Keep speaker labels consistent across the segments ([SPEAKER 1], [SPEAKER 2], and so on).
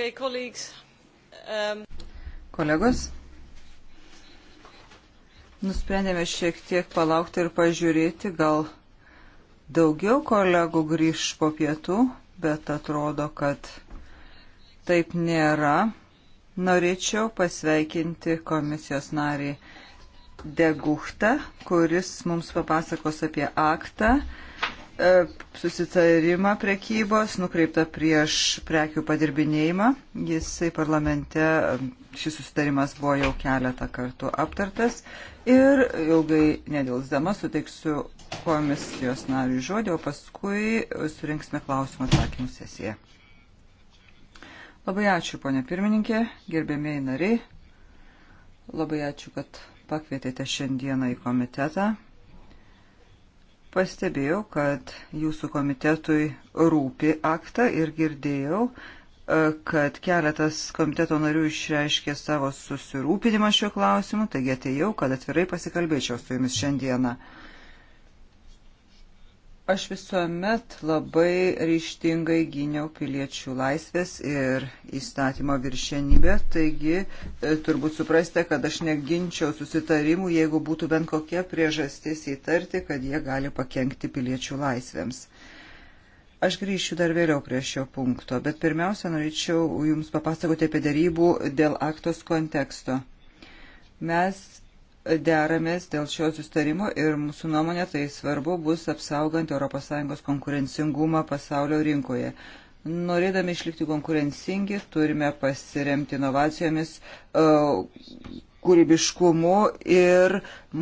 [SPEAKER 1] Okay, colleagues. Um...
[SPEAKER 2] Kolegos, nusprendėme šiek tiek palaukti ir pažiūrėti, gal daugiau kolegų grįž po pietų, bet atrodo, kad taip nėra. Norėčiau pasveikinti komisijos narį Deguchtą, kuris mums papasakos apie aktą E, susitarimą prekybos nukreiptą prieš prekių padirbinėjimą. Jisai parlamente e, šis susitarimas buvo jau keletą kartų aptartas ir ilgai nedėlsdama suteiksiu komisijos nariui žodį, o paskui surinksime klausimų atsakymų sesiją. Labai ačiū, ponė pirmininkė, gerbėmėjai nariai. Labai ačiū, kad pakvietėte šiandieną į komitetą. Pastebėjau, kad jūsų komitetui rūpi aktą ir girdėjau, e, kad keletas komiteto narių išreiškė savo susirūpinimą šiuo klausimu, taigi atėjau, kad atvirai pasikalbėčiau su jumis šiandieną. Aš visuomet labai ryštingai gyniau piliečių laisvės ir įstatymo viršenybę, taigi e, turbūt suprastė, kad aš neginčiau susitarimų, jeigu būtų bent kokia priežastis įtarti, kad jie gali pakengti piliečių laisvėms. Aš grįšiu dar vėliau prie šio punkto, bet pirmiausia norėčiau Jums papasakoti apie darybų dėl aktos konteksto. Mes deramės dėl šio sustarimo ir mūsų nuomonė tai svarbu bus apsaugant ES konkurencingumą pasaulio rinkoje. Norėdami išlikti konkurencingi, turime pasiremti inovacijomis, e, kūrybiškumu ir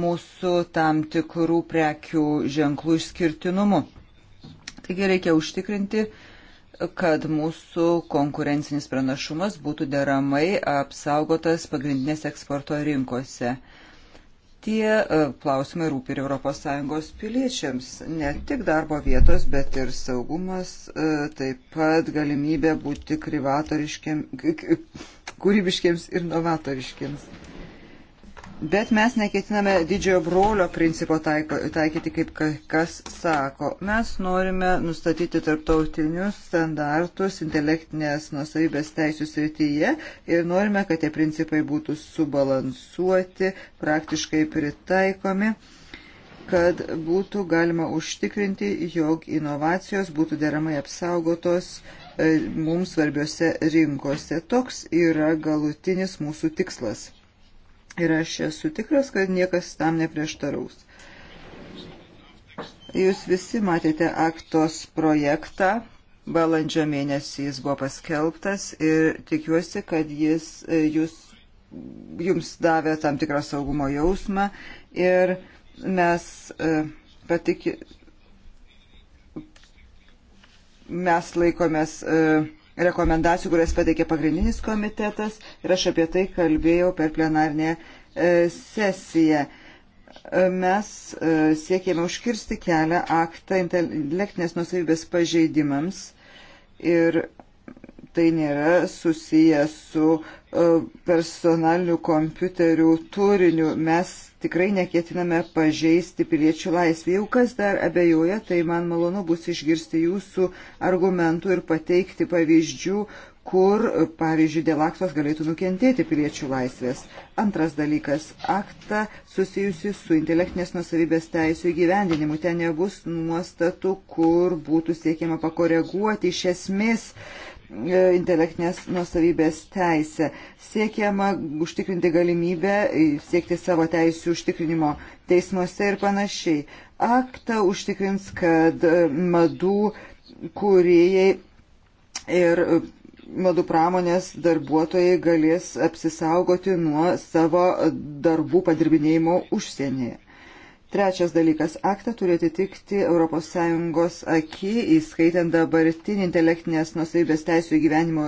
[SPEAKER 2] mūsų tam tikrų prekių ženklų išskirtinumu. Taigi reikia užtikrinti, kad mūsų konkurencinis pranašumas būtų deramai apsaugotas pagrindinės eksporto rinkose tie e, klausimai rūpi ir ES piliečiams. Ne tik darbo vietos, bet ir saugumas, e, taip pat galimybė būti kūrybiškiams ir novatoriškiams. Bet mes neketiname didžiojo brolio principo taiko, taikyti, kaip kas sako. Mes norime nustatyti tarptautinius standartus intelektinės nusavybės teisų srityje ir norime, kad tie principai būtų subalansuoti, praktiškai pritaikomi kad būtų galima užtikrinti, jog inovacijos būtų deramai apsaugotos e, mums svarbiose rinkose. Toks yra galutinis mūsų tikslas. Ir aš esu tikras, kad niekas tam neprieštaraus. Jūs visi matėte aktos projektą. Balandžio mėnesį jis buvo paskelbtas ir tikiuosi, kad jis jūs, jums davė tam tikrą saugumo jausmą ir mes e, patikė, mes laikomės uh, rekomendacijų, kurias pateikė pagrindinis komitetas ir aš apie tai kalbėjau per plenarnę e, sesiją. E, mes e, siekėme užkirsti kelią aktą intelektinės nusavybės pažeidimams ir tai nėra susijęs su personalinių kompiuterių turiniu. Mes tikrai neketiname pažeisti piliečių laisvę. Jau kas dar abejoja, tai man malonu bus išgirsti jūsų argumentų ir pateikti pavyzdžių, kur, pavyzdžiui, dėl aktos galėtų nukentėti piliečių laisvės. Antras dalykas - aktą susijusi su intelektinės nusavybės teisų įgyvendinimu. Ten nebus nuostatų, kur būtų siekiama pakoreguoti iš esmės E, intelektinės nuosavybės teisę. Siekiama užtikrinti galimybę e, siekti savo teisų užtikrinimo teismuose ir panašiai. Akta užtikrins, kad e, madų kūrėjai ir madų pramonės darbuotojai galės apsisaugoti nuo savo darbų padirbinėjimo užsienyje. Trečias dalykas - aktą turi atitikti ES akį, įskaitant dabartinį intelektinės nusavybės teisų gyvenimo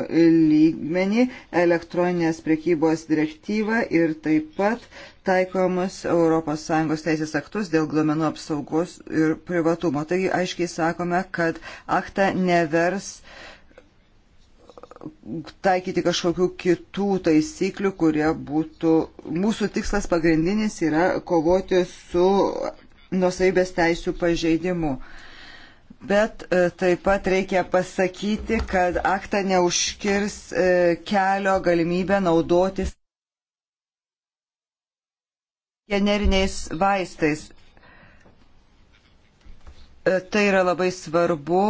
[SPEAKER 2] lygmenį, elektroninės prekybos direktyvą ir taip pat taikomus ES teisės aktus dėl duomenų apsaugos ir privatumo. Taigi aiškiai sakome, kad aktą nevers uh, taikyti kažkokių kitų taisyklių, kurie būtų. Mūsų tikslas pagrindinis yra kovoti su nusaibės teisų pažeidimu. Bet e, taip pat reikia pasakyti, kad aktą neužkirs e, kelio galimybę naudotis generiniais vaistais. E, tai yra labai svarbu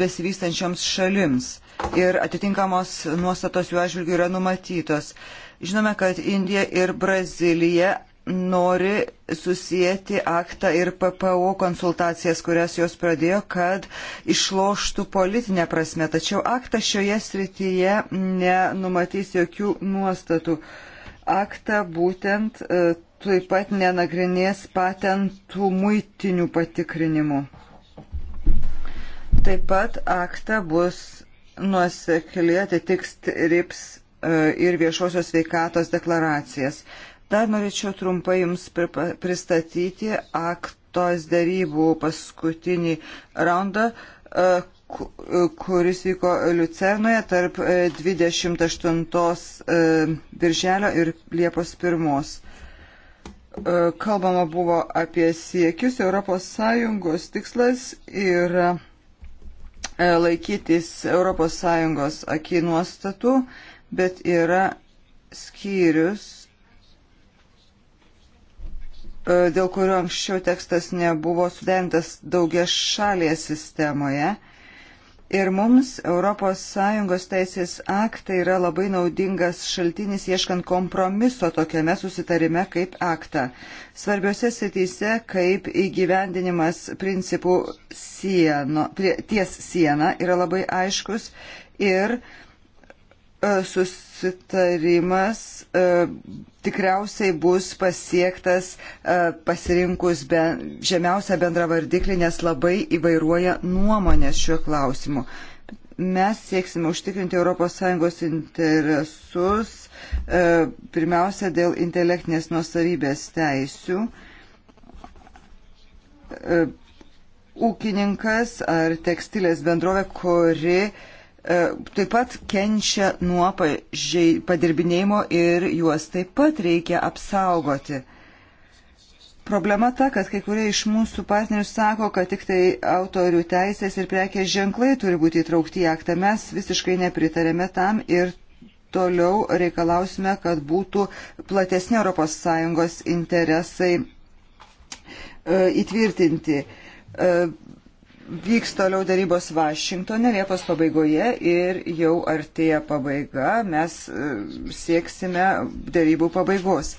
[SPEAKER 2] besivystančioms šalims ir atitinkamos nuostatos jų atžvilgių yra numatytos. Žinome, kad Indija ir Brazilija nori susijęti aktą ir PPO konsultacijas, kurias jos pradėjo, kad išloštų politinę prasme. Tačiau aktas šioje srityje nenumatys jokių nuostatų. Aktą būtent e, taip pat nenagrinės patentų muitinių patikrinimų. Taip pat aktą bus nuosekliai atitiks RIPS e, ir viešosios veikatos deklaracijas. Dar norėčiau trumpai Jums pristatyti aktos darybų paskutinį raundą, e, kuris vyko Liucernoje tarp 28 e, birželio ir Liepos 1. Kalbama buvo apie siekius, ES tikslas yra E, laikytis ES akį nuostatų, bet yra skyrius, e, dėl kurio anksčiau tekstas nebuvo sudentas daugia šalėje sistemoje. Ir mums ES teisės aktai yra labai naudingas šaltinis ieškant kompromiso tokiame susitarime kaip aktą. Svarbiose srityse, kaip įgyvendinimas principų sieno, prie, ties siena yra labai aiškus ir uh, E, susitarimas e, tikriausiai bus pasiektas e, pasirinkus be, žemiausią bendrą vardiklį, nes labai įvairuoja nuomonės šiuo klausimu. Mes sieksime užtikrinti ES interesus e, pirmiausia dėl intelektinės nuosavybės teisių. E, ūkininkas ar tekstilės bendrovė, kuri uh, E, taip pat kenčia nuo padirbinėjimo ir juos taip pat reikia apsaugoti. Problema ta, kad kai kurie iš mūsų partnerių sako, kad tik tai autorių teisės ir prekės ženklai turi būti įtraukti į aktą. Mes visiškai nepritarėme tam ir toliau reikalausime, kad būtų platesni ES interesai e, įtvirtinti e, Vyks toliau darybos Vašingtone Liepos pabaigoje ir jau artėja pabaiga, mes e, sieksime darybų pabaigos.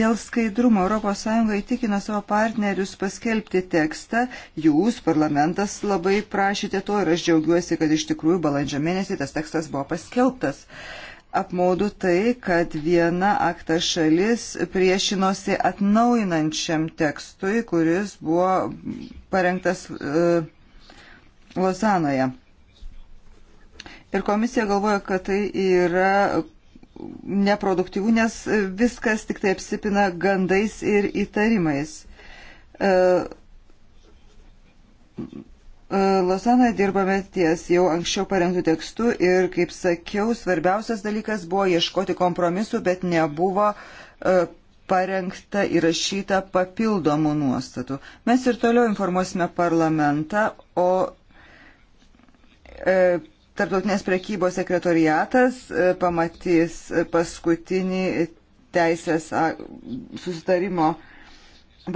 [SPEAKER 2] Dėl skaidrumo ES įtikina savo partnerius paskelbti tekstą, jūs, parlamentas, labai prašyte to ir aš džiaugiuosi, kad iš tikrųjų balandžio mėnesį tas tekstas buvo paskelbtas. Apmaudu tai, kad viena akta šalis priešinosi atnaujinančiam tekstui, kuris buvo parengtas. Uh, Lozanoje. Ir komisija galvoja, kad tai yra neproduktyvų, nes viskas tik tai apsipina gandais ir įtarimais. E, e, Lozanoje dirbame ties jau anksčiau parengtų tekstų ir, kaip sakiau, svarbiausias dalykas buvo ieškoti kompromisų, bet nebuvo e, parengta įrašyta papildomų nuostatų. Mes ir toliau informuosime parlamentą, o E, Tarptautinės prekybos sekretoriatas e, pamatys paskutinį teisės susitarimo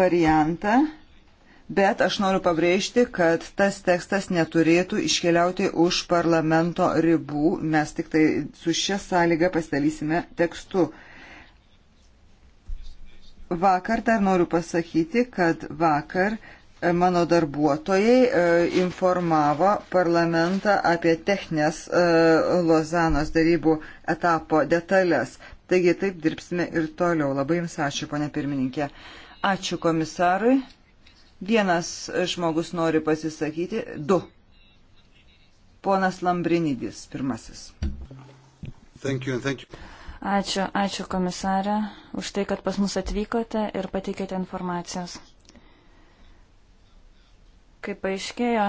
[SPEAKER 2] variantą, bet aš noriu pabrėžti, kad tas tekstas neturėtų iškeliauti už parlamento ribų, mes tik tai su šia sąlyga pasidalysime tekstu. Vakar dar noriu pasakyti, kad vakar mano darbuotojai e, informavo parlamentą apie techninės e, Lozanos darybų etapo detalės. Taigi taip dirbsime ir toliau. Labai Jums ačiū, ponė pirmininkė. Ačiū komisarui. Vienas žmogus nori pasisakyti. Du. Ponas Lambrinidis, pirmasis. Thank you, thank you.
[SPEAKER 1] Ačiū, ačiū komisarė už tai, kad pas mus atvykote ir pateikėte informacijos. Kaip paaiškėjo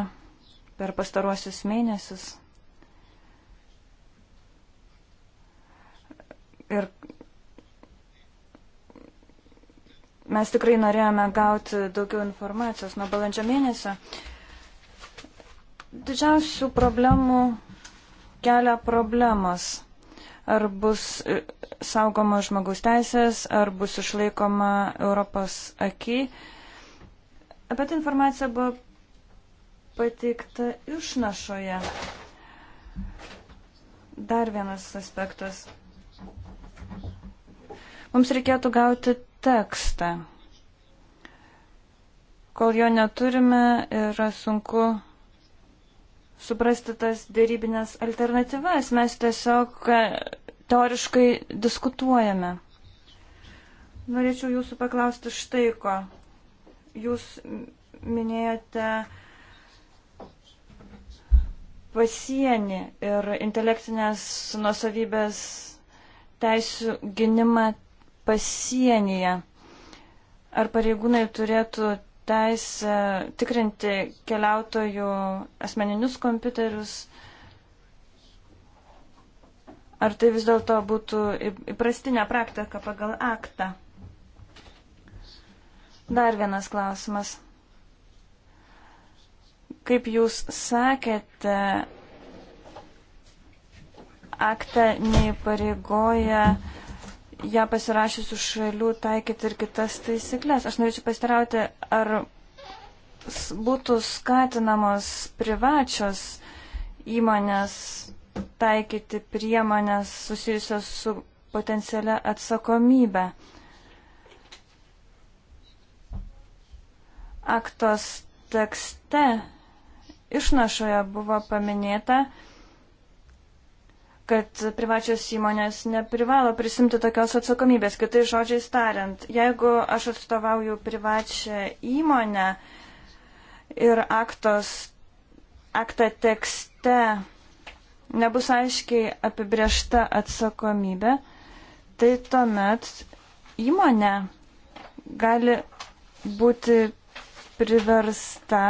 [SPEAKER 1] per pastaruosius mėnesius ir mes tikrai norėjome gauti daugiau informacijos nuo balandžio mėnesio. Didžiausių problemų kelia problemos. Ar bus e, saugoma žmogaus teisės, ar bus išlaikoma Europos aki. Apie tą tai informaciją buvo pateikta išnašoje. Dar vienas aspektas. Mums reikėtų gauti tekstą. Kol jo neturime, yra sunku suprasti tas dėrybinės alternatyvas. Mes tiesiog e, teoriškai diskutuojame. Norėčiau jūsų paklausti štai ko. Jūs minėjote pasienį ir intelektinės nusavybės teisų gynimą pasienyje. Ar pareigūnai turėtų teisę tikrinti keliautojų asmeninius kompiuterius? Ar tai vis dėlto būtų įprastinė praktika pagal aktą? Dar vienas klausimas. Kaip jūs sakėte, aktą neįpareigoja ją pasirašysių šalių taikyti ir kitas taisyklės. Aš norėčiau pasitarauti, ar būtų skatinamos privačios įmonės taikyti priemonės susijusios su potencialia atsakomybė. Aktos tekste išnašoje buvo paminėta, kad privačios įmonės neprivalo prisimti tokios atsakomybės. Kitai žodžiai tariant, jeigu aš atstovauju privačią įmonę ir aktos, aktą tekste nebus aiškiai apibriešta atsakomybė, tai tuomet įmonė gali būti priversta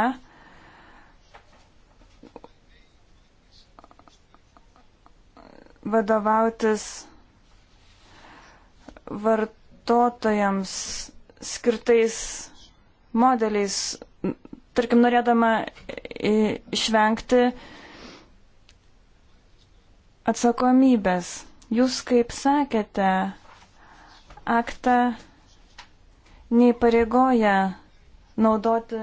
[SPEAKER 1] vadovautis vartotojams skirtais modeliais, tarkim, norėdama išvengti atsakomybės. Jūs, kaip sakėte, aktą neįpareigoja naudoti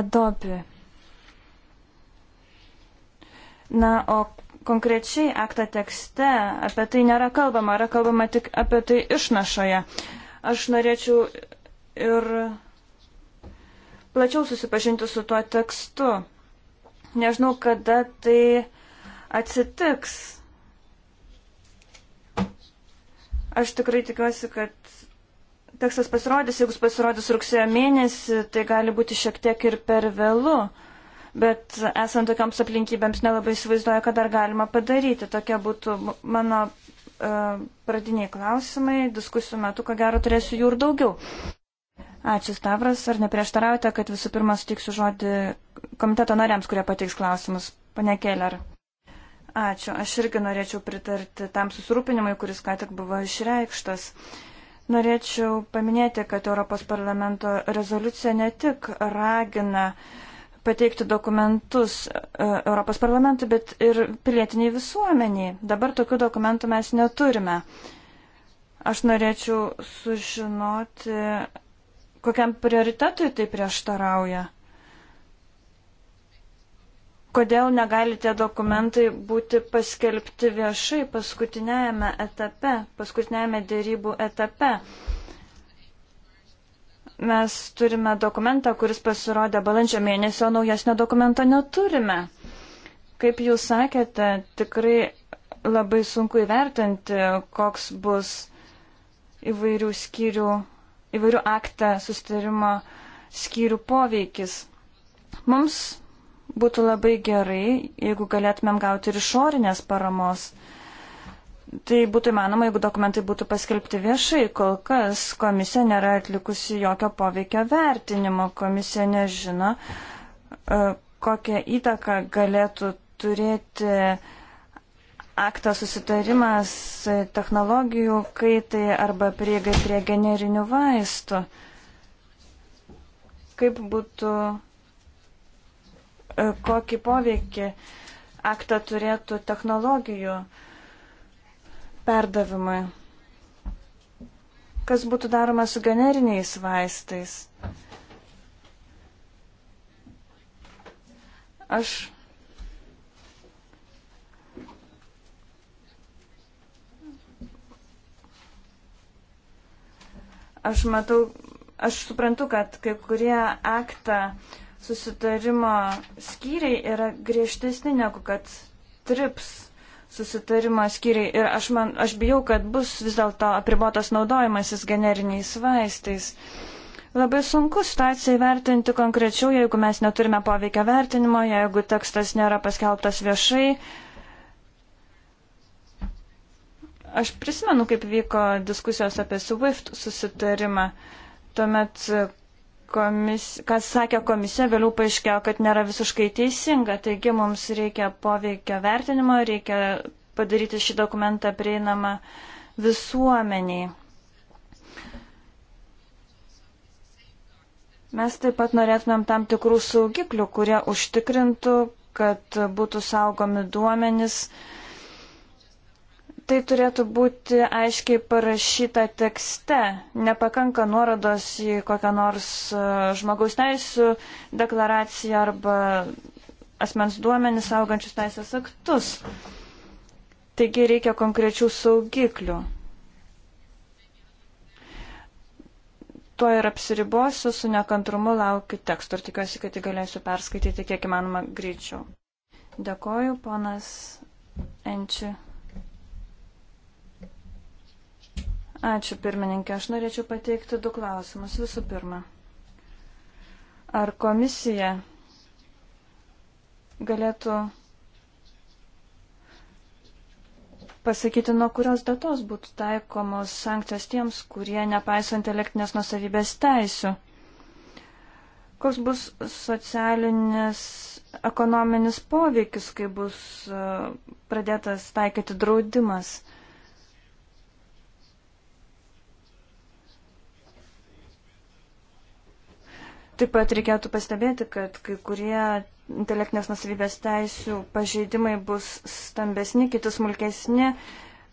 [SPEAKER 1] Adobe Na, o konkrečiai akto tekste apie tai nėra kalbama, yra kalbama tik apie tai išnašoje. Aš norėčiau ir plačiau susipažinti su tuo tekstu. Nežinau, kada tai atsitiks. Aš tikrai tikiuosi, kad tekstas pasirodys, jeigu pasirodys rugsėjo mėnesį, tai gali būti šiek tiek ir per vėlu bet esant tokiams aplinkybėms nelabai įsivaizduoju, ką dar galima padaryti. Tokie būtų mano e, pradiniai klausimai. Diskusijų metu, ko gero, turėsiu jų ir daugiau. Ačiū, Stavras. Ar neprieštaraujate, kad visų pirma sutiksiu žodį komiteto nariams, kurie pateiks klausimus? Pane Keller. Ačiū. Aš irgi norėčiau pritarti tam susirūpinimui, kuris ką tik buvo išreikštas. Norėčiau paminėti, kad Europos parlamento rezoliucija ne tik ragina uh, pateikti dokumentus e, Europos parlamentui, bet ir pilietiniai visuomeniai. Dabar tokių dokumentų mes neturime. Aš norėčiau sužinoti, kokiam prioritetui tai prieštarauja. Kodėl negali tie dokumentai būti paskelbti viešai paskutinėjame etape, paskutinėjame dėrybų etape? mes turime dokumentą, kuris pasirodė balandžio mėnesio, naujesnio dokumento neturime. Kaip jūs sakėte, tikrai labai sunku įvertinti, koks bus įvairių skyrių, įvairių aktą sustarimo skyrių poveikis. Mums būtų labai gerai, jeigu galėtumėm gauti ir išorinės paramos. Tai būtų įmanoma, jeigu dokumentai būtų paskelbti viešai. Kol kas komisija nėra atlikusi jokio poveikio vertinimo. Komisija nežino, e, kokią įtaką galėtų turėti aktas susitarimas technologijų kaitai arba prieigai prie generinių vaistų. Kaip būtų, e, kokį poveikį aktą turėtų technologijų perdavimui. Kas būtų daroma su generiniais vaistais? Aš Aš matau, aš suprantu, kad kai kurie aktą susitarimo skyriai yra griežtesni negu kad trips susitarimo skyriai. Ir aš, man, aš bijau, kad bus vis dėlto apribotas naudojimasis generiniais vaistais. Labai sunku situaciją įvertinti konkrečiau, jeigu mes neturime poveikio vertinimo, jeigu tekstas nėra paskelbtas viešai. Aš prisimenu, kaip vyko diskusijos apie SWIFT susitarimą. Tuomet komis, kas sakė komisija, vėliau paaiškėjo, kad nėra visiškai teisinga. Taigi mums reikia poveikio vertinimo, reikia padaryti šį dokumentą prieinamą visuomeniai. Mes taip pat norėtumėm tam tikrų saugiklių, kurie užtikrintų, kad būtų saugomi duomenys, uh, Tai turėtų būti aiškiai parašyta tekste. Nepakanka nuorodos į kokią nors e, žmogaus teisų deklaraciją arba asmens duomenis saugančius teisės aktus. Taigi reikia konkrečių saugiklių. Tuo ir apsiribosiu, su nekantrumu laukiu teksto ir tikiuosi, kad jį galėsiu perskaityti kiek įmanoma greičiau. Dėkoju, ponas Enči. Ačiū pirmininkė. Aš norėčiau pateikti du klausimus. Visų pirma, ar komisija galėtų pasakyti, nuo kurios datos būtų taikomos sankcijos tiems, kurie nepaiso intelektinės nusavybės teisių? Koks bus socialinis, ekonominis poveikis, kai bus uh, pradėtas taikyti draudimas? Taip pat reikėtų pastebėti, kad kai kurie intelektinės nusavybės teisių pažeidimai bus stambesni, kiti smulkesni,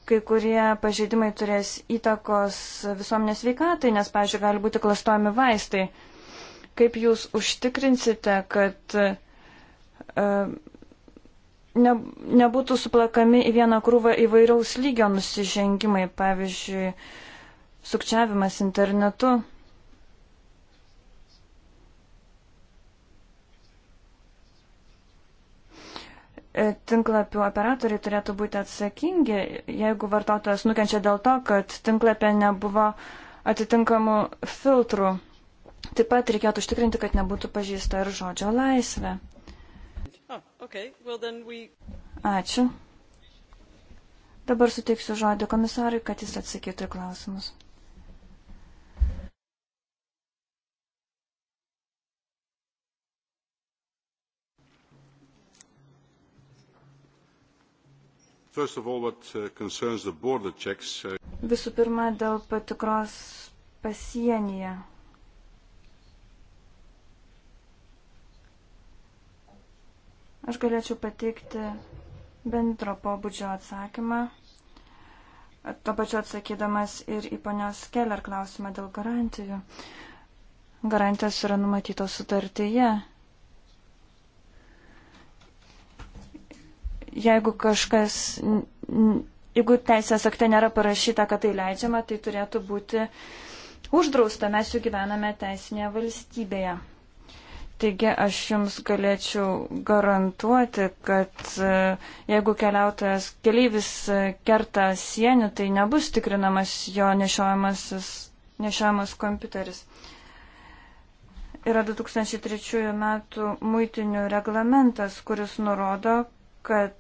[SPEAKER 1] kai kurie pažeidimai turės įtakos visuomenės veikatai, nes, pavyzdžiui, gali būti klastojami vaistai. Kaip jūs užtikrinsite, kad e, ne, nebūtų suplakami į vieną krūvą įvairiaus lygio nusižengimai, pavyzdžiui, sukčiavimas internetu. E, tinklapių operatoriai turėtų būti atsakingi, jeigu vartotojas nukenčia dėl to, kad tinklapė nebuvo atitinkamų filtrų. Taip pat reikėtų užtikrinti, kad nebūtų pažįsta ir žodžio laisvė. Oh, okay. well, we... Ačiū. Dabar suteiksiu žodį komisarui, kad jis atsakytų į klausimus.
[SPEAKER 2] all, uh, uh,
[SPEAKER 1] Visų pirma, dėl patikros pasienyje. Aš galėčiau pateikti bendro pobūdžio atsakymą, to pačiu atsakydamas ir į ponios Keller klausimą dėl garantijų. Garantijos yra numatytos sutartyje. jeigu kažkas, jeigu teisės akte nėra parašyta, kad tai leidžiama, tai turėtų būti uždrausta. Mes jau gyvename teisinėje valstybėje. Taigi aš jums galėčiau garantuoti, kad e, jeigu keliautojas keleivis e, kerta sienį, tai nebus tikrinamas jo nešiojamas kompiuteris. Yra 2003 metų muitinių reglamentas, kuris nurodo, kad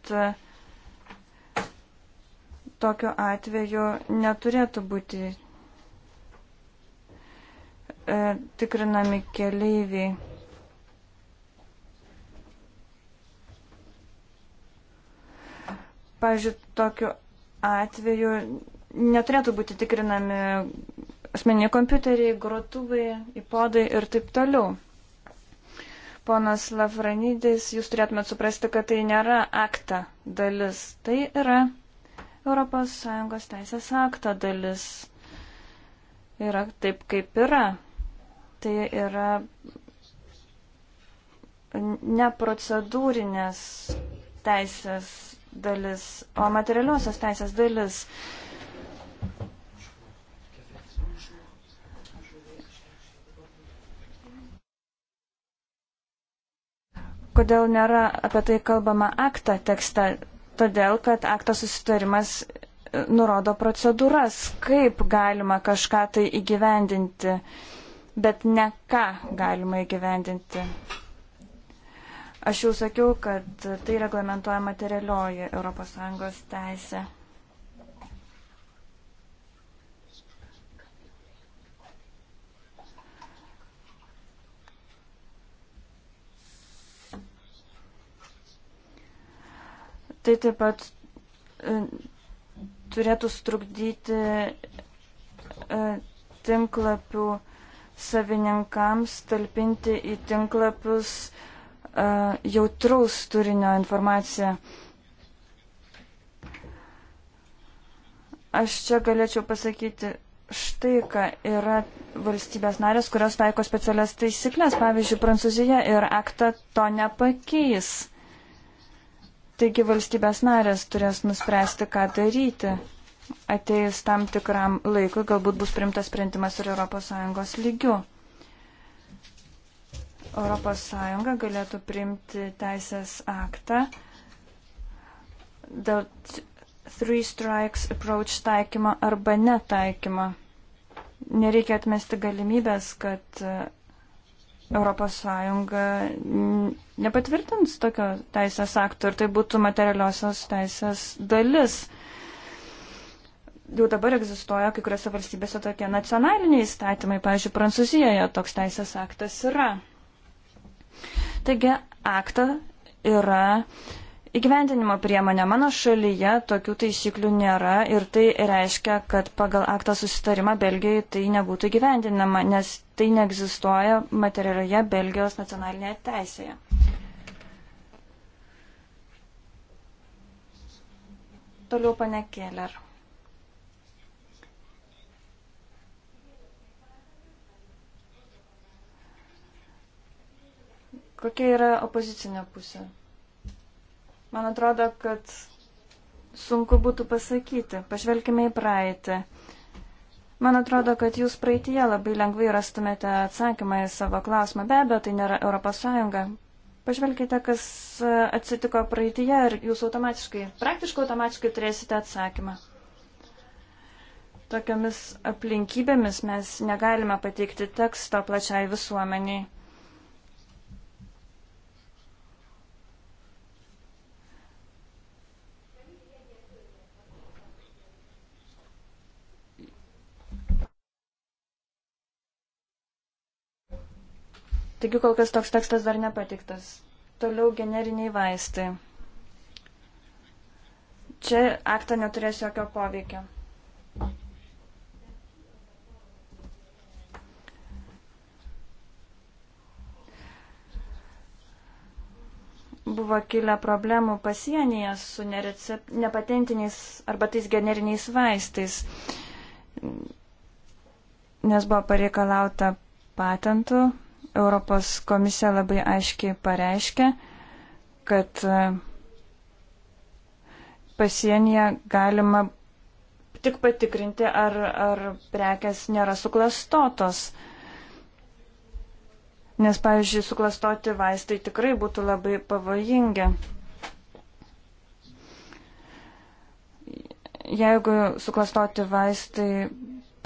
[SPEAKER 1] tokiu atveju neturėtų būti e, tikrinami keleiviai. Pavyzdžiui, tokiu atveju neturėtų būti tikrinami asmeniniai kompiuteriai, grotuvai, įpodai ir taip toliau. Ponas Lafranidis, jūs turėtumėt suprasti, kad tai nėra akta dalis. Tai yra ES teisės akto dalis. Yra taip, kaip yra. Tai yra neprocedūrinės teisės dalis, o materialiosios teisės dalis. Uh, Kodėl nėra apie tai kalbama aktą tekste? Todėl, kad akto susitarimas e, nurodo procedūras, kaip galima kažką tai įgyvendinti, bet ne ką galima įgyvendinti. Aš jau sakiau, kad tai reglamentuoja materialioji ES teisė. tai taip pat e, turėtų strukdyti e, tinklapių savininkams talpinti į tinklapius e, jautraus turinio informaciją. Aš čia galėčiau pasakyti štai, ką yra valstybės narės, kurios taiko specialias taisyklės. Pavyzdžiui, Prancūzija ir aktą to nepakeis. Taigi valstybės narės turės nuspręsti, ką daryti. Ateis tam tikram laikui, galbūt bus primtas sprendimas ir ES lygių. ES galėtų priimti teisės aktą dėl three strikes approach taikymo arba netaikymo. Nereikia atmesti galimybės, kad ES nepatvirtins tokio teisės akto ir tai būtų materialiosios teisės dalis. Jau dabar egzistuoja kai kuriuose valstybėse tokie nacionaliniai įstatymai, pavyzdžiui, Prancūzijoje toks teisės aktas yra. Taigi aktą yra Įgyvendinimo priemonė mano šalyje tokių taisyklių nėra ir tai reiškia, kad pagal aktą susitarimą Belgijai tai nebūtų įgyvendinama, nes tai neegzistuoja materialioje Belgijos nacionalinėje teisėje. Toliau pane Keller. Kokia yra opozicinė pusė? Man atrodo, kad sunku būtų pasakyti. Pažvelkime į praeitį. Man atrodo, kad jūs praeitie labai lengvai rastumėte atsakymą į savo klausimą. Be abejo, tai nėra ES. Pažvelkite, kas atsitiko praeitie ir jūs automatiškai, praktiškai automatiškai turėsite atsakymą. Tokiamis aplinkybėmis mes negalime pateikti teksto plačiai visuomeniai. Taigi kol kas toks tekstas dar nepatiktas. Toliau generiniai vaistai. Čia aktą neturės jokio poveikio. buvo kilę problemų pasienyje su nerecep... nepatentiniais arba tais generiniais vaistais, nes buvo pareikalauta patentų Europos komisija labai aiškiai pareiškia, kad e, pasienyje galima tik patikrinti, ar, ar prekes nėra suklastotos. Nes, pavyzdžiui, suklastoti vaistai tikrai būtų labai pavojingi. Jeigu suklastoti vaistai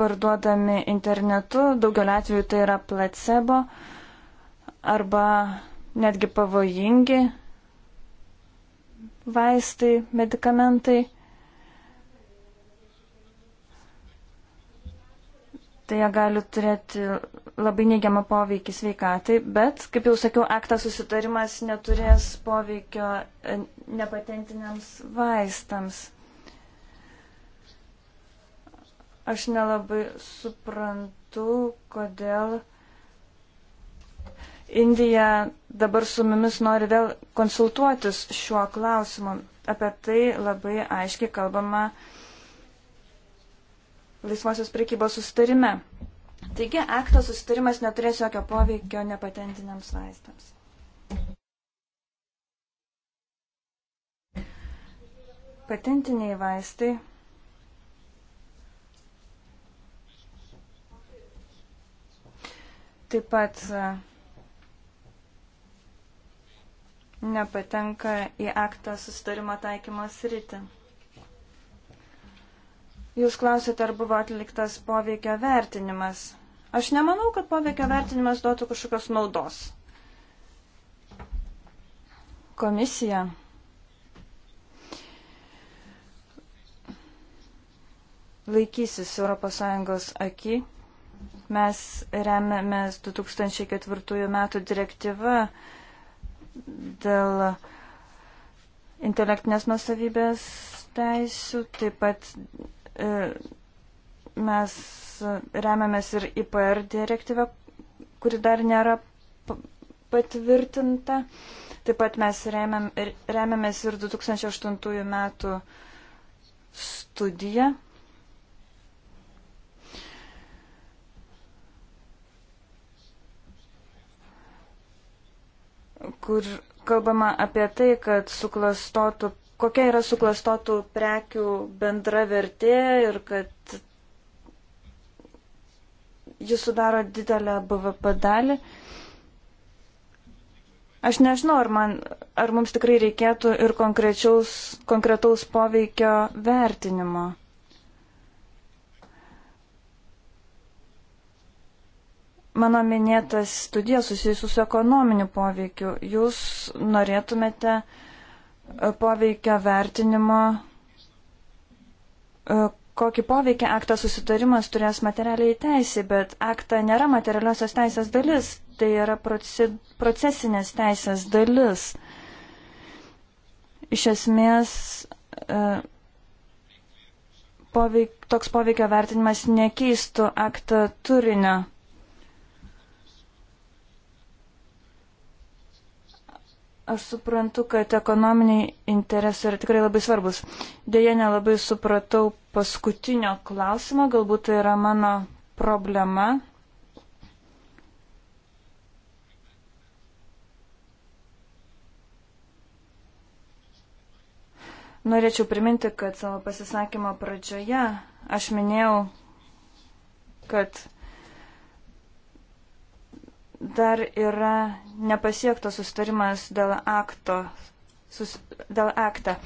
[SPEAKER 1] parduodami internetu, daugeliu atveju tai yra placebo, uh, arba netgi pavojingi vaistai, medikamentai. Tai jie gali turėti labai neigiamą poveikį sveikatai, bet, kaip jau sakiau, aktas susitarimas neturės poveikio e, nepatentiniams vaistams. Aš nelabai suprantu, kodėl Indija dabar su mumis nori vėl konsultuotis šiuo klausimu. Apie tai labai aiškiai kalbama laisvosios prekybos sustarime. Taigi, akto sustarimas neturės jokio poveikio nepatentiniams vaistams. Patentiniai vaistai taip pat nepatenka į aktą sustarimo taikymos rytį. Jūs klausėte, ar buvo atliktas poveikio vertinimas. Aš nemanau, kad poveikio vertinimas duotų kažkokios naudos. Komisija. Laikysis ES aki. Mes remiamės 2004 metų direktyvą dėl intelektinės nusavybės teisių, taip pat e, mes remiamės ir IPR direktyvę, kuri dar nėra patvirtinta. Taip pat mes remiam, remiamės ir 2008 metų studiją kur kalbama apie tai, kad suklastotų, kokia yra suklastotų prekių bendra vertė ir kad jis sudaro didelę BVP dalį. Aš nežinau, ar, man, ar mums tikrai reikėtų ir konkretaus poveikio vertinimo. mano minėtas studijas susijusius su ekonominiu poveikiu. Jūs norėtumėte e, poveikio vertinimo, e, kokį poveikį aktą susitarimas turės materialiai teisė, bet aktą nėra materialiosios teisės dalis, tai yra procesinės teisės dalis. Iš esmės, e, poveik, toks poveikio vertinimas nekeistų aktą turinio. Aš suprantu, kad ekonominiai interesai yra tikrai labai svarbus. Deja, nelabai supratau paskutinio klausimo, galbūt tai yra mano problema. Norėčiau priminti, kad savo pasisakymo pradžioje aš minėjau, kad dar yra nepasiektas sustarimas dėl akto. Sus, dėl akta.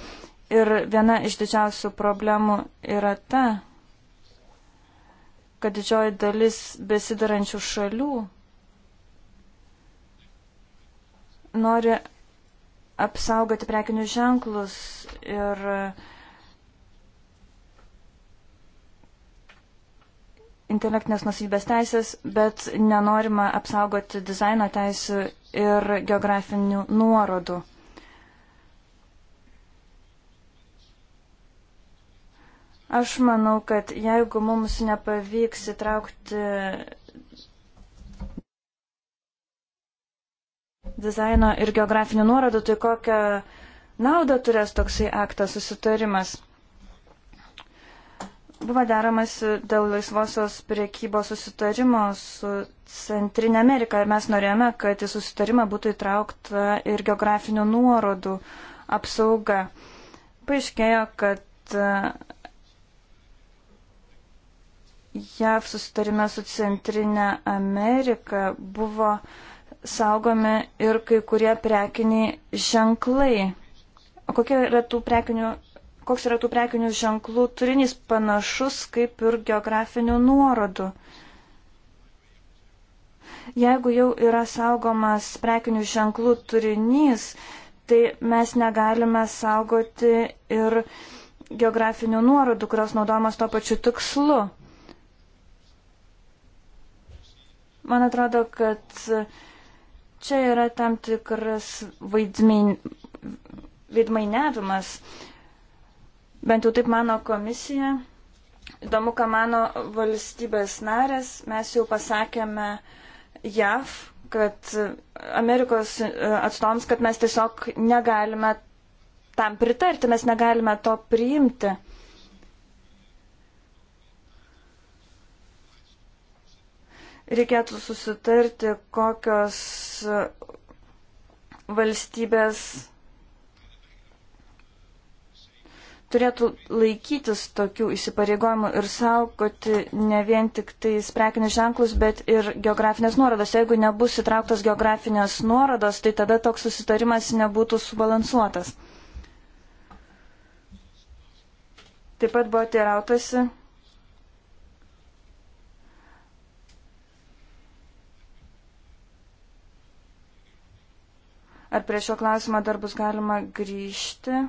[SPEAKER 1] Ir viena iš didžiausių problemų yra ta, kad didžioji dalis besidarančių šalių nori apsaugoti prekinius ženklus ir uh, intelektinės nusavybės teisės, bet nenorima apsaugoti dizaino teisų ir geografinių nuorodų. Aš manau, kad jeigu mums nepavyks įtraukti dizaino ir geografinių nuorodų, tai kokią naudą turės toksai aktas susitarimas? Buvo deramas dėl laisvosios priekybos susitarimo su Centrinė Amerika ir mes norėjome, kad į susitarimą būtų įtraukta ir geografinių nuorodų apsauga. Paaiškėjo, kad e, JAV susitarime su Centrinė Amerika buvo saugomi ir kai kurie prekiniai ženklai. O kokie yra tų prekinių koks yra tų prekinių ženklų turinys panašus kaip ir geografinių nuorodų. Jeigu jau yra saugomas prekinių ženklų turinys, tai mes negalime saugoti ir geografinių nuorodų, kurios naudojamas tuo pačiu tikslu. Man atrodo, kad čia yra tam tikras vaidmin... vaidmainiavimas. Vaidmain Bent jau taip mano komisija. Įdomu, ką mano valstybės narės. Mes jau pasakėme JAV, kad e, Amerikos e, atstovams, kad mes tiesiog negalime tam pritarti, mes negalime to priimti. Reikėtų susitarti, kokios valstybės turėtų laikytis tokių įsipareigojimų ir saugoti ne vien tik tais prekinius ženklus, bet ir geografinės nuorodos. Jeigu nebus įtrauktos geografinės nuorodos, tai tada toks susitarimas nebūtų subalansuotas. Taip pat buvo teirautasi. Ar prie šio klausimo dar bus galima grįžti?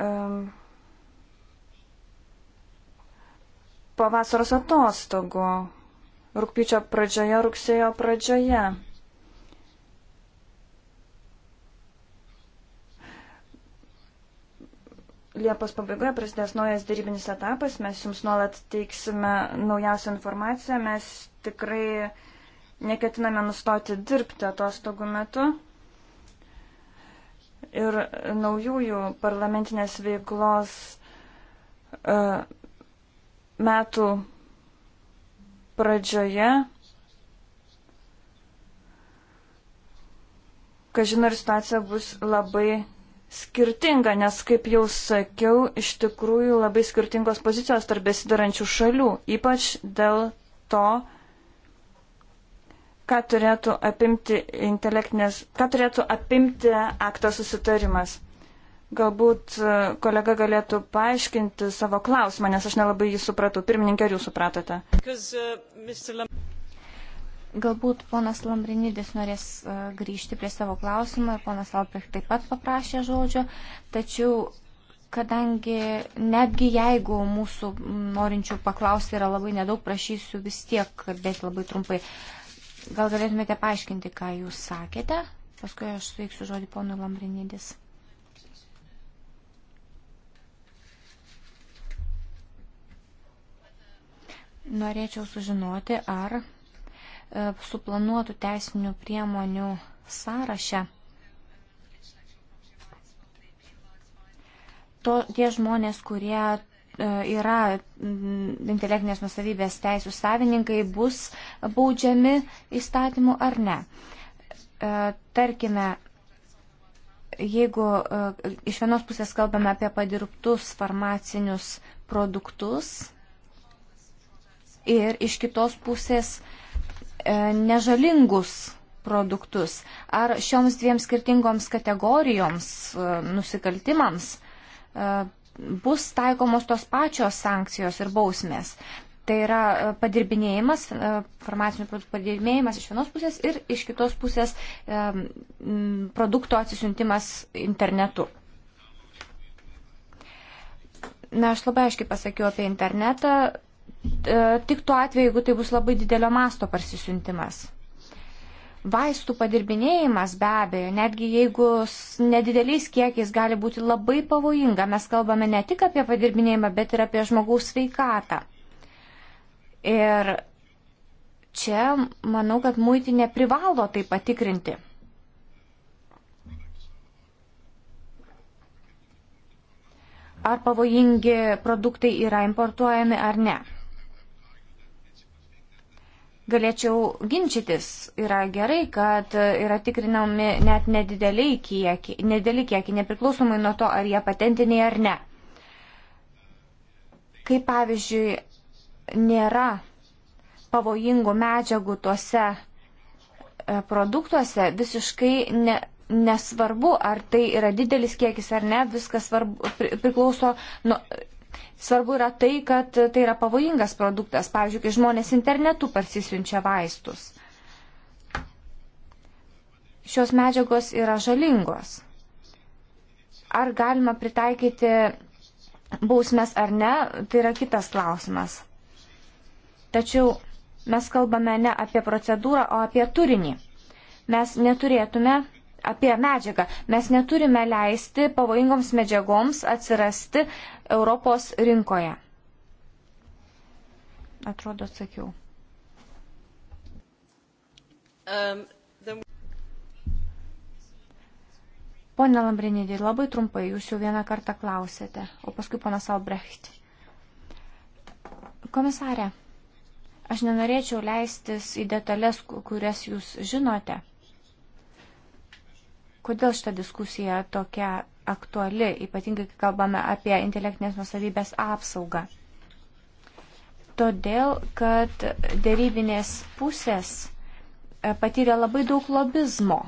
[SPEAKER 1] um, po vasaros atostogų, rūpyčio pradžioje, rugsėjo pradžioje. Liepos pabaigoje prasidės naujas dėrybinis etapas, mes jums nuolat teiksime naujausią informaciją, mes tikrai neketiname nustoti dirbti atostogų metu ir naujųjų parlamentinės veiklos e, metų pradžioje, kažin ar situacija bus labai skirtinga, nes, kaip jau sakiau, iš tikrųjų labai skirtingos pozicijos tarp besidarančių šalių, ypač dėl to, ką turėtų apimti, ką turėtų apimti akto susitarimas. Galbūt e, kolega galėtų paaiškinti savo klausimą, nes aš nelabai jį supratau. Pirmininkė, ar jūs supratote?
[SPEAKER 3] E,
[SPEAKER 4] Galbūt ponas Lambrinidis norės e, grįžti prie savo klausimą ir ponas Alprich taip pat paprašė žodžio, tačiau kadangi netgi jeigu mūsų norinčių paklausti yra labai nedaug, prašysiu vis tiek kalbėti labai trumpai. Uh, Gal galėtumėte paaiškinti, ką jūs sakėte? Paskui aš suteiksiu žodį ponui Lambrinidis. Norėčiau sužinoti, ar e, suplanuotų teisinių priemonių sąraše to, tie žmonės, kurie E, yra mm, intelektinės nusavybės teisų savininkai, bus baudžiami įstatymu ar ne. E, tarkime, jeigu e, iš vienos pusės kalbame apie padirbtus farmacinius produktus ir iš kitos pusės nežalingus produktus, ar šioms dviem skirtingoms kategorijoms nusikaltimams bus taikomos tos pačios sankcijos ir bausmės. Tai yra e, padirbinėjimas, e, farmacinių produktų padirbinėjimas iš vienos pusės ir iš kitos pusės e, produkto atsisiuntimas internetu. Na, aš labai aiškiai pasakiau apie internetą, tik tuo atveju, jeigu tai bus labai didelio masto parsisiuntimas. Vaistų padirbinėjimas be abejo, netgi jeigu nedideliais kiekiais gali būti labai pavojinga, mes kalbame ne tik apie padirbinėjimą, bet ir apie žmogaus sveikatą. Ir čia manau, kad muitinė privalo tai patikrinti. Ar pavojingi produktai yra importuojami ar ne galėčiau ginčytis. Yra gerai, kad yra tikrinami net nedideliai kiekiai, nedideli kiekiai, nepriklausomai nuo to, ar jie patentiniai ar ne. Kaip pavyzdžiui, nėra pavojingų medžiagų tuose e, produktuose, visiškai ne, nesvarbu, ar tai yra didelis kiekis ar ne, viskas svarbu, priklauso, nu, Svarbu yra tai, kad tai yra pavojingas produktas, pavyzdžiui, kai žmonės internetu parsisiunčia vaistus. Šios medžiagos yra žalingos. Ar galima pritaikyti bausmės ar ne, tai yra kitas klausimas. Tačiau mes kalbame ne apie procedūrą, o apie turinį. Mes neturėtume apie medžiagą. Mes neturime leisti pavojingoms medžiagoms atsirasti Europos rinkoje. Atrodo, atsakiau. Um, Pone Lambrinidė, labai trumpai, jūs jau vieną kartą klausėte, o paskui ponas Albrecht. Komisarė, aš nenorėčiau leistis į detalės, kurias jūs žinote. Kodėl šita diskusija tokia aktuali, ypatingai kai kalbame apie intelektinės nusavybės apsaugą. Todėl, kad dėrybinės pusės e, patyrė labai daug lobizmo,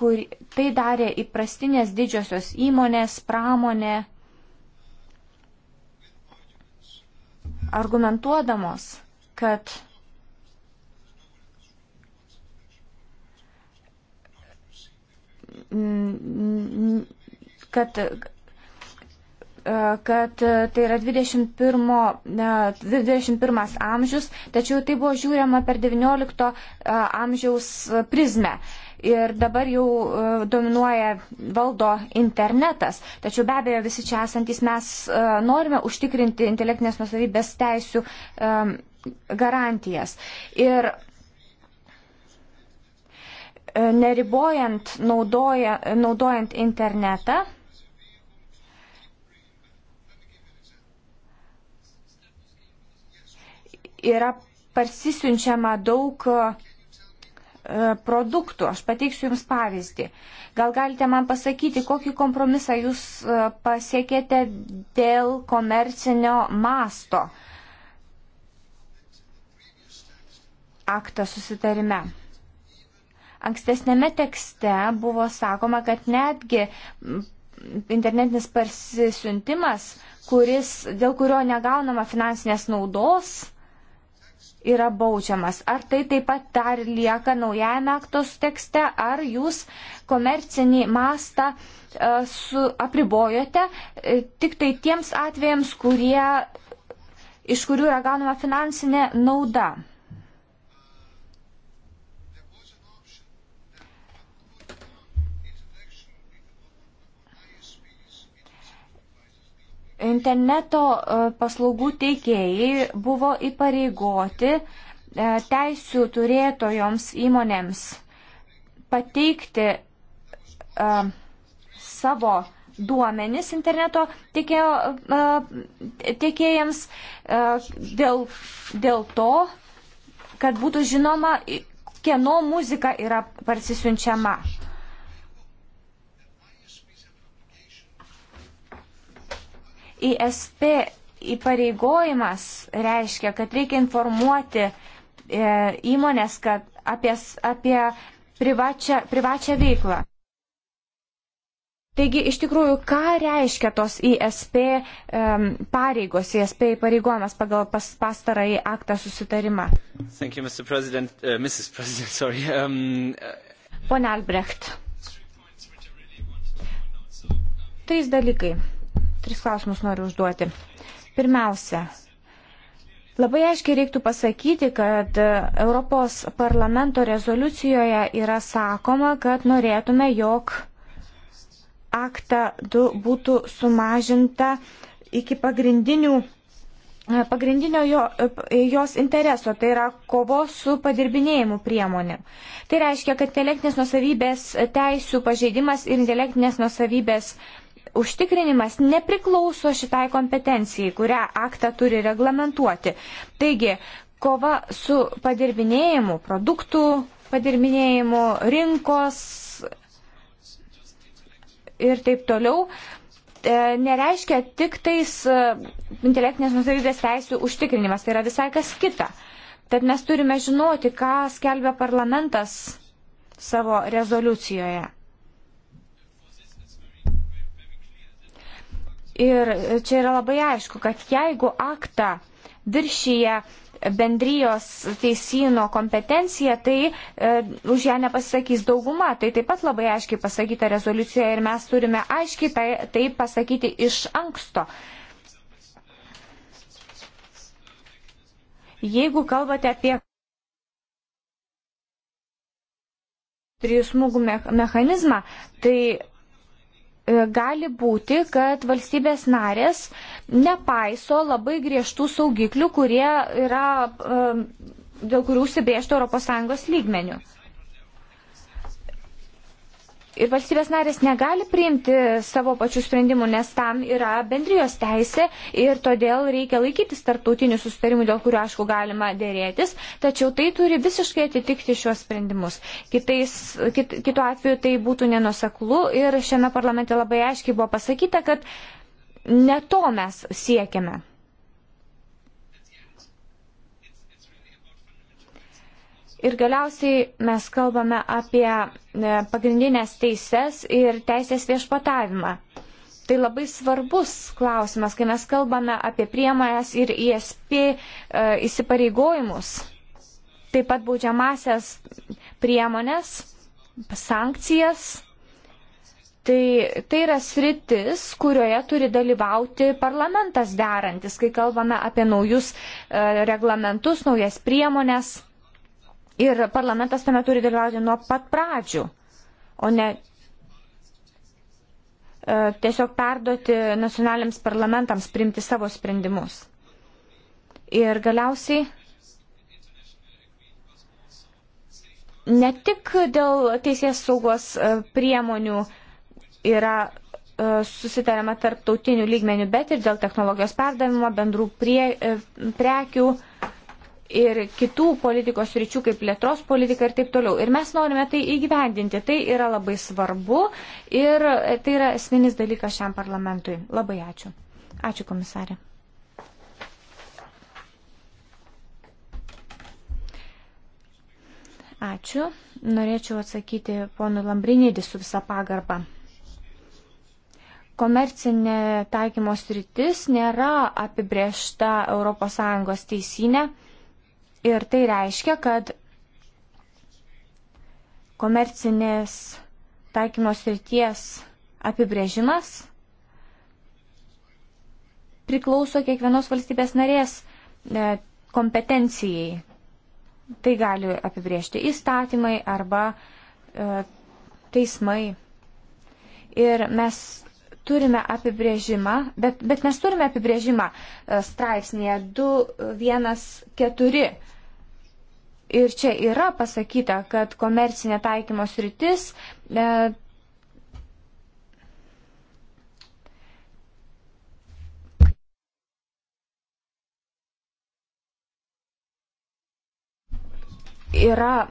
[SPEAKER 4] kur tai darė įprastinės didžiosios įmonės, pramonė, argumentuodamos, kad kad e, kad tai yra 21, 21 e, amžius, tačiau tai buvo žiūrima per 19 e, amžiaus prizmę. Ir dabar jau dominuoja valdo internetas. Tačiau be abejo visi čia esantis mes norime užtikrinti intelektinės nusavybės teisių garantijas. Ir E, neribojant naudoja, naudojant internetą. Yra parsisiunčiama daug e, produktų. Aš pateiksiu Jums pavyzdį. Gal galite man pasakyti, kokį kompromisą Jūs e, pasiekėte dėl komercinio masto aktą susitarime? Ankstesnėme tekste buvo sakoma, kad netgi internetinis parsisiuntimas, kuris, dėl kurio negaunama finansinės naudos, yra baudžiamas. Ar tai taip pat dar lieka naujame aktos tekste, ar jūs komercinį mastą e, su, apribojote e, tik tai tiems atvejams, kurie, iš kurių yra gaunama finansinė nauda. Interneto e, paslaugų teikėjai buvo įpareigoti e, teisų turėtojoms įmonėms pateikti uh, savo duomenis interneto tiekėjo, uh, tiekėjams uh, dėl, dėl to, kad būtų žinoma, kieno muzika yra parsisiunčiama. Uh, ISP įpareigojimas reiškia, kad reikia informuoti e, įmonės kad apie, apie privačią, privačią veiklą. Taigi, iš tikrųjų, ką reiškia tos ISP um, pareigos, ISP įpareigojimas pagal pas, pastarąjį aktą susitarimą?
[SPEAKER 5] Thank you, Mr. President, uh, Mrs. President, sorry. Um, uh...
[SPEAKER 4] Pone Albrecht. Trys dalykai Tris klausimus noriu užduoti. Pirmiausia, Labai aiškiai reiktų pasakyti, kad Europos parlamento rezoliucijoje yra sakoma, kad norėtume, jog aktą 2 būtų sumažinta iki pagrindinių, pagrindinio jo, jos intereso, tai yra kovos su padirbinėjimu priemonė. Tai reiškia, kad intelektinės nusavybės teisų pažeidimas ir intelektinės nusavybės uh, užtikrinimas nepriklauso šitai kompetencijai, kurią aktą turi reglamentuoti. Taigi, kova su padirbinėjimu, produktų padirbinėjimu, rinkos ir taip toliau, e, nereiškia tik tais e, intelektinės nusavybės teisų užtikrinimas, tai yra visai kas kita. Tad mes turime žinoti, ką skelbia parlamentas savo rezoliucijoje. Ir čia yra labai aišku, kad jeigu aktą viršyje bendrijos teisino kompetencija, tai e, už ją nepasisakys dauguma. Tai taip pat labai aiškiai pasakyta rezoliucijoje ir mes turime aiškiai tai, tai pasakyti iš anksto. Jeigu kalbate apie trijų smūgų mechanizmą, tai E, gali būti, kad valstybės narės nepaiso labai griežtų saugiklių, kurie yra, e, dėl kurių užsibriežtų ES lygmenių. Ir valstybės narės negali priimti savo pačių sprendimų, nes tam yra bendrijos teisė ir todėl reikia laikytis tarptautinių sustarimų, dėl kurių, aišku, galima dėrėtis, tačiau tai turi visiškai atitikti šiuos sprendimus. Kitais, kit, kitu atveju tai būtų nenuseklu ir šiame parlamente labai aiškiai buvo pasakyta, kad ne to mes siekiame. Ir galiausiai mes kalbame apie e, pagrindinės teises ir teisės viešpatavimą. Tai labai svarbus klausimas, kai mes kalbame apie priemonės ir ISP e, įsipareigojimus, taip pat baudžiamasias priemonės, sankcijas. Tai, tai yra sritis, kurioje turi dalyvauti parlamentas derantis, kai kalbame apie naujus e, reglamentus, naujas priemonės. Ir parlamentas tame turi dalyvauti nuo pat pradžių, o ne e, tiesiog perduoti nacionaliniams parlamentams priimti savo sprendimus. Ir galiausiai ne tik dėl teisės saugos e, priemonių yra e, susitariama tarptautinių lygmenių, bet ir dėl technologijos perdavimo, bendrų prie, prekių ir kitų politikos ryčių, kaip plėtros politika ir taip toliau. Ir mes norime tai įgyvendinti. Tai yra labai svarbu ir tai yra esminis dalykas šiam parlamentui. Labai ačiū. Ačiū komisarė. Ačiū. Norėčiau atsakyti ponui Lambrinėdį su visa pagarba. Komercinė taikymos rytis nėra apibriešta ES teisinė. Ir tai reiškia, kad komercinės taikymos ryties apibrėžimas priklauso kiekvienos valstybės narės e, kompetencijai. Tai gali apibrėžti įstatymai arba e, teismai. Ir mes turime apibrėžimą, bet, bet mes turime apibrėžimą e, straipsnėje 214. Ir čia yra pasakyta, kad komercinė taikymo sritis e, yra, e,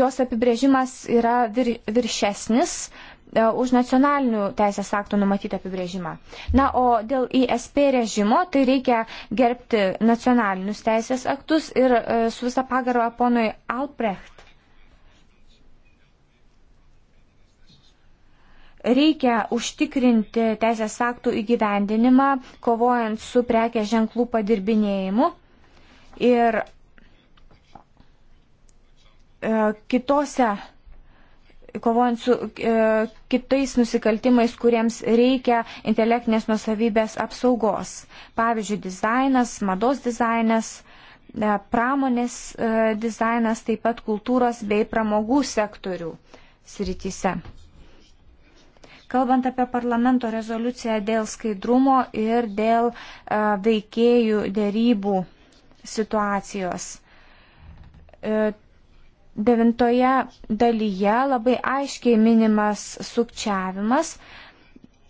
[SPEAKER 4] jos apibrėžimas yra vir, viršesnis. E, E, už nacionalinių teisės aktų numatytą apibrėžimą. Na, o dėl ISP režimo, tai reikia gerbti nacionalinius teisės aktus ir e, su visą pagarbą ponui Alprecht. Reikia užtikrinti teisės aktų įgyvendinimą, kovojant su prekės ženklų padirbinėjimu ir e, kitose kovojant su e, kitais nusikaltimais, kuriems reikia intelektinės nusavybės apsaugos. Pavyzdžiui, dizainas, mados dizainas, e, pramonės e, dizainas, taip pat kultūros bei pramogų sektorių srityse. Kalbant apie parlamento rezoliuciją dėl skaidrumo ir dėl e, veikėjų dėrybų situacijos. E, devintoje dalyje labai aiškiai minimas sukčiavimas,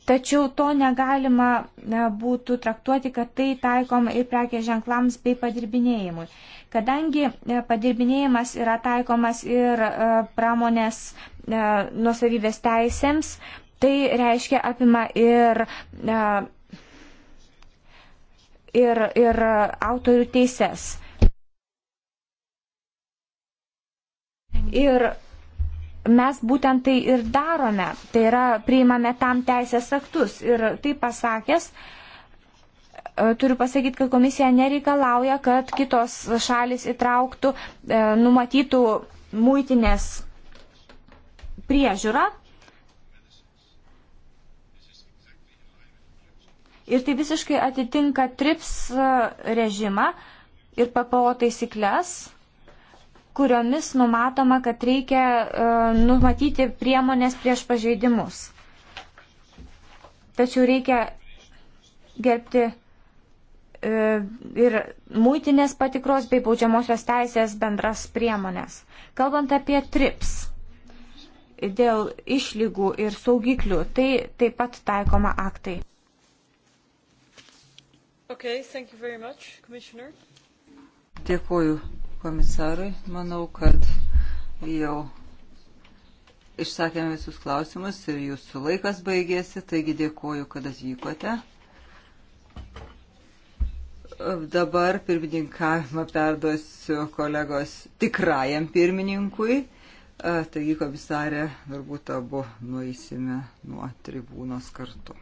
[SPEAKER 4] tačiau to negalima na, būtų traktuoti, kad tai taikoma ir prekės ženklams bei padirbinėjimui. Kadangi e, padirbinėjimas yra taikomas ir e, pramonės e, nusavybės teisėms, tai reiškia apima ir, ir, ir autorių teises. Ir mes būtent tai ir darome, tai yra priimame tam teisės aktus. Ir tai pasakęs, e, turiu pasakyti, kad komisija nereikalauja, kad kitos šalis įtrauktų, e, numatytų muitinės priežiūrą. Ir tai visiškai atitinka TRIPS e, režimą ir PPO taisyklės kuriomis numatoma, kad reikia uh, numatyti priemonės prieš pažeidimus. Tačiau reikia gerbti uh, ir muitinės patikros bei baudžiamosios teisės bendras priemonės. Kalbant apie trips dėl išlygų ir saugiklių, tai taip pat taikoma aktai.
[SPEAKER 1] Okay,
[SPEAKER 2] Dėkuoju komisarui. Manau, kad jau išsakėme visus klausimus ir jūsų laikas baigėsi, taigi dėkoju, kad atvykote. Dabar pirmininkavimą perduosiu kolegos tikrajam pirmininkui. Taigi, komisarė, turbūt abu nueisime nuo tribūnos kartu.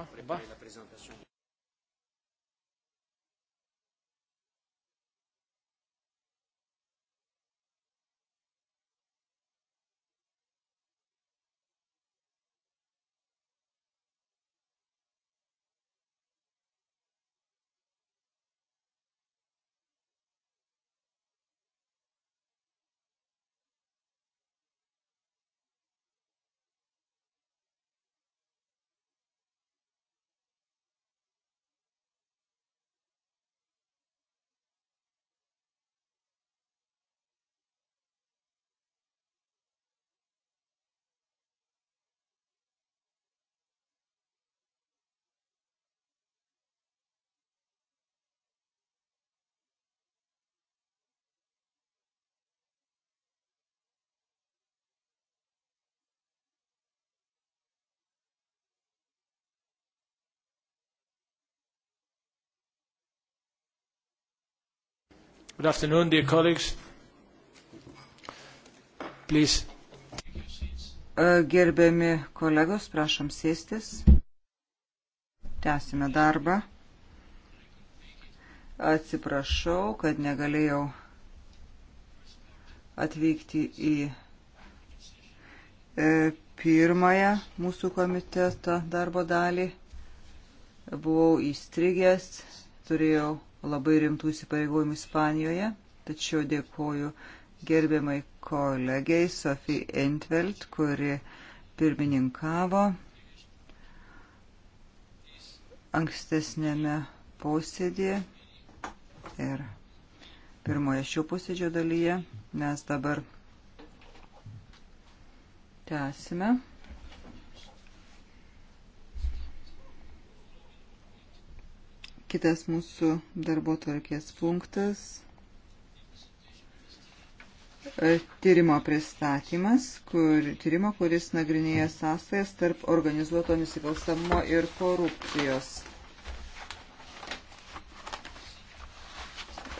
[SPEAKER 5] Ah, bah, bah. Good afternoon, dear colleagues. Please.
[SPEAKER 2] E, gerbiami kolegos, prašom sėstis. Tęsime darbą. Atsiprašau, kad negalėjau atvykti į e, pirmąją mūsų komiteto darbo dalį. Buvau įstrigęs, turėjau labai rimtų įsipareigojimų Ispanijoje, tačiau dėkoju gerbiamai kolegiai Sofijai Entvelt, kuri pirmininkavo ankstesnėme posėdėje ir pirmoje šio posėdžio dalyje mes dabar tęsime. Kitas mūsų darbo tvarkės punktas e, - tyrimo pristatymas, kur, tyrimo, kuris nagrinėja sąsajas tarp organizuoto nusikalstamumo ir korupcijos.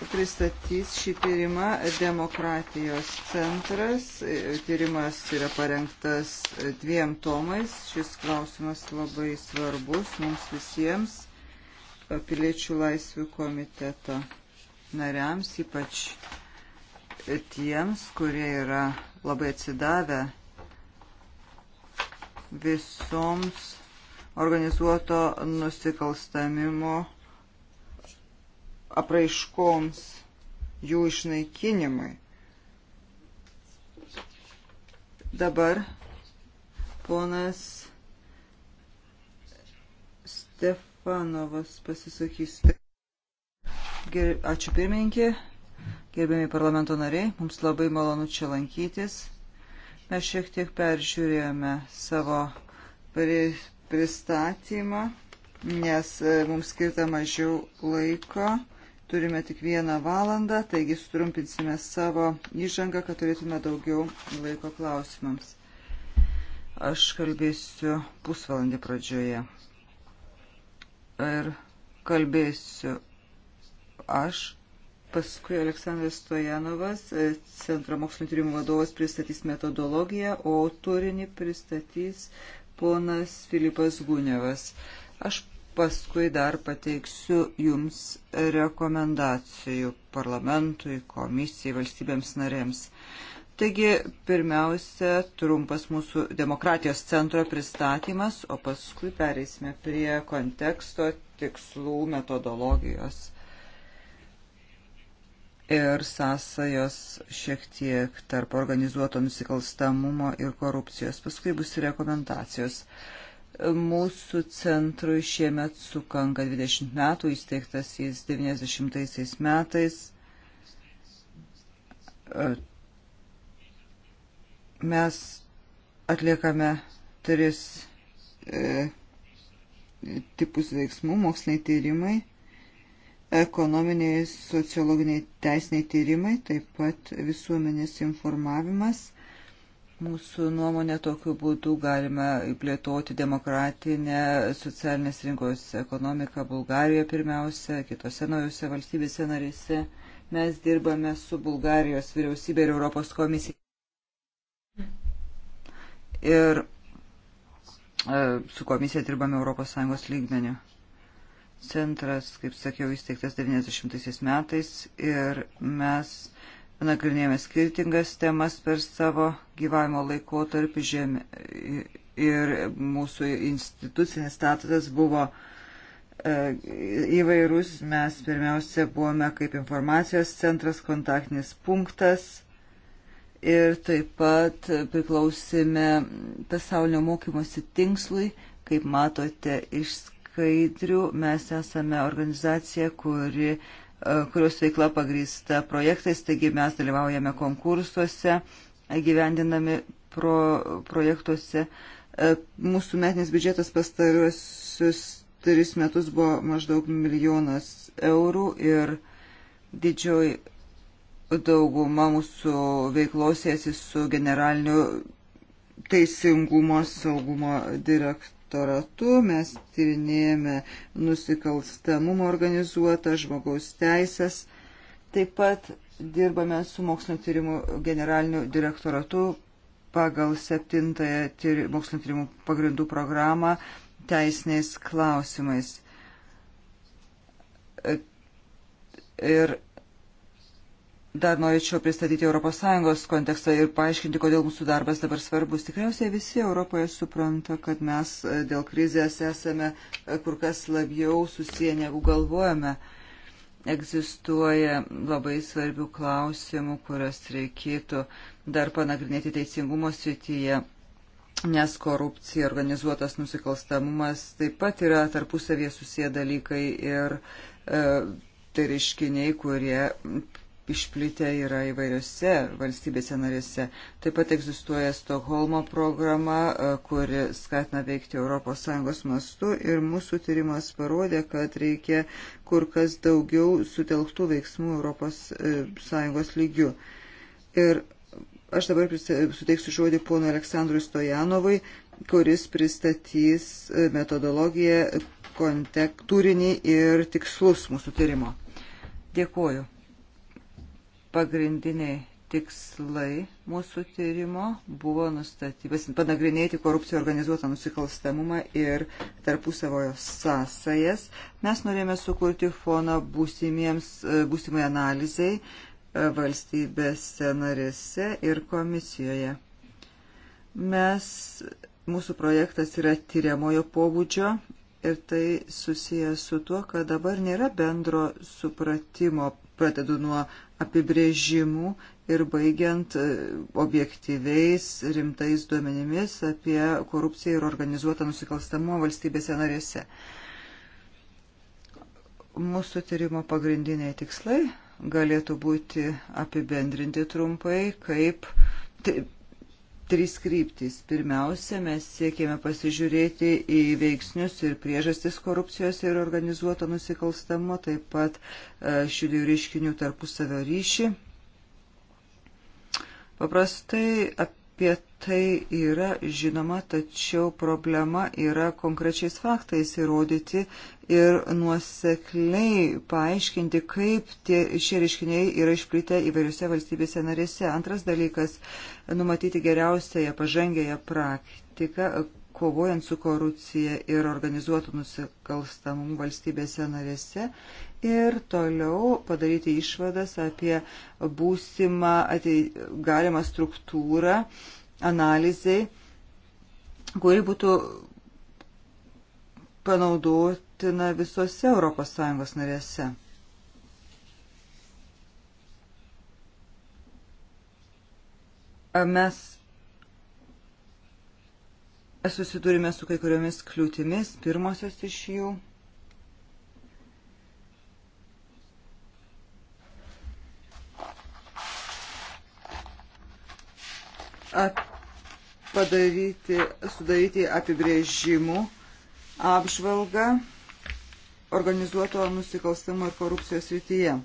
[SPEAKER 2] pristatys šį tyrimą Demokratijos centras. E, tyrimas yra parengtas dviem tomais. Šis klausimas labai svarbus mums visiems piliečių laisvių komiteto nariams, ypač tiems, kurie yra labai atsidavę visoms organizuoto nusikalstamimo apraiškoms, jų išnaikinimui. Dabar ponas Stef Papanovas pasisakys. Ger... Ačiū pirmininkė, gerbėmi parlamento nariai, mums labai malonu čia lankytis. Mes šiek tiek peržiūrėjome savo pri... pristatymą, nes e, mums skirta mažiau laiko. Turime tik vieną valandą, taigi strumpinsime savo įžangą, kad turėtume daugiau laiko klausimams. Aš kalbėsiu pusvalandį pradžioje ir kalbėsiu aš, paskui Aleksandras Stojanovas, Centro mokslinio tyrimų vadovas, pristatys metodologiją, o turinį pristatys ponas Filipas Gunevas. Aš paskui dar pateiksiu jums rekomendacijų parlamentui, komisijai, valstybėms narėms. Taigi, pirmiausia, trumpas mūsų demokratijos centro pristatymas, o paskui pereisime prie konteksto, tikslų, metodologijos ir sąsajos šiek tiek tarp organizuoto nusikalstamumo ir korupcijos. Paskui bus rekomendacijos. Mūsų centrui šiemet sukanka 20 metų, įsteigtas jis 90 metais Mes atliekame tris e, tipus veiksmų, moksliniai tyrimai, ekonominiai, sociologiniai, teisiniai tyrimai, taip pat visuomenės informavimas. Mūsų nuomonė tokiu būdu galime plėtoti demokratinę socialinės rinkos ekonomiką Bulgarijoje pirmiausia, kitose naujose valstybėse narėse. Mes dirbame su Bulgarijos vyriausybė ir Europos komisija ir e, su komisija dirbame ES lygmeniu. Centras, kaip sakiau, įsteigtas 90 metais ir mes nagrinėjame skirtingas temas per savo gyvavimo laikotarpį žemė ir mūsų institucinis statusas buvo e, įvairus. Mes pirmiausia buvome kaip informacijos centras, kontaktinis punktas ir taip pat priklausime pasaulinio mokymosi tinkslui. Kaip matote iš skaidrių, mes esame organizacija, kuri, e, kurios veikla pagrįsta projektais, taigi mes dalyvaujame konkursuose, gyvendinami pro, projektuose. E, mūsų metinis biudžetas pastaruosius tris metus buvo maždaug milijonas eurų ir didžioji dauguma mūsų veiklos jėsi su generaliniu teisingumo saugumo direktoratu. Mes tyrinėjame nusikalstamumą organizuotą, žmogaus teisės. Taip pat dirbame su mokslinio tyrimų generaliniu direktoratu pagal septintąją tyri, mokslinio tyrimų pagrindų programą teisiniais klausimais. Ir Dar norėčiau pristatyti ES kontekstą ir paaiškinti, kodėl mūsų darbas dabar svarbus. Tikriausiai visi Europoje supranta, kad mes e, dėl krizės esame e, kur kas labiau susiję negu galvojame. Egzistuoja labai svarbių klausimų, kurias reikėtų dar panagrinėti teisingumo srityje, nes korupcija, organizuotas nusikalstamumas taip pat yra tarpusavie susiję dalykai ir e, tai reiškiniai, kurie išplitę yra įvairiose valstybėse narėse. Taip pat egzistuoja Stokholmo programa, e, kuri skatina veikti ES mastu ir mūsų tyrimas parodė, kad reikia kur kas daugiau sutelktų veiksmų ES e, lygių. Ir aš dabar suteiksiu žodį pono Aleksandrui Stojanovui, kuris pristatys e, metodologiją, kontek, turinį ir tikslus mūsų tyrimo. Dėkuoju pagrindiniai tikslai mūsų tyrimo buvo nustatybės panagrinėti korupciją organizuotą nusikalstamumą ir tarpusavojo sąsajas. Mes norėjome sukurti foną e, būsimai analizai e, valstybėse narėse ir komisijoje. Mes, mūsų projektas yra tyriamojo pobūdžio ir tai susijęs su tuo, kad dabar nėra bendro supratimo pradedu nuo apibrėžimų ir baigiant e, objektyviais rimtais duomenimis apie korupciją ir organizuotą nusikalstamumą valstybėse narėse. Mūsų tyrimo pagrindiniai tikslai galėtų būti apibendrinti trumpai kaip tai trys kryptys. Pirmiausia, mes siekėme pasižiūrėti į veiksnius ir priežastis korupcijos ir organizuoto nusikalstamo, taip pat e, šių dviejų reiškinių tarpusavio ryšį. Paprastai apie tai yra žinoma, tačiau problema yra konkrečiais faktais įrodyti ir nuosekliai paaiškinti, kaip tie, šie reiškiniai yra išplitę įvairiose valstybėse narėse. Antras dalykas - numatyti geriausiąją pažangėją praktiką, kovojant su korupcija ir organizuotų nusikalstamumų valstybėse narėse ir toliau padaryti išvadas apie būsimą atei, galimą struktūrą analizai, kuri būtų panaudotina visose ES narėse. Mes susidūrime su kai kuriomis kliūtimis, pirmosios iš jų. Padaryti, sudaryti apibrėžimų apžvalgą organizuoto nusikalstamo ir korupcijos rytyje.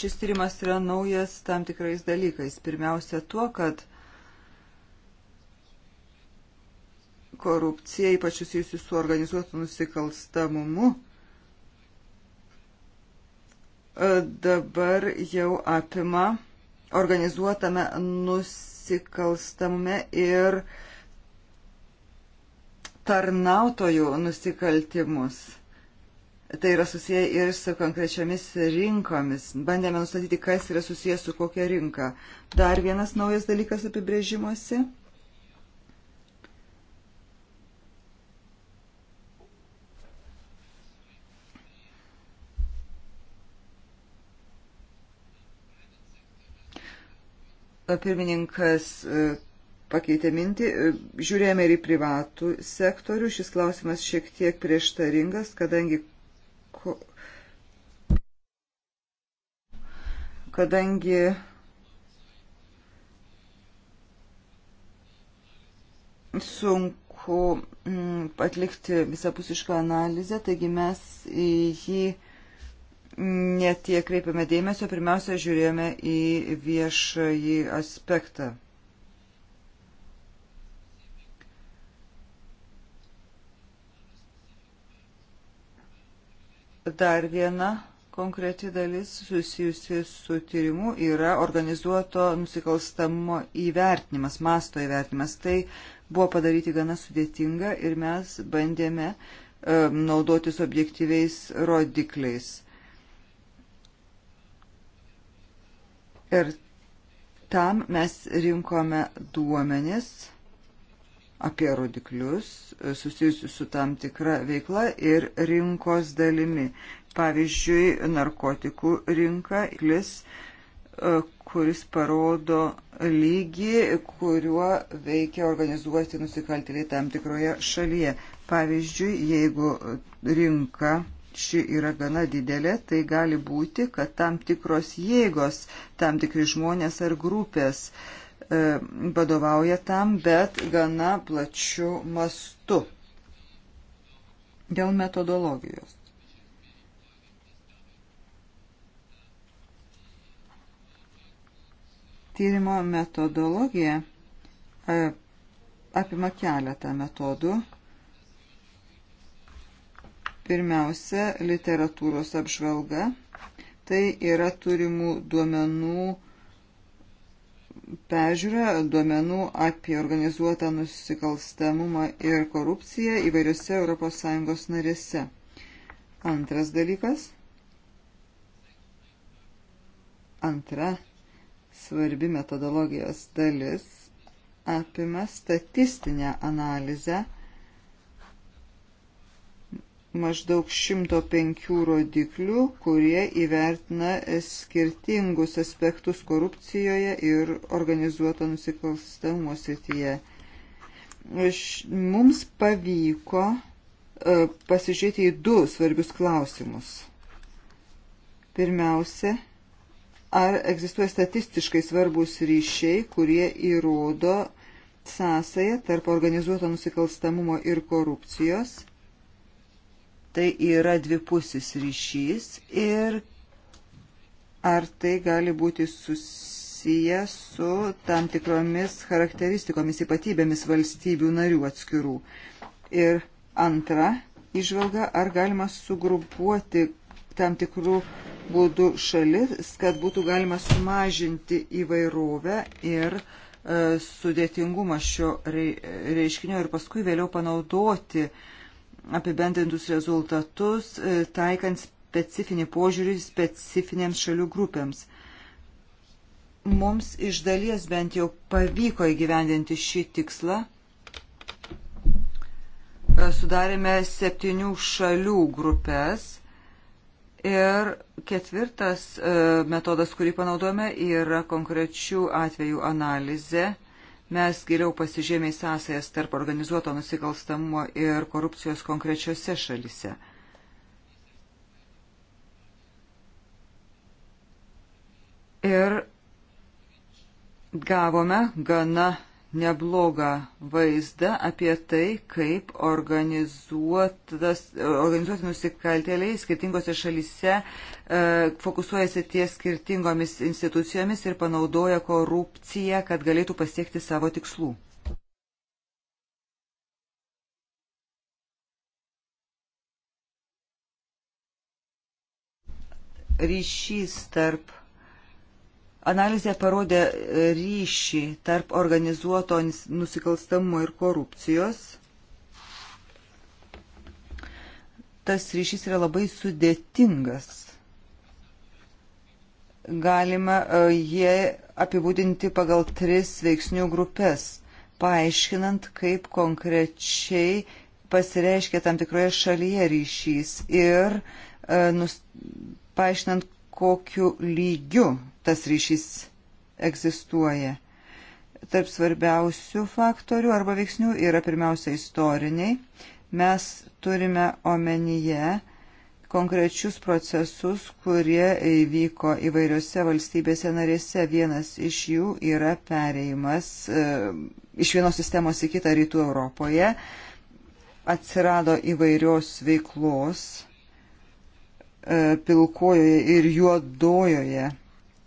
[SPEAKER 2] Šis tyrimas yra naujas tam tikrais dalykais. Pirmiausia tuo, kad korupcija, ypač susijusi su organizuotu nusikalstamumu, e, dabar jau apima organizuotame nusikalstamume ir tarnautojų nusikaltimus. Tai yra susiję ir su konkrečiamis rinkomis. Bandėme nustatyti, kas yra susijęs su kokia rinka. Dar vienas naujas dalykas apibrėžimuose pirmininkas e, pakeitė mintį, e, žiūrėjome ir į privatų sektorių. Šis klausimas šiek tiek prieštaringas, kadangi, ko, kadangi sunku mm, atlikti visapusišką analizę, taigi mes į jį netiek kreipiame dėmesio, pirmiausia, žiūrėjome į viešąjį aspektą. Dar viena konkreti dalis susijusi su tyrimu yra organizuoto nusikalstamo įvertinimas, masto įvertinimas. Tai buvo padaryti gana sudėtinga ir mes bandėme um, naudotis objektyviais rodikliais Ir tam mes rinkome duomenis apie rodiklius susijusius su tam tikra veikla ir rinkos dalimi. Pavyzdžiui, narkotikų rinka, klis, e, kuris parodo lygį, kuriuo veikia organizuoti nusikaltėliai tam tikroje šalyje. Pavyzdžiui, jeigu rinka ši yra gana didelė, tai gali būti, kad tam tikros jėgos, tam tikri žmonės ar grupės e, vadovauja e, tam, bet gana plačių mastų. Dėl metodologijos. Tyrimo metodologija e, apima keletą metodų Pirmiausia, literatūros apžvalga. Tai yra turimų duomenų pežiūra, duomenų apie organizuotą nusikalstamumą ir korupciją įvairiose ES narėse. Antras dalykas. Antra svarbi metodologijos dalis apima statistinę analizę maždaug 105 rodiklių, kurie įvertina skirtingus aspektus korupcijoje ir organizuoto nusikalstamumo srityje. Mums pavyko e, pasižiūrėti į du svarbius klausimus. Pirmiausia, ar egzistuoja statistiškai svarbus ryšiai, kurie įrodo sąsąją tarp organizuoto nusikalstamumo ir korupcijos – tai yra dvipusis ryšys ir ar tai gali būti susiję su tam tikromis charakteristikomis, ypatybėmis valstybių narių atskirų. Ir antra išvalga, ar galima sugrupuoti tam tikrų būdų šalis, kad būtų galima sumažinti įvairovę ir e, sudėtingumą šio reiškinio ir paskui vėliau panaudoti e, apibendrintus rezultatus, e, taikant specifinį požiūrį specifinėms šalių grupėms. Mums iš dalies bent jau pavyko įgyvendinti šį tikslą. E, sudarėme septynių šalių grupės ir ketvirtas e, metodas, kurį panaudojame, yra konkrečių atvejų analizė mes geriau pasižymėjai sąsajas tarp organizuoto nusikalstamumo ir korupcijos konkrečiose šalise. Ir gavome gana neblogą vaizdą apie tai, kaip organizuoti nusikaltėliai skirtingose šalyse e, fokusuojasi ties skirtingomis institucijomis ir panaudoja korupciją, kad galėtų pasiekti savo tikslų. Ryšys tarp Analizė parodė ryšį tarp organizuoto nusikalstamumo ir korupcijos. Tas ryšys yra labai sudėtingas. Galima jie apibūdinti pagal tris veiksnių grupės, paaiškinant, kaip konkrečiai pasireiškia tam tikroje šalyje ryšys ir e, nus, paaiškinant, kokiu lygiu tas ryšys egzistuoja. Tarp svarbiausių faktorių arba veiksnių yra pirmiausia istoriniai. Mes turime omenyje konkrečius procesus, kurie įvyko įvairiose valstybėse narėse. Vienas iš jų yra pereimas e, iš vienos sistemos į kitą rytų Europoje. Atsirado įvairios veiklos E, pilkojoje ir juodojoje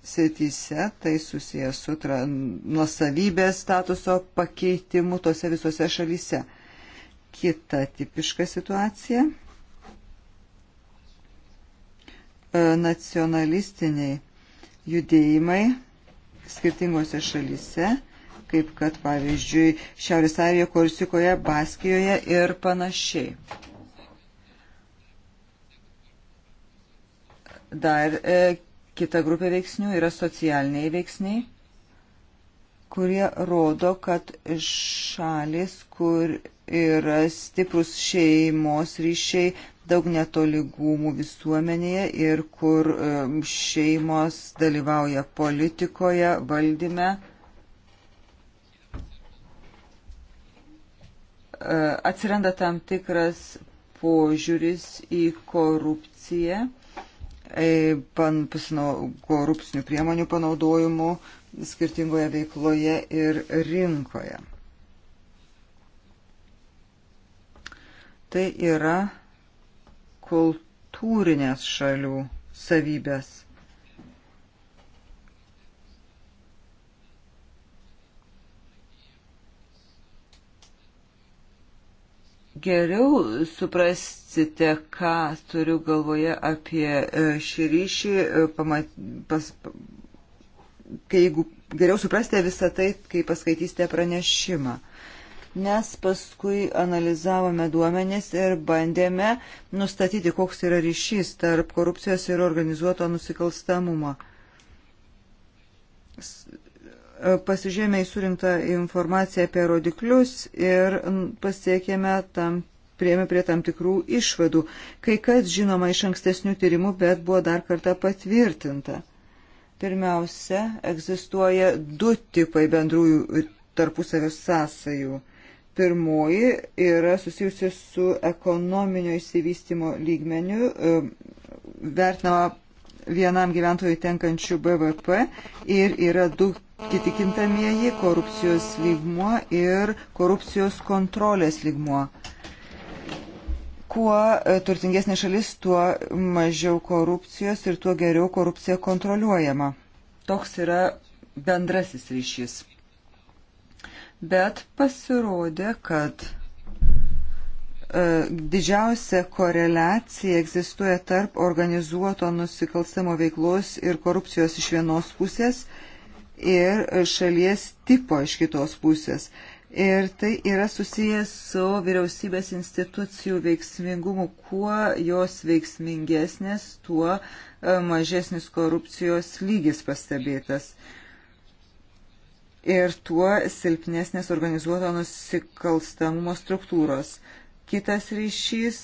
[SPEAKER 2] srityse, tai susijęs su nuosavybės statuso pakeitimu tose visose šalyse. Kita tipiška situacija e, - nacionalistiniai judėjimai skirtingose šalyse, kaip kad pavyzdžiui Šiaurės Airijoje, Korsikoje, Baskijoje ir panašiai. Dar e, kita grupė veiksnių yra socialiniai veiksniai, kurie rodo, kad šalis, kur yra stiprus šeimos ryšiai, daug netoligumų visuomenėje ir kur e, šeimos dalyvauja politikoje, valdyme. E, atsiranda tam tikras požiūris į korupciją E, korupcinių priemonių panaudojimu skirtingoje veikloje ir rinkoje. Tai yra kultūrinės šalių savybės. geriau suprasite, ką turiu galvoje apie e, šį ryšį, e, pamat, pas, kai jeigu geriau suprasite visą tai, kai paskaitysite pranešimą. Nes paskui analizavome duomenis ir bandėme nustatyti, koks yra ryšys tarp korupcijos ir organizuoto nusikalstamumo pasižiūrėjome į surinktą informaciją apie rodiklius ir pasiekėme tam prieėmė prie tam tikrų išvadų. Kai kas žinoma iš ankstesnių tyrimų, bet buvo dar kartą patvirtinta. Pirmiausia, egzistuoja du tipai bendrųjų tarpusavio sąsajų. Pirmoji yra susijusi su ekonominio įsivystimo lygmeniu, e, vertinama vienam gyventojui tenkančių BVP ir yra du kiti kintamieji - korupcijos lygmuo ir korupcijos kontrolės lygmuo. Kuo e, turtingesnė šalis, tuo mažiau korupcijos ir tuo geriau korupcija kontroliuojama. Toks yra bendrasis ryšys. Bet pasirodė, kad E, didžiausia koreliacija egzistuoja tarp organizuoto nusikalstamo veiklos ir korupcijos iš vienos pusės ir šalies tipo iš kitos pusės. Ir tai yra susijęs su vyriausybės institucijų veiksmingumu. Kuo jos veiksmingesnės, tuo e, mažesnis korupcijos lygis pastebėtas. Ir tuo silpnesnės organizuoto nusikalstamumo struktūros. Kitas ryšys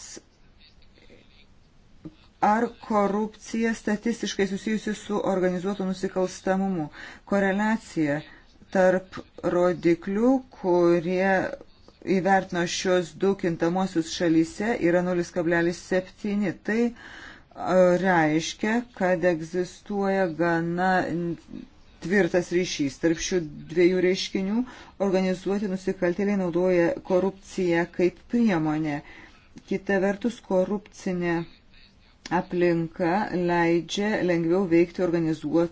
[SPEAKER 2] ar korupcija statistiškai susijusi su organizuotu nusikalstamumu. Koreliacija tarp rodiklių, kurie įvertino šios du kintamosius šalyse, yra 0,7. Tai e, reiškia, kad egzistuoja gana tvirtas ryšys tarp šių dviejų reiškinių. Organizuoti nusikaltėliai naudoja korupciją kaip priemonę. Kita vertus, korupcinė aplinka leidžia lengviau veikti organizuotiems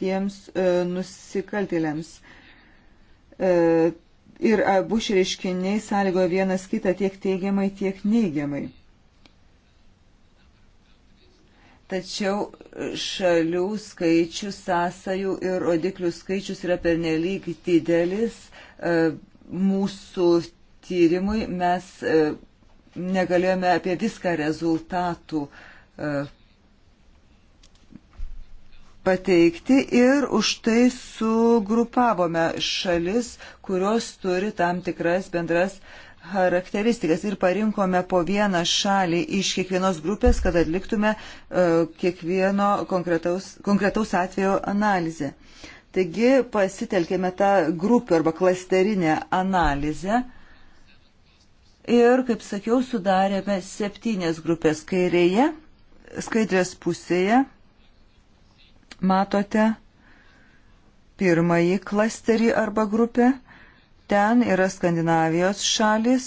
[SPEAKER 2] e, nusikaltėliams. E, ir abu šie reiškiniai sąlygoja vienas kitą tiek teigiamai, tiek neigiamai. Tačiau šalių skaičius, sąsajų ir rodiklių skaičius yra pernelyg didelis. E, mūsų tyrimui mes e, negalėjome apie viską rezultatų e, pateikti ir už tai sugrupavome šalis, kurios turi tam tikras bendras uh, charakteristikas ir parinkome po vieną šalį iš kiekvienos grupės, kad atliktume e, kiekvieno konkretaus, konkretaus atvejo analizę. Taigi pasitelkėme tą grupę arba klasterinę analizę ir, kaip sakiau, sudarėme septynės grupės kairėje, skaidrės pusėje. Matote pirmąjį klasterį arba grupę Ten yra Skandinavijos šalis.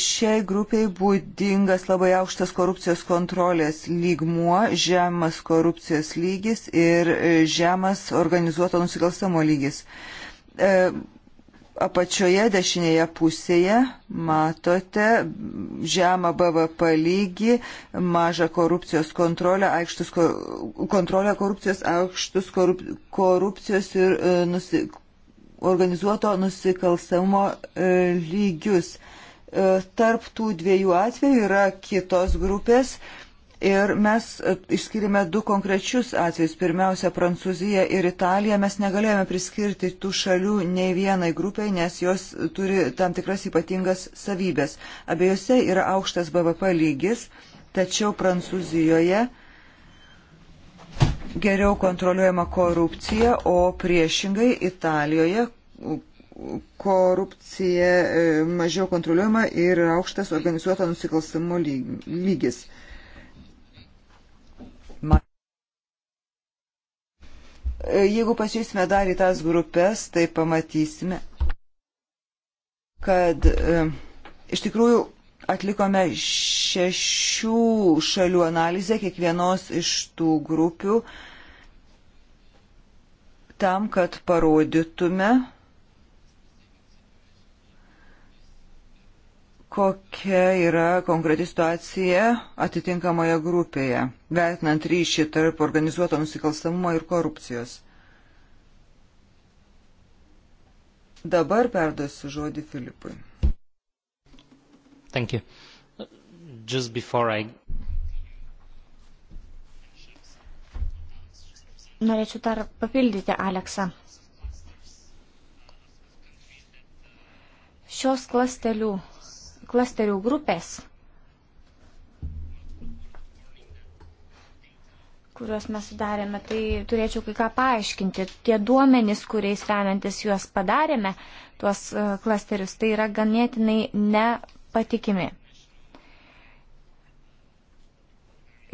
[SPEAKER 2] Šiai grupiai būdingas labai aukštas korupcijos kontrolės lygmuo, žemas korupcijos lygis ir žemas organizuoto nusikalstamo lygis. E, apačioje dešinėje pusėje matote žemą BVP lygį, mažą korupcijos kontrolę, aikštus kontrolę korupcijos, aukštus korupcijos ir e, nusi, organizuoto nusikalstamo e, lygius. E, tarp tų dviejų atvejų yra kitos grupės Ir mes e, išskirime du konkrečius atvejus. Pirmiausia, Prancūzija ir Italija. Mes negalėjome priskirti tų šalių nei vienai grupiai, nes jos turi tam tikras ypatingas savybės. Abiejose yra aukštas BVP lygis, tačiau Prancūzijoje geriau kontroliuojama korupcija, o priešingai Italijoje korupcija e, mažiau kontroliuojama ir aukštas organizuoto nusikalstamo lygis. E, jeigu pasižiūrėsime dar į tas grupės, tai pamatysime, kad e, iš tikrųjų atlikome šešių šalių analizę kiekvienos iš tų grupių tam, kad parodytume, kokia yra konkreti situacija atitinkamoje grupėje, vertinant ryšį tarp organizuoto nusikalstamumo ir korupcijos. Dabar perduosiu žodį Filipui.
[SPEAKER 3] Thank you. Just before I...
[SPEAKER 4] Norėčiau dar papildyti Aleksą. Šios klastelių klasterių grupės, kuriuos mes sudarėme, tai turėčiau kai ką paaiškinti. Tie duomenys, kuriais remiantis juos padarėme, tuos e, klasterius, tai yra ganėtinai nepatikimi.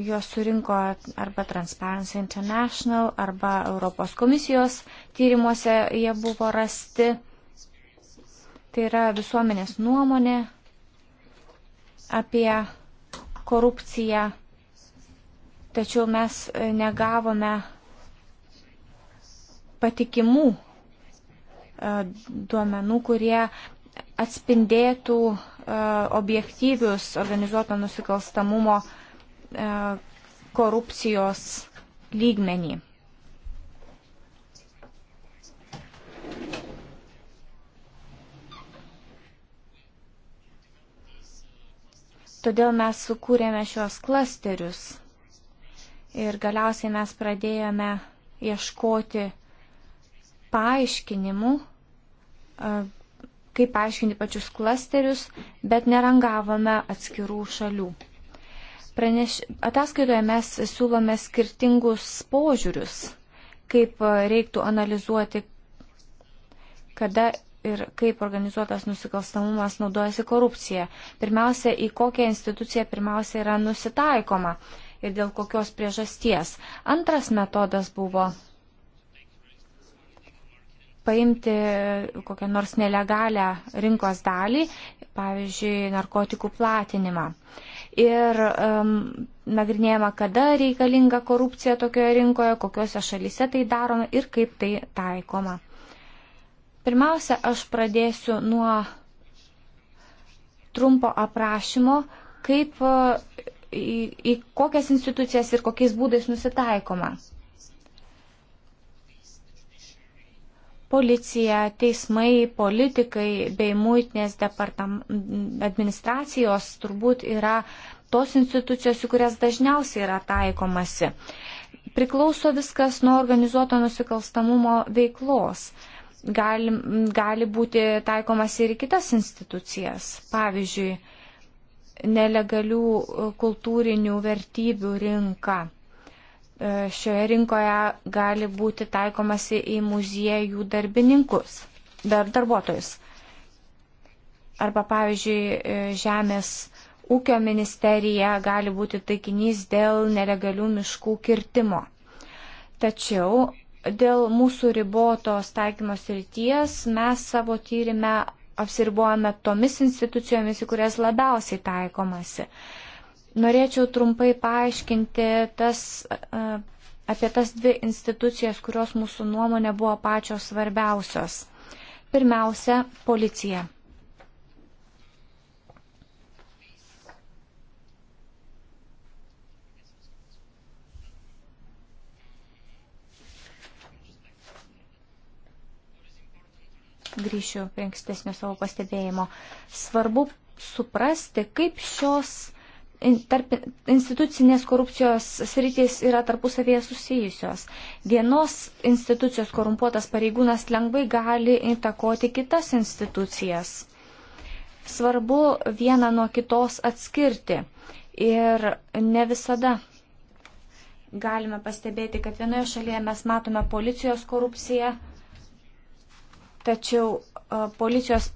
[SPEAKER 4] juos surinko arba Transparency International, arba Europos komisijos tyrimuose jie buvo rasti. Tai yra visuomenės nuomonė, apie korupciją, tačiau mes e, negavome patikimų e, duomenų, kurie atspindėtų e, objektyvius organizuoto nusikalstamumo korupcijos lygmenį. Todėl mes sukūrėme šios klasterius ir galiausiai mes pradėjome ieškoti paaiškinimų, kaip paaiškinti pačius klasterius, bet nerangavome atskirų šalių. Praneš... Ataskaitoje mes siūlome skirtingus požiūrius, kaip reiktų analizuoti, kada ir kaip organizuotas nusikalstamumas naudojasi korupcija. Pirmiausia, į kokią instituciją pirmiausia yra nusitaikoma ir dėl kokios priežasties. Antras metodas buvo paimti kokią nors nelegalią rinkos dalį, pavyzdžiui, narkotikų platinimą. Ir um, nagrinėjama, kada reikalinga korupcija tokioje rinkoje, kokiuose šalyse tai daroma ir kaip tai taikoma. Pirmiausia, aš pradėsiu nuo trumpo aprašymo, kaip e, į, į kokias institucijas ir kokiais būdais nusitaikoma. Policija, teismai, politikai bei muitinės administracijos turbūt yra tos institucijos, į kurias dažniausiai yra taikomasi. Priklauso viskas nuo organizuoto nusikalstamumo veiklos. Uh, gali, gali būti taikomas ir kitas institucijas. Pavyzdžiui, nelegalių kultūrinių vertybių rinka. E, šioje rinkoje gali būti taikomasi į muziejų darbininkus, dar, darbuotojus. Arba, pavyzdžiui, e, žemės ūkio ministerija gali būti taikinys dėl nelegalių miškų kirtimo. Tačiau Dėl mūsų ribotos taikymos ryties mes savo tyrimę apsiribuojame tomis institucijomis, į kurias labiausiai taikomasi. Norėčiau trumpai paaiškinti tas, apie tas dvi institucijas, kurios mūsų nuomonė buvo pačios svarbiausios. Pirmiausia, policija. grįšiu prie ankstesnio savo pastebėjimo. Svarbu suprasti, kaip šios tarp institucinės korupcijos sritys yra tarpusavėje susijusios. Vienos institucijos korumpuotas pareigūnas lengvai gali įtakoti kitas institucijas. Svarbu vieną nuo kitos atskirti. Ir ne visada galime pastebėti, kad vienoje šalyje mes matome policijos korupciją, tačiau policijos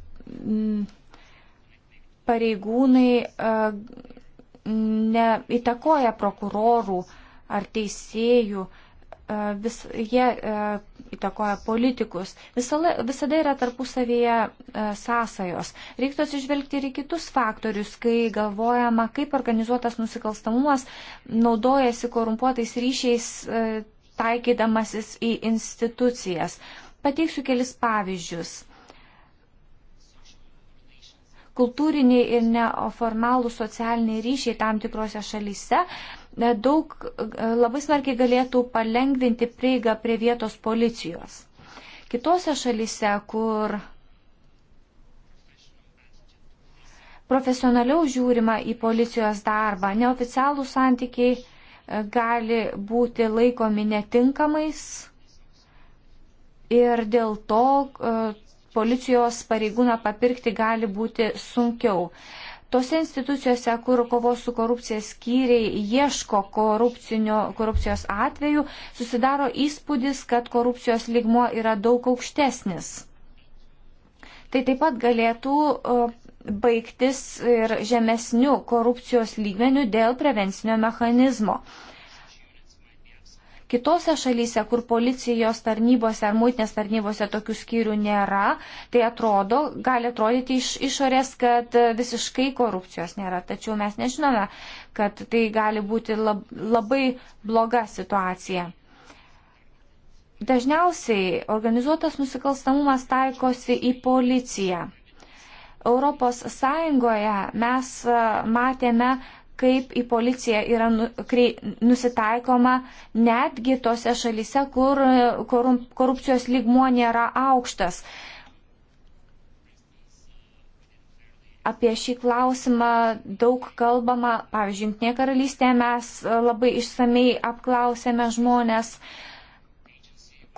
[SPEAKER 4] pareigūnai neįtakoja prokurorų ar teisėjų, vis, jie įtakoja politikus. Visala, visada yra tarpusavėje sąsajos. Reiktų atsižvelgti ir į kitus faktorius, kai galvojama, kaip organizuotas nusikalstamumas naudojasi korumpuotais ryšiais taikydamasis į institucijas. Pateiksiu kelis pavyzdžius. Kultūriniai ir neformalų socialiniai ryšiai tam tikrose šalyse e, daug e, labai smarkiai galėtų palengvinti prieigą prie vietos policijos. Kitose šalyse, kur profesionaliau žiūrima į policijos darbą, neoficialų santykiai e, gali būti laikomi netinkamais ir dėl to e, policijos pareigūną papirkti gali būti sunkiau. Tose institucijose, kur kovos su korupcija skyriai ieško korupcijos atvejų, susidaro įspūdis, kad korupcijos ligmo yra daug aukštesnis. Tai taip pat galėtų e, baigtis ir žemesnių korupcijos lygmenių dėl prevencinio mechanizmo. Uh, kitose šalyse, kur policijos tarnybose ar muitinės tarnybose tokių skyrių nėra, tai atrodo, gali atrodyti iš išorės, kad visiškai korupcijos nėra. Tačiau mes nežinome, kad tai gali būti lab, labai bloga situacija. Dažniausiai organizuotas nusikalstamumas taikosi į policiją. Europos Sąjungoje mes e, matėme kaip į policiją yra nu, nusitaikoma netgi tose šalise, kur e, korupcijos lygmuo nėra aukštas. Apie šį klausimą daug kalbama, pavyzdžiui, Junktinė karalystė mes e, labai išsamei apklausėme žmonės,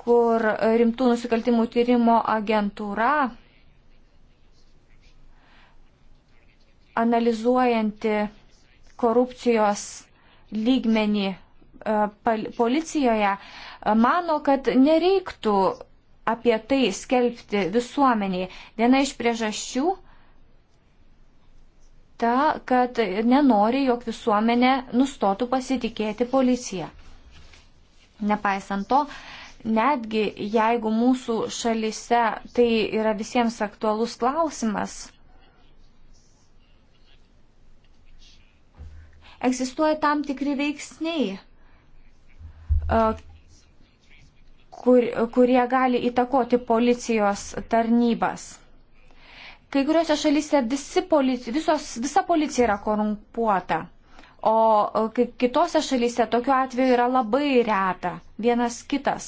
[SPEAKER 4] kur rimtų nusikaltimų tyrimo agentūra analizuojanti korupcijos lygmenį e, policijoje, e, mano, kad nereiktų apie tai skelbti visuomeniai. Viena iš priežasčių ta, kad nenori, jog visuomenė nustotų pasitikėti policiją. Nepaisant to, netgi jeigu mūsų šalise tai yra visiems aktualus klausimas, egzistuoja tam tikri veiksniai, kur, kurie gali įtakoti policijos tarnybas. Kai kuriuose šalyse visi polici, visos, visa policija yra korumpuota, o kitose šalyse tokiu atveju yra labai reta, vienas kitas,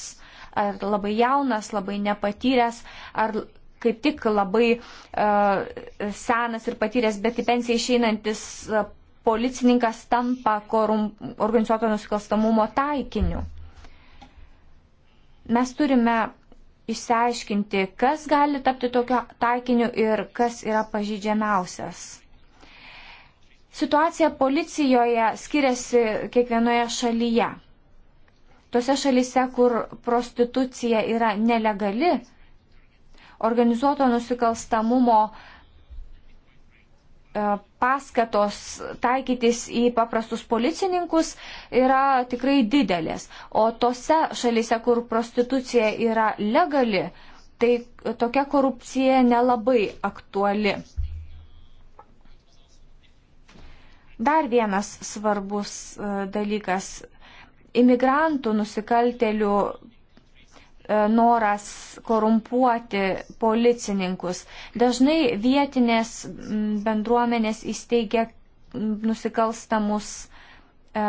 [SPEAKER 4] ar labai jaunas, labai nepatyręs, ar kaip tik labai uh, senas ir patyręs, bet į pensiją išeinantis policininkas tampa korum, organizuoto nusikalstamumo taikiniu. Mes turime išsiaiškinti, kas gali tapti tokio taikiniu ir kas yra pažydžiamiausias. Situacija policijoje skiriasi kiekvienoje šalyje. Tose šalyse, kur prostitucija yra nelegali, organizuoto nusikalstamumo uh, E, paskatos taikytis į paprastus policininkus yra tikrai didelės. O tose šalyse, kur prostitucija yra legali, tai tokia korupcija nelabai aktuali. Dar vienas svarbus e, dalykas. Imigrantų nusikaltelių E, noras korumpuoti policininkus. Dažnai vietinės bendruomenės įsteigia nusikalstamus e,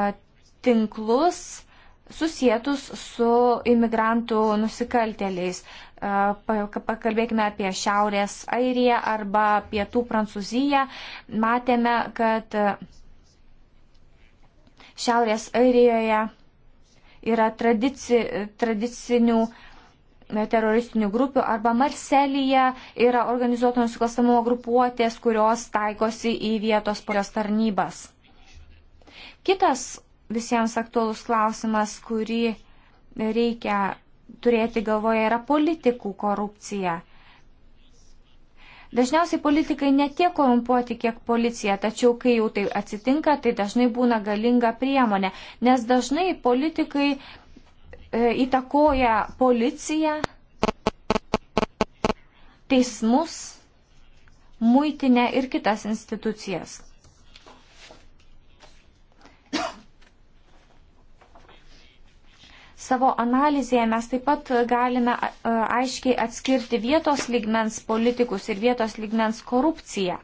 [SPEAKER 4] tinklus susijėtus su imigrantų nusikaltėliais. E, pakalbėkime apie Šiaurės Airiją arba Pietų Prancūziją. Matėme, kad Šiaurės Airijoje yra tradici, tradicinių uh, teroristinių grupių arba Marselyje yra organizuoto nusikalstamumo grupuotės, kurios taikosi į vietos polios tarnybas. Kitas visiems aktuolus klausimas, kurį reikia turėti galvoje, yra politikų korupcija. Dažniausiai politikai ne tiek korumpuoti, kiek policija, tačiau kai jau tai atsitinka, tai dažnai būna galinga priemonė, nes dažnai politikai E, įtakoja policiją, teismus, muitinę ir kitas institucijas. Savo analizėje mes taip pat galime e, aiškiai atskirti vietos lygmens politikus ir vietos lygmens korupciją.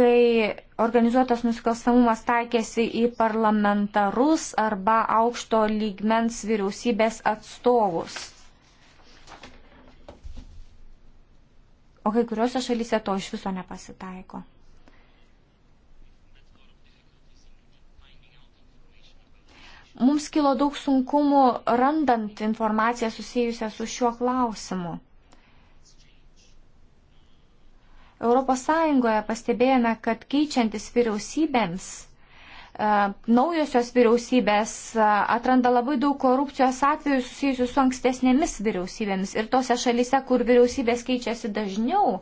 [SPEAKER 4] kai organizuotas nusikalstamumas taikėsi į parlamentarus arba aukšto lygmens vyriausybės atstovus. O kai kuriuose šalyse to iš viso nepasitaiko. Mums kilo daug sunkumų randant informaciją susijusią su šiuo klausimu. Europos Sąjungoje pastebėjome, kad keičiantis vyriausybėms, e, naujosios vyriausybės e, atranda labai daug korupcijos atvejų susijusių su ankstesnėmis vyriausybėmis. Ir tose šalise, kur vyriausybės keičiasi dažniau,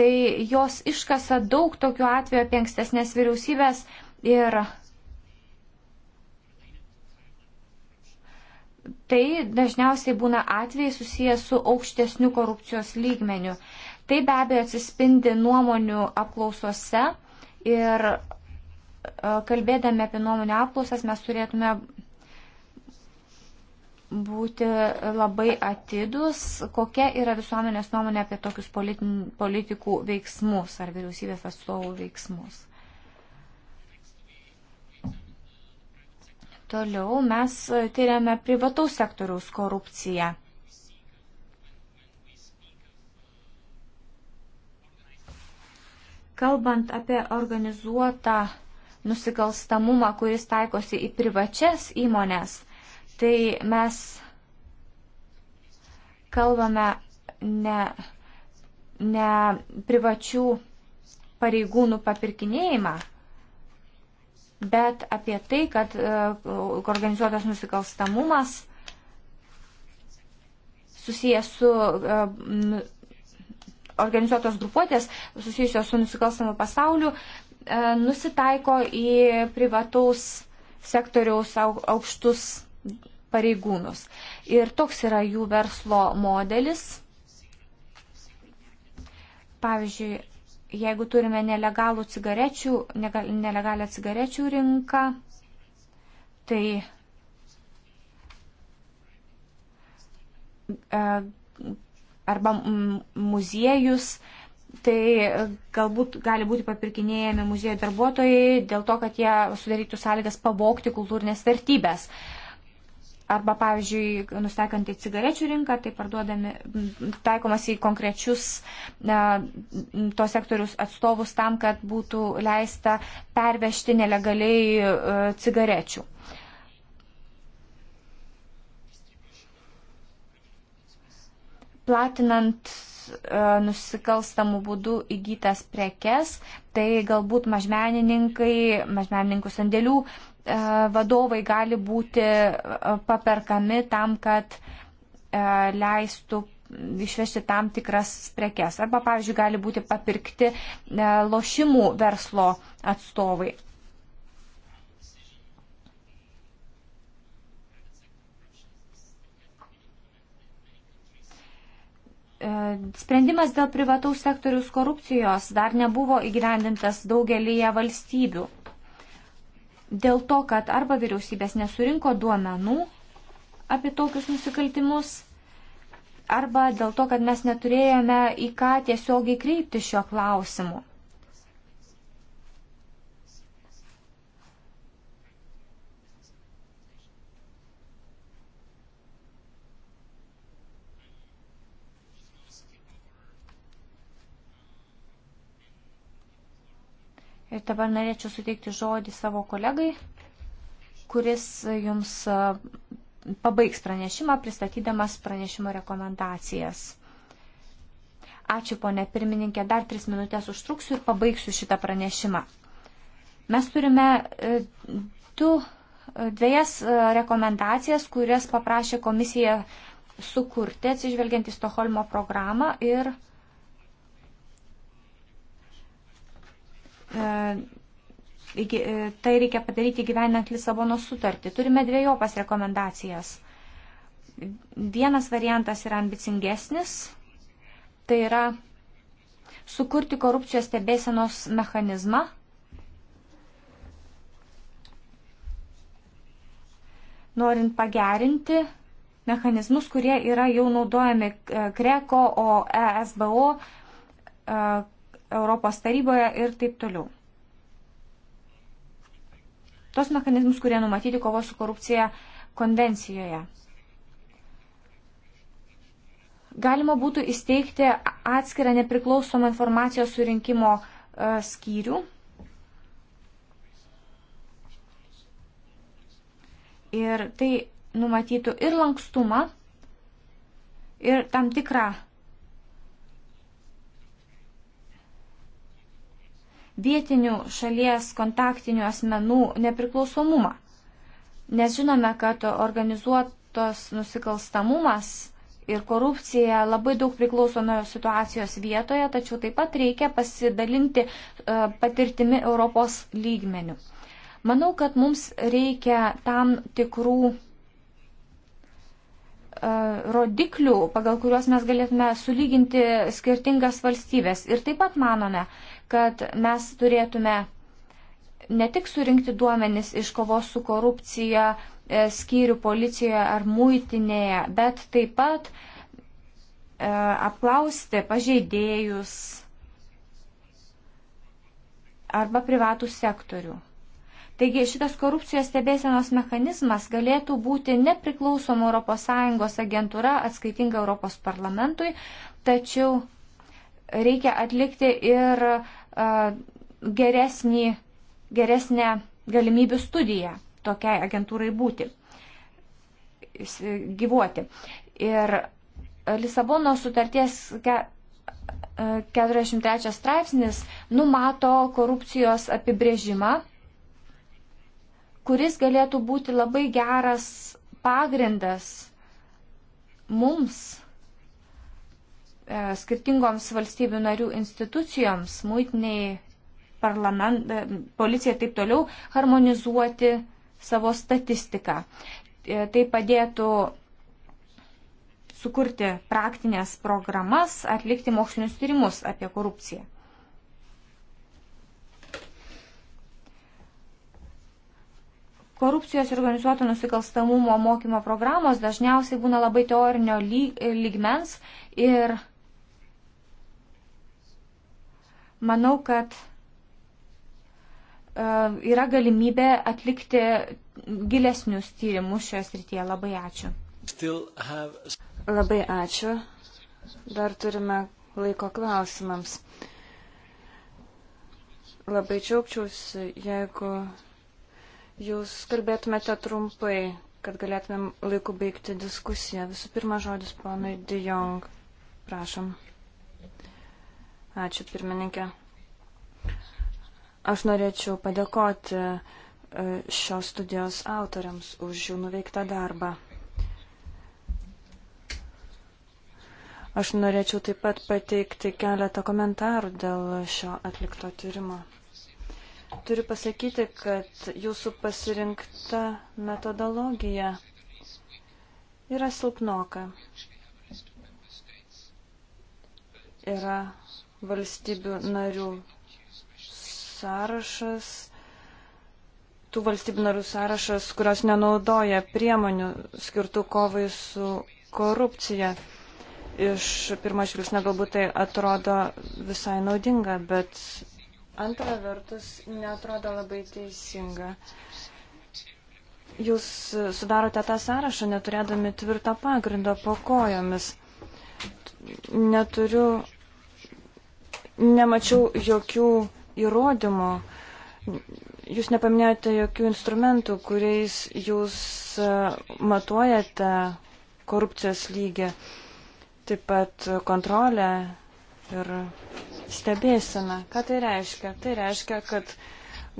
[SPEAKER 4] tai jos iškasa daug tokių atvejų apie ankstesnės vyriausybės ir Tai dažniausiai būna atvejai susijęs su aukštesniu korupcijos lygmeniu. Tai be abejo atsispindi nuomonių apklausose ir e, kalbėdami apie nuomonių apklausas mes turėtume būti labai atidus, kokia yra visuomenės nuomonė apie tokius politin, politikų veiksmus ar vyriausybės atstovų veiksmus. Toliau mes tyriame privataus sektoriaus korupciją. Kalbant apie organizuotą nusikalstamumą, kuris taikosi į privačias įmonės, tai mes kalbame ne, ne privačių pareigūnų papirkinėjimą, bet apie tai, kad e, organizuotas nusikalstamumas susijęs su e, nu, organizuotos grupuotės susijusios su nusikalstamu pasauliu e, nusitaiko į privataus sektoriaus aukštus pareigūnus. Ir toks yra jų verslo modelis. Pavyzdžiui, jeigu turime nelegalų cigarečių, nelegalią cigarečių rinką, tai e, arba muziejus, tai e, galbūt gali būti papirkinėjami muziejų darbuotojai dėl to, kad jie sudarytų sąlygas pavokti kultūrinės vertybės. Arba, pavyzdžiui, nustekant į cigarečių rinką, tai parduodami, taikomas į konkrečius e, to sektorius atstovus tam, kad būtų leista pervežti nelegaliai e, cigarečių. E, platinant e, nusikalstamų būdų įgytas prekes, tai galbūt mažmenininkai, mažmenininkų sandėlių e, vadovai gali būti e, paperkami tam, kad e, leistų išvežti tam tikras prekes. Arba, pavyzdžiui, gali būti papirkti e, lošimų verslo atstovai. E, sprendimas dėl privataus sektorius korupcijos dar nebuvo įgyvendintas daugelyje valstybių. Dėl to, kad arba vyriausybės nesurinko duomenų apie tokius nusikaltimus, arba dėl to, kad mes neturėjome į ką tiesiogiai kreipti šio klausimu. Ir dabar norėčiau suteikti žodį savo kolegai, kuris jums e, pabaigs pranešimą, pristatydamas pranešimo rekomendacijas. Ačiū, ponė pirmininkė, dar tris minutės užtruksiu ir pabaigsiu šitą pranešimą. Mes turime e, du, e, dviejas rekomendacijas, kurias paprašė komisija sukurti atsižvelgiant į Stoholmo programą ir uh, E, e, tai reikia padaryti gyvenant Lisabono sutartį. Turime dviejopas rekomendacijas. Vienas variantas yra ambicingesnis, tai yra sukurti korupcijos stebėsenos mechanizmą. Norint pagerinti mechanizmus, kurie yra jau naudojami Kreko, e, o ESBO Europos taryboje ir taip toliau. Tos mechanizmus, kurie numatyti kovos su korupcija konvencijoje. Galima būtų įsteigti atskirą nepriklausomą informacijos surinkimo e, skyrių. Ir tai numatytų ir lankstumą, ir tam tikrą vietinių šalies kontaktinių asmenų nepriklausomumą. Nes žinome, kad organizuotos nusikalstamumas ir korupcija labai daug priklauso nuo situacijos vietoje, tačiau taip pat reikia pasidalinti e, patirtimi Europos lygmenių. Manau, kad mums reikia tam tikrų e, rodiklių, pagal kuriuos mes galėtume sulyginti skirtingas valstybės. Ir taip pat manome, kad mes turėtume ne tik surinkti duomenis iš kovos su korupcija e, skyrių policijoje ar muitinėje, bet taip pat e, apklausti pažeidėjus arba privatų sektorių. Taigi šitas korupcijos stebėsenos mechanizmas galėtų būti nepriklausoma ES agentūra atskaitinga ES parlamentui, tačiau reikia atlikti ir uh, geresnį, geresnę galimybių studiją tokiai agentūrai būti, gyvuoti. Ir Lisabono sutarties 43 straipsnis numato korupcijos apibrėžimą, kuris galėtų būti labai geras pagrindas mums E, skirtingoms valstybių narių institucijoms, muitiniai, e, policija ir taip toliau, harmonizuoti savo statistiką. E, tai padėtų sukurti praktinės programas, atlikti mokslinius tyrimus apie korupciją. korupcijos ir organizuoto nusikalstamumo mokymo programos dažniausiai būna labai teorinio lygmens ir Manau, kad e, yra galimybė atlikti gilesnius tyrimus šioje srityje. Labai ačiū. Have... Labai ačiū. Dar turime laiko klausimams.
[SPEAKER 1] Labai džiaugčiausi, jeigu jūs kalbėtumėte trumpai, kad galėtumėm laiku baigti diskusiją. Visų pirma, žodis ponui Dijong. Prašom. Ačiū pirmininkė. Aš norėčiau padėkoti e, šios studijos autoriams už jų nuveiktą darbą. Aš norėčiau taip pat pateikti keletą komentarų dėl šio atlikto tyrimo. Turiu pasakyti, kad jūsų pasirinkta metodologija yra silpnoka. Yra valstybių narių sąrašas, tų valstybių narių sąrašas, kurios nenaudoja priemonių skirtų kovai su korupcija. Iš pirmo žvilgsnio galbūt tai atrodo visai naudinga, bet antra vertus netrodo labai teisinga. Jūs sudarote tą sąrašą neturėdami tvirto pagrindo po kojomis. Neturiu nemačiau jokių įrodymų. Jūs nepaminėjote jokių instrumentų, kuriais jūs e, matuojate korupcijos lygį, taip pat kontrolę ir stebėsime. Ką tai reiškia? Tai reiškia, kad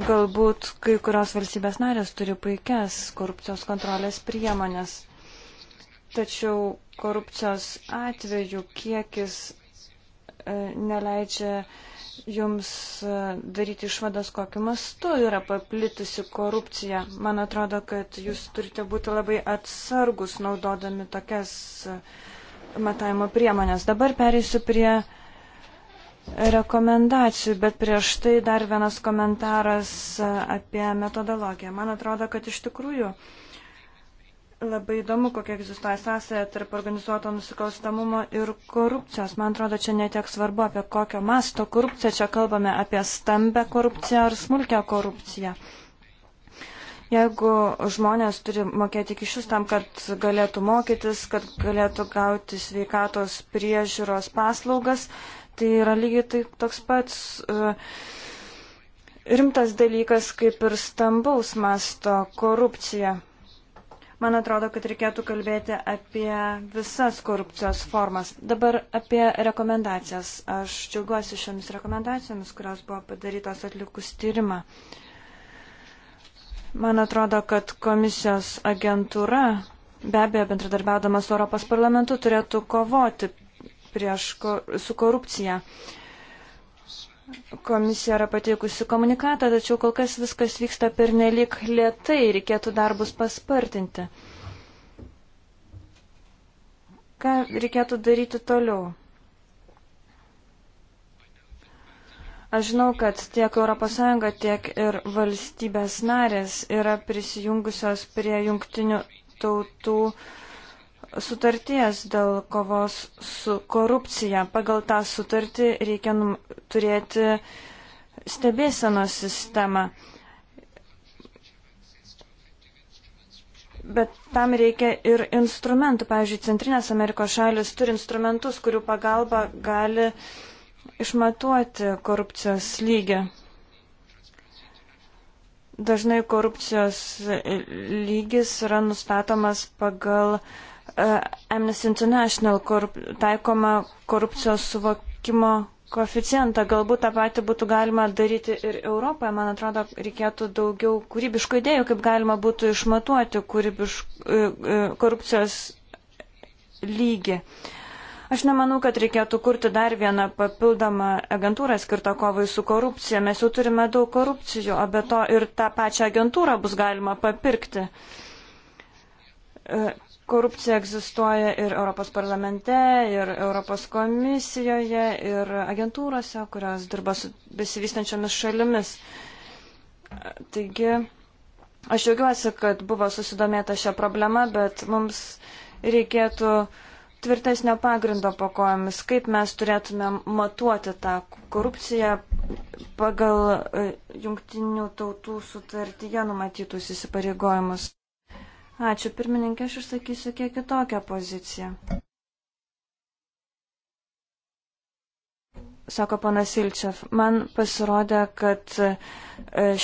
[SPEAKER 1] galbūt kai kurios valstybės narės turi puikias korupcijos kontrolės priemonės. Tačiau korupcijos atveju kiekis E, neleidžia jums e, daryti išvadas, kokiu mastu yra paplitusi korupcija. Man atrodo, kad jūs turite būti labai atsargus naudodami tokias e, matavimo priemonės. Dabar pereisiu prie rekomendacijų, bet prieš tai dar vienas komentaras apie metodologiją. Man atrodo, kad iš tikrųjų uh, Labai įdomu, kokia egzistuoja sąsaja tarp organizuoto nusikalstamumo ir korupcijos. Man atrodo, čia netiek svarbu, apie kokio masto korupciją čia kalbame, apie stambę korupciją ar smulkę korupciją. Jeigu žmonės turi mokėti kišius tam, kad galėtų mokytis, kad galėtų gauti sveikatos priežiūros paslaugas, tai yra lygiai tai toks pats. Uh, Rimtas dalykas kaip ir stambaus masto korupcija. Man atrodo, kad reikėtų kalbėti apie visas korupcijos formas. Dabar apie rekomendacijas. Aš džiaugiuosi šiomis rekomendacijomis, kurios buvo padarytos atlikus tyrimą. Man atrodo, kad komisijos agentūra be abejo bendradarbiaudama su Europos parlamentu turėtų kovoti prieš, su korupcija. Uh, Komisija yra pateikusi komunikatą, tačiau kol kas viskas vyksta pernelik lietai, reikėtų darbus paspartinti. Ką reikėtų daryti toliau? Aš žinau, kad tiek ES, tiek ir valstybės narės yra prisijungusios prie jungtinių tautų uh, sutarties dėl kovos su korupcija. Pagal tą sutartį reikia turėti stebėsenos sistemą. Bet tam reikia ir instrumentų. Pavyzdžiui, Centrinės Amerikos šalis turi instrumentus, kurių pagalba gali išmatuoti korupcijos lygį. Dažnai korupcijos lygis yra nustatomas pagal uh, Uh, Amnesty International korup taikoma korupcijos suvokimo koeficientą. Galbūt tą patį būtų galima daryti ir Europoje. Man atrodo, reikėtų daugiau kūrybiškų idėjų, kaip galima būtų išmatuoti uh, uh, korupcijos lygį. Aš nemanau, kad reikėtų kurti dar vieną papildomą agentūrą skirtą kovai su korupcija. Mes jau turime daug korupcijų, o be to ir tą pačią agentūrą bus galima papirkti korupcija egzistuoja ir Europos parlamente, ir Europos komisijoje, ir agentūrose, kurios dirba su besivystančiomis šalimis. Taigi, aš džiaugiuosi, kad buvo susidomėta šią problemą, bet mums reikėtų tvirtesnio pagrindo po kojomis, kaip mes turėtumėm matuoti tą korupciją pagal e, jungtinių tautų sutartyje numatytus įsipareigojimus. Ačiū, pirmininkė, aš išsakysiu kiek kitokią poziciją. Sako panas Ilčev, man pasirodė, kad e,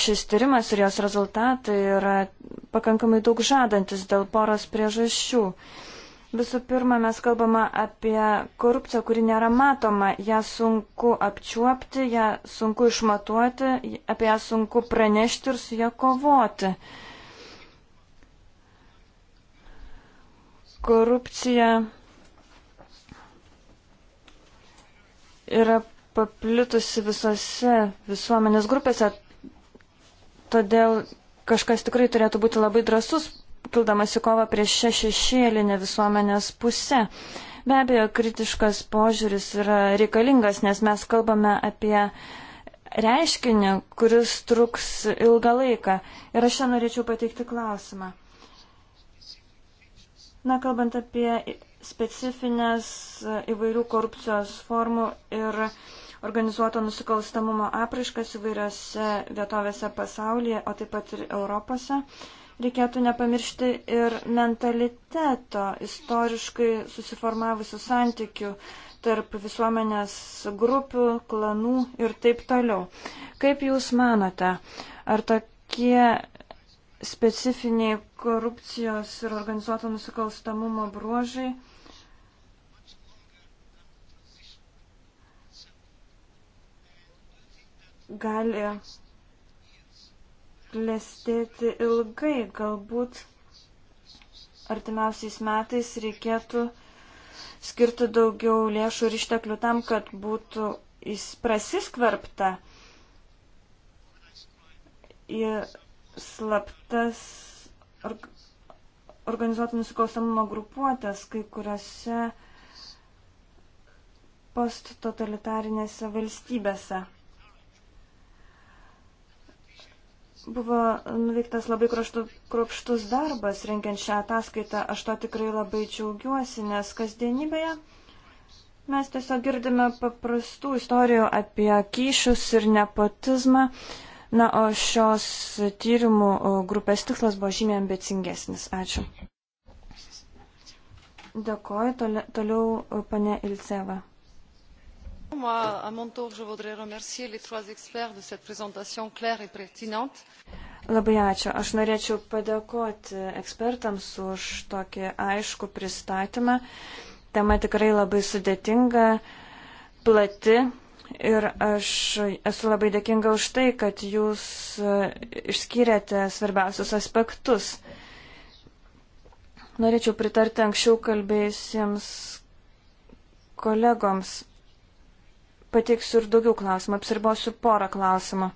[SPEAKER 1] šis tyrimas ir jos rezultatai yra pakankamai daug žadantis dėl poros priežasčių. Visų pirma, mes kalbame apie korupciją, kuri nėra matoma, ją sunku apčiuopti, ją sunku išmatuoti, apie ją sunku pranešti ir su ją kovoti. Uh, Korupcija yra paplitusi visose visuomenės grupėse, todėl kažkas tikrai turėtų būti labai drasus, kildamas į kovą prieš šią šešėlinę visuomenės pusę. Be abejo, kritiškas požiūris yra reikalingas, nes mes kalbame apie reiškinį, kuris truks ilgą laiką. Ir aš čia norėčiau pateikti klausimą. Na, kalbant apie specifines e, įvairių korupcijos formų ir organizuoto nusikalstamumo apraiškas įvairiose vietovėse pasaulyje, o taip pat ir Europose, reikėtų nepamiršti ir mentaliteto, istoriškai susiformavusių santykių tarp visuomenės grupių, klanų ir taip toliau. Kaip Jūs manote, ar tokie specifiniai korupcijos ir organizuoto nusikalstamumo bruožai. gali klestėti ilgai, galbūt artimiausiais metais reikėtų skirti daugiau lėšų ir išteklių tam, kad būtų prasiskverbta į slaptas org organizuotų nusikalstamumo grupuotės kai kuriuose posttotalitarinėse valstybėse. Buvo nuveiktas labai kruopštus darbas renkiant šią ataskaitą. Aš to tikrai labai džiaugiuosi, nes kasdienybėje mes tiesiog girdime paprastų istorijų apie kyšius ir nepotizmą. Uh, Na, o šios tyrimų grupės tikslas buvo žymiai ambicingesnis. Ačiū. Dėkoju. Toliau, toliau pane Ilceva.
[SPEAKER 2] Moi, à mon tour, je voudrais remercier les trois experts de cette présentation claire et pertinente.
[SPEAKER 1] Labai ačiū. Aš norėčiau padėkoti ekspertams už tokį aišku pristatymą. Tema tikrai labai sudėtinga, plati, Ir aš esu labai dėkinga už tai, kad jūs e, išskyrėte svarbiausius aspektus. Norėčiau pritarti anksčiau kalbėjusiems kolegoms. Pateiksiu ir daugiau klausimų, apsiribosiu porą klausimų.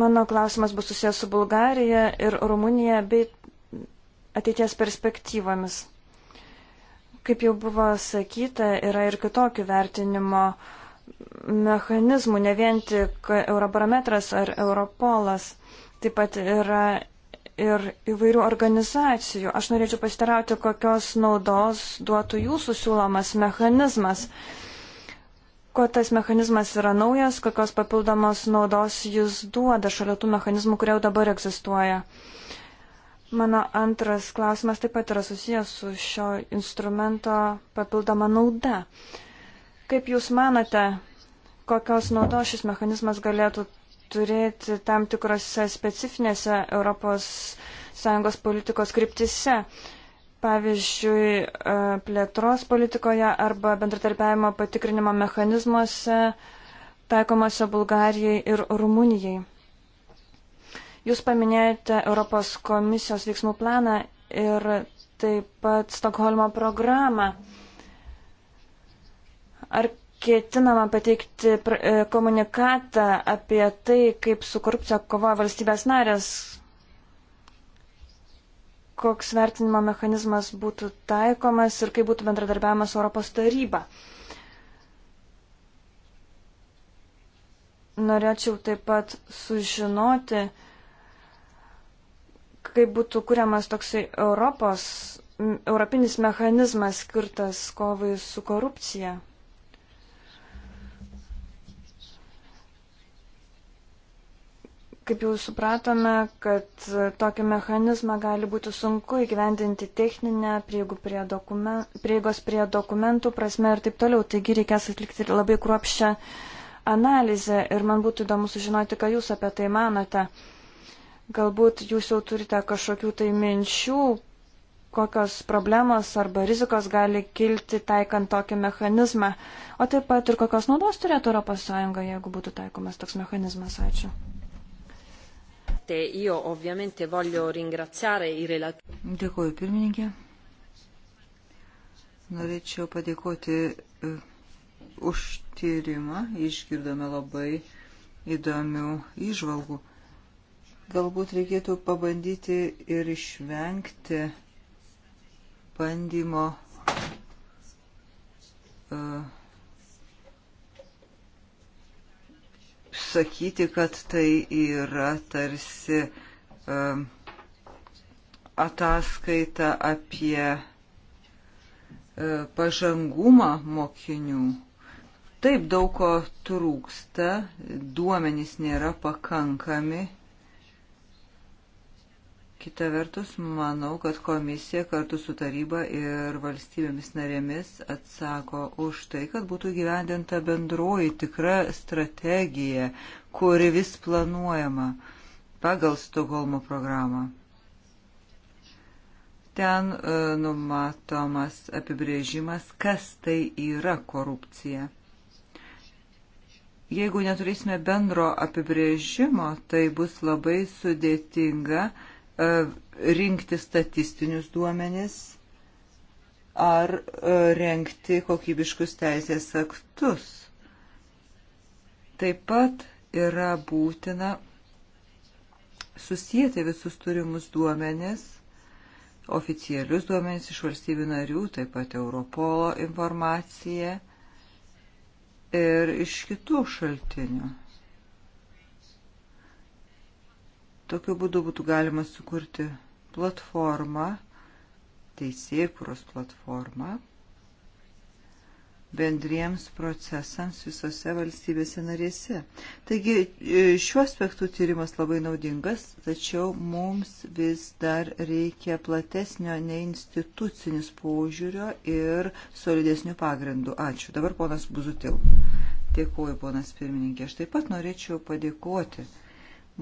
[SPEAKER 1] Mano klausimas bus susijęs su Bulgarija ir Rumunija bei ateities perspektyvomis. Kaip jau buvo sakyta, yra ir kitokių vertinimo mechanizmų, ne vien tik Eurobarometras ar Europolas. Taip pat yra ir įvairių organizacijų. Aš norėčiau pasitarauti, kokios naudos duotų jūsų siūlomas mechanizmas. Kuo tas mechanizmas yra naujas, kokios papildomos naudos jis duoda šalia tų mechanizmų, kurie jau dabar egzistuoja. Mano antras klausimas taip pat yra susijęs su šio instrumento papildoma nauda. Kaip Jūs manote, kokios naudos šis mechanizmas galėtų turėti tam tikrose specifinėse ES politikos kryptise? Pavyzdžiui, e, plėtros politikoje arba bendratarpiavimo patikrinimo mechanizmuose taikomose Bulgarijai ir Rumunijai. Jūs paminėjote Europos komisijos veiksmų planą ir taip pat Stokholmo programą. Ar ketinama pateikti e, komunikatą apie tai, kaip su korupcija kovoja valstybės narės? Koks vertinimo mechanizmas būtų taikomas ir kaip būtų bendradarbiavimas Europos taryba? Norėčiau taip pat sužinoti, kaip būtų kuriamas toksai Europos, europinis mechanizmas skirtas kovai su korupcija. Kaip jau supratome, kad tokį mechanizmą gali būti sunku įgyvendinti techninę, prieigų prie dokumen, prieigos prie dokumentų prasme ir taip toliau. Taigi reikės atlikti labai kruopščią analizę ir man būtų įdomu sužinoti, ką jūs apie tai manote. Uh, Galbūt jūs jau turite kažkokių tai minčių, kokios problemos arba rizikos gali kilti taikant tokį mechanizmą, o taip pat ir kokios naudos turėtų ES, jeigu būtų taikomas toks mechanizmas. Ačiū.
[SPEAKER 2] Dėkuoju pirmininkė. Norėčiau padėkoti e, už tyrimą. Išgirdome labai įdomių įžvalgų. Galbūt reikėtų pabandyti ir išvengti bandymo uh, sakyti, kad tai yra tarsi uh, ataskaita apie uh, pažangumą mokinių. Taip daug ko trūksta, duomenys nėra pakankami Kita vertus, manau, kad komisija kartu su taryba ir valstybėmis narėmis atsako už tai, kad būtų gyvendinta bendroji tikra strategija, kuri vis planuojama pagal Stokholmo programą. Ten e, numatomas apibrėžimas, kas tai yra korupcija. Jeigu neturėsime bendro apibrėžimo, tai bus labai sudėtinga uh, E, rinkti statistinius duomenis ar e, renkti kokybiškus teisės aktus. Taip pat yra būtina susijęti visus turimus duomenis, oficialius duomenis iš valstybių narių, taip pat Europolo informaciją ir iš kitų šaltinių. Tokiu būdu būtų galima sukurti platformą, teisėkuros platformą bendriems procesams visose valstybėse narėse. Taigi e, šiuo aspektu tyrimas labai naudingas, tačiau mums vis dar reikia platesnio neinstitucinis požiūrio ir solidesnių pagrindų. Ačiū. Dabar ponas Buzutil. Dėkuoju, ponas pirmininkė. Aš taip pat norėčiau padėkoti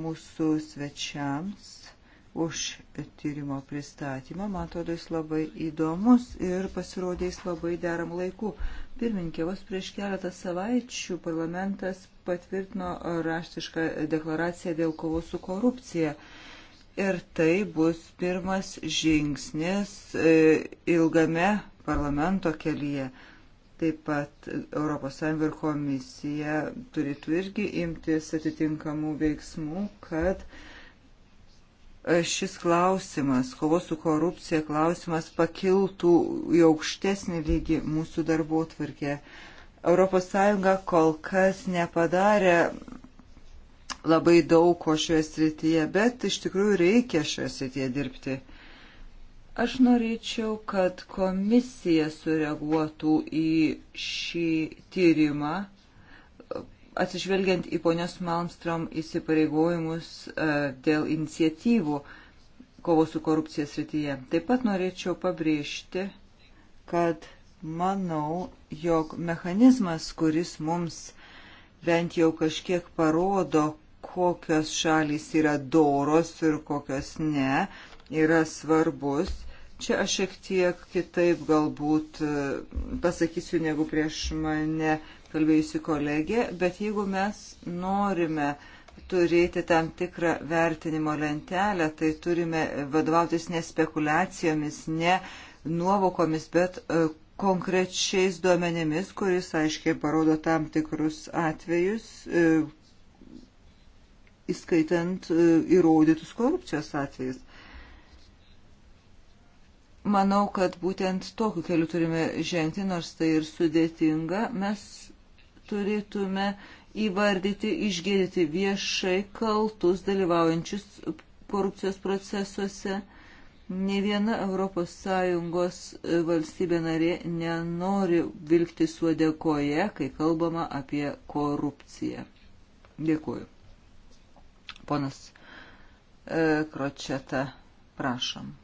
[SPEAKER 2] mūsų svečiams už tyrimo pristatymą. Man atrodo, jis labai įdomus ir pasirodė jis labai deram laiku. Pirminkė, vos prieš keletą savaičių parlamentas patvirtino raštišką deklaraciją dėl kovos su korupcija. Ir tai bus pirmas žingsnis e, ilgame parlamento kelyje. Taip pat ES ir komisija turėtų irgi imtis atitinkamų veiksmų, kad e, šis klausimas, kovos su korupcija klausimas pakiltų į aukštesnį lygį mūsų darbo tvarkė. ES kol kas nepadarė labai daug ko šioje srityje, bet iš tikrųjų reikia šioje srityje dirbti. Aš norėčiau, kad komisija sureaguotų į šį tyrimą, atsižvelgiant į ponios Malmstrom įsipareigojimus e, dėl iniciatyvų kovo su korupcija srityje. Taip pat norėčiau pabrėžti, kad manau, jog mechanizmas, kuris mums bent jau kažkiek parodo, kokios šalys yra doros ir kokios ne, yra svarbus Čia aš šiek tiek kitaip galbūt e, pasakysiu negu prieš mane kalbėjusi kolegė, bet jeigu mes norime turėti tam tikrą vertinimo lentelę, tai turime vadovautis ne spekulacijomis, ne nuovokomis, bet e, konkrečiais duomenimis, kuris aiškiai parodo tam tikrus atvejus, e, įskaitant įrodytus korupcijos atvejus. Manau, kad būtent tokiu keliu turime žengti, nors tai ir sudėtinga. Mes turėtume įvardyti, išgėdyti viešai kaltus dalyvaujančius korupcijos procesuose. Ne viena ES e, valstybė narė nenori vilkti suodekoje, kai kalbama apie korupciją. Dėkuoju. Ponas e, Kročeta, prašom.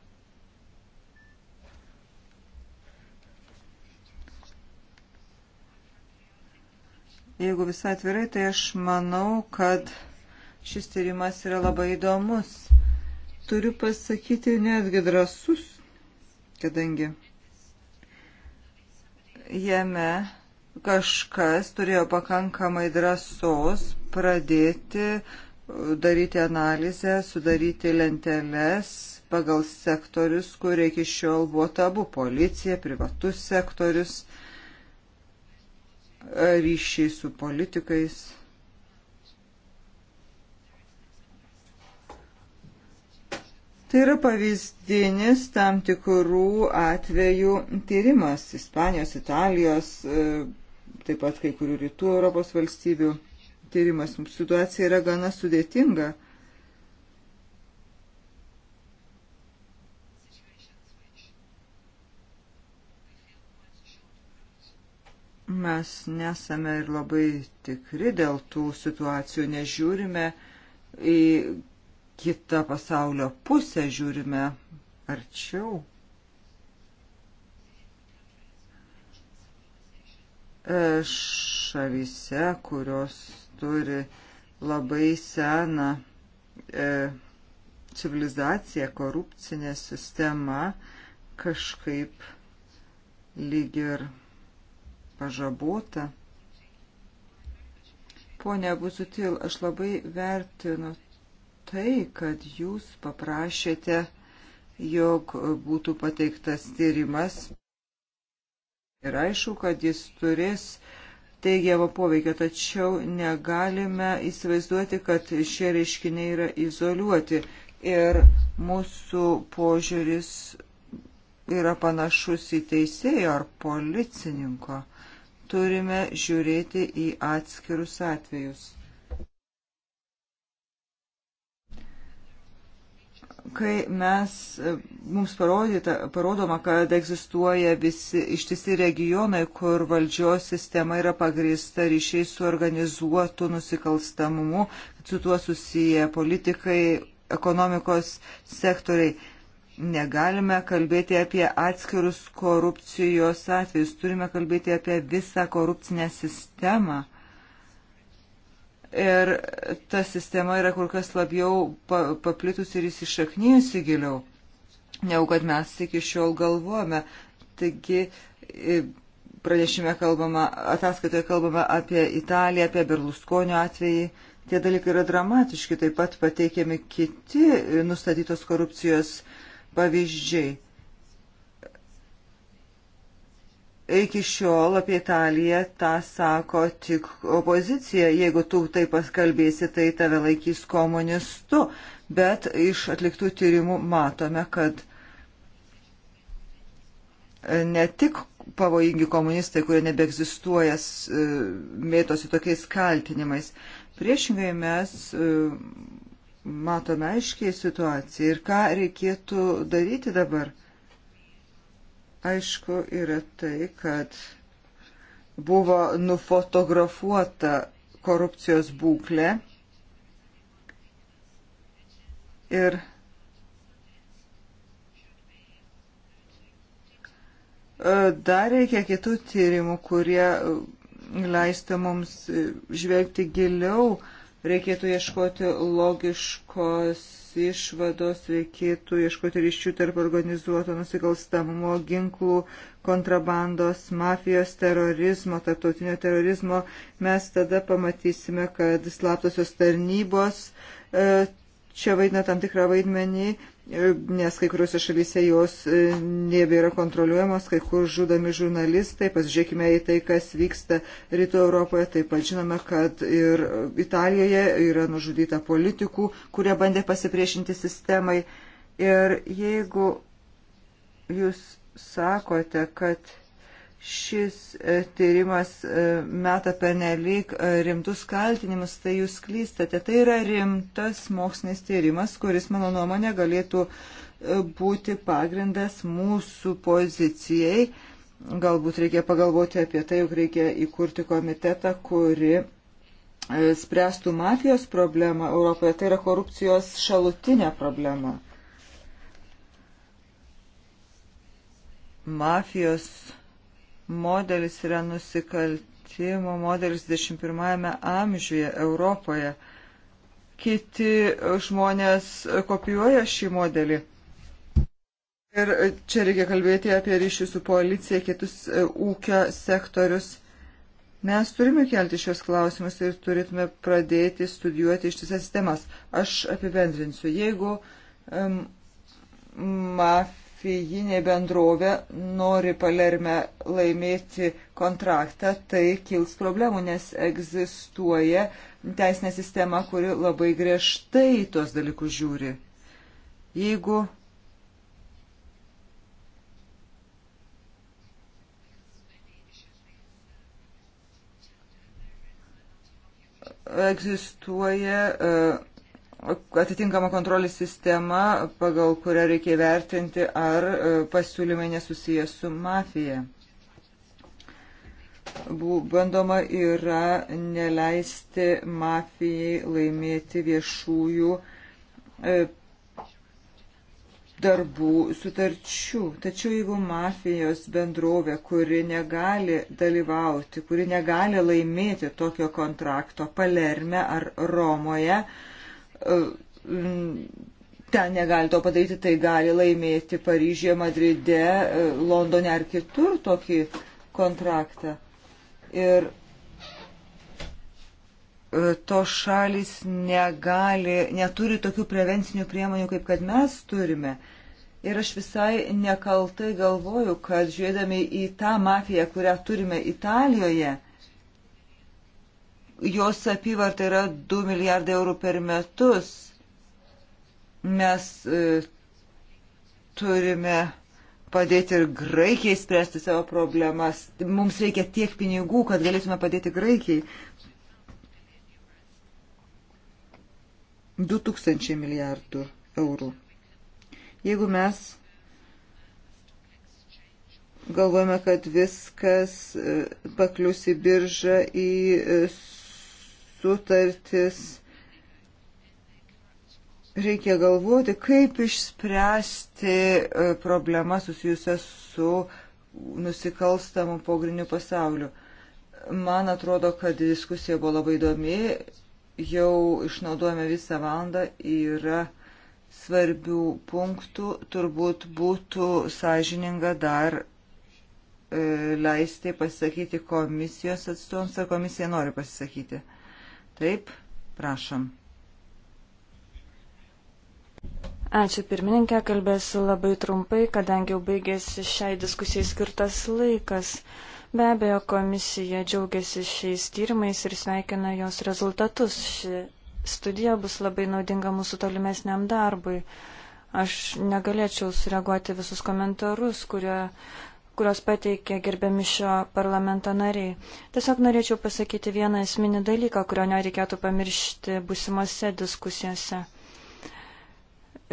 [SPEAKER 2] Jeigu visai atvirai, tai aš manau, kad šis tyrimas yra labai įdomus. Turiu pasakyti netgi drasus, kadangi jame kažkas turėjo pakankamai drąsos pradėti daryti analizę, sudaryti lenteles pagal sektorius, kurie iki šiol buvo tabu - policija, privatus sektorius ryšiai su politikais. Tai yra pavyzdinis tam tikrų atvejų tyrimas Ispanijos, Italijos, e, taip pat kai kurių rytų Europos valstybių tyrimas. Situacija yra gana sudėtinga. Mes nesame ir labai tikri dėl tų situacijų, nežiūrime į kitą pasaulio pusę, žiūrime arčiau. E, šalyse, kurios turi labai seną e, civilizacija, korupcinė sistema kažkaip lyg ir pažabota. Pone Guzutil, aš labai vertinu tai, kad jūs paprašėte, jog būtų pateiktas tyrimas. Ir aišku, kad jis turės teigiamą poveikį, tačiau negalime įsivaizduoti, kad šie reiškiniai yra izoliuoti. Ir mūsų požiūris yra panašus į teisėjo ar policininko turime žiūrėti į atskirus atvejus. Kai mes, mums parodyta, parodoma, kad egzistuoja visi ištisi regionai, kur valdžios sistema yra pagrįsta ryšiai su organizuotu nusikalstamumu, su tuo susiję politikai, ekonomikos sektoriai Negalime kalbėti apie atskirus korupcijos atvejus, turime kalbėti apie visą korupcinę sistemą. Ir ta sistema yra kur kas labiau paplitusi ir įsišaknyjusi giliau, negu kad mes iki šiol galvojame. Taigi pranešime kalbama, ataskaitoje kalbama apie Italiją, apie Berlusconio atvejį. Tie dalykai yra dramatiški, taip pat pateikiami kiti nustatytos korupcijos pavyzdžiai. Iki šiol apie Italiją tą sako tik opozicija. Jeigu tu tai paskalbėsi, tai tave laikys komunistu. Bet iš atliktų tyrimų matome, kad ne tik pavojingi komunistai, kurie nebeegzistuoja, e, mėtosi tokiais kaltinimais. Priešingai mes e, matome aiškiai situaciją ir ką reikėtų daryti dabar. Aišku, yra tai, kad buvo nufotografuota korupcijos būklė ir dar reikia kitų tyrimų, kurie leistų mums žvelgti giliau reikėtų ieškoti logiškos išvados, reikėtų ieškoti ryšių tarp organizuoto nusikalstamumo, ginklų, kontrabandos, mafijos, terorizmo, tarptautinio terorizmo. Mes tada pamatysime, kad slaptosios tarnybos e, čia vaidina tam tikrą vaidmenį, nes kai kuriuose šalyse jos e, nebėra kontroliuojamos, kai kur žudami žurnalistai, pasižiūrėkime į tai, kas vyksta Rytų Europoje, taip pat žinome, kad ir Italijoje yra nužudyta politikų, kurie bandė pasipriešinti sistemai. Ir jeigu jūs sakote, kad šis e, tyrimas e, meta pernelyg e, rimtus kaltinimus, tai jūs klystate. Tai yra rimtas mokslinis tyrimas, kuris, mano nuomonė, galėtų būti pagrindas mūsų pozicijai. Galbūt reikia pagalvoti apie tai, jog reikia įkurti komitetą, kuri spręstų mafijos problemą Europoje. Tai yra korupcijos šalutinė problema. Mafijos modelis yra nusikaltimo modelis 21 amžiuje Europoje. Kiti žmonės kopijuoja šį modelį. Ir čia reikia kalbėti apie ryšių su policija, kitus e, ūkio sektorius. Mes turime kelti šios klausimus ir turėtume pradėti studijuoti ištisas sistemas. Aš apibendrinsiu. Jeigu um, maf, latvijinė bendrovė nori Palerme laimėti kontraktą, tai kils problemų, nes egzistuoja teisinė sistema, kuri labai griežtai tuos dalykus žiūri. Jeigu egzistuoja uh, atitinkama kontrolės sistema, pagal kurią reikia vertinti, ar e, pasiūlymai nesusiję su mafija. Bandoma yra neleisti mafijai laimėti viešųjų e, darbų sutarčių. Tačiau jeigu mafijos bendrovė, kuri negali dalyvauti, kuri negali laimėti tokio kontrakto Palerme ar Romoje, E, ten negali to padaryti, tai gali laimėti Paryžyje, Madride, e, Londone ar kitur tokį kontraktą. Ir e, tos šalis negali, neturi tokių prevencinių priemonių, kaip kad mes turime. Ir aš visai nekaltai galvoju, kad žiūrėdami į tą mafiją, kurią turime Italijoje, jos apyvarta yra 2 milijardai eurų per metus. Mes e, turime padėti ir Graikijai spręsti savo problemas. Mums reikia tiek pinigų, kad galėtume padėti Graikijai. 2000 milijardų eurų. Jeigu mes galvojame, kad viskas e, paklius į biržą, į e, sutartis. Reikia galvoti, kaip išspręsti e, problemą susijusią su nusikalstamu pogrindiniu pasauliu. Man atrodo, kad diskusija buvo labai įdomi, jau išnaudojame visą valandą, yra svarbių punktų, turbūt būtų sąžininga dar e, leisti pasakyti komisijos atstovams, ar komisija nori pasisakyti. Taip, prašom.
[SPEAKER 1] Ačiū pirmininkė, kalbėsiu labai trumpai, kadangi jau baigėsi šiai diskusijai skirtas laikas. Be abejo, komisija džiaugiasi šiais tyrimais ir sveikina jos rezultatus. Ši studija bus labai naudinga mūsų tolimesniam darbui. Aš negalėčiau sureaguoti visus komentarus, kurie kurios pateikė gerbiami šio parlamento nariai. Tiesiog norėčiau pasakyti vieną esminį dalyką, kurio nereikėtų pamiršti busimose diskusijose.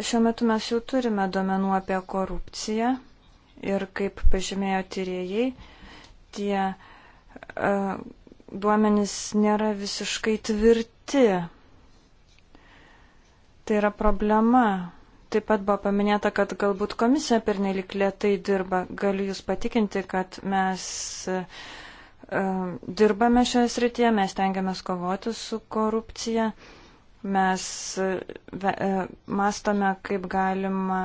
[SPEAKER 1] Šiuo metu mes jau turime duomenų apie korupciją ir kaip pažymėjo tyrėjai, tie uh, duomenys nėra visiškai tvirti. Tai yra problema Taip pat buvo paminėta, kad galbūt komisija pernelik lietai dirba. Galiu Jūs patikinti, kad mes e, dirbame šioje srityje, mes tengiamės kovoti su korupcija, mes e, e, mastome, kaip galima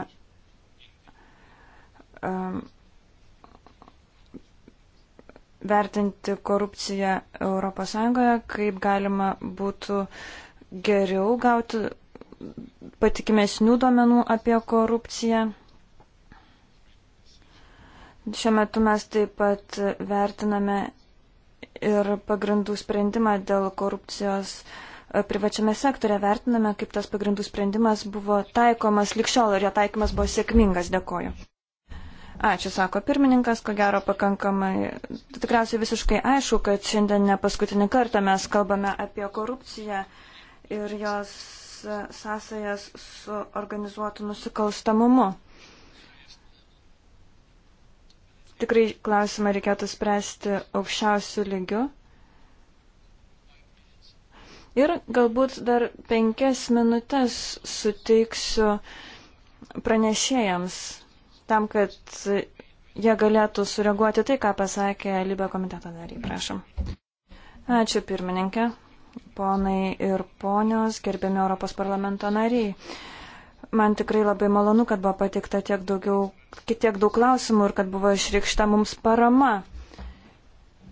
[SPEAKER 1] vertinti korupciją ES, kaip galima būtų geriau gauti patikimesnių duomenų apie korupciją. Šiuo metu mes taip pat vertiname ir pagrindų sprendimą dėl korupcijos e, privačiame sektorė. Vertiname, kaip tas pagrindų sprendimas buvo taikomas likščiol ir jo taikymas buvo sėkmingas. Dėkoju. Ačiū, sako pirmininkas, ko gero pakankamai, tikriausiai visiškai aišku, kad šiandien ne paskutinį kartą mes kalbame apie korupciją ir jos sąsajas su organizuotu nusikalstamumu. Tikrai klausimą reikėtų spręsti aukščiausių lygių. Ir galbūt dar penkias minutės suteiksiu pranešėjams tam, kad jie galėtų sureaguoti tai, ką pasakė Libė komiteto nariai. Prašom. Ačiū pirmininkė ponai ir ponios, gerbiami Europos parlamento nariai. Man tikrai labai malonu, kad buvo patikta tiek, daugiau, tiek daug klausimų ir kad buvo išreikšta mums parama.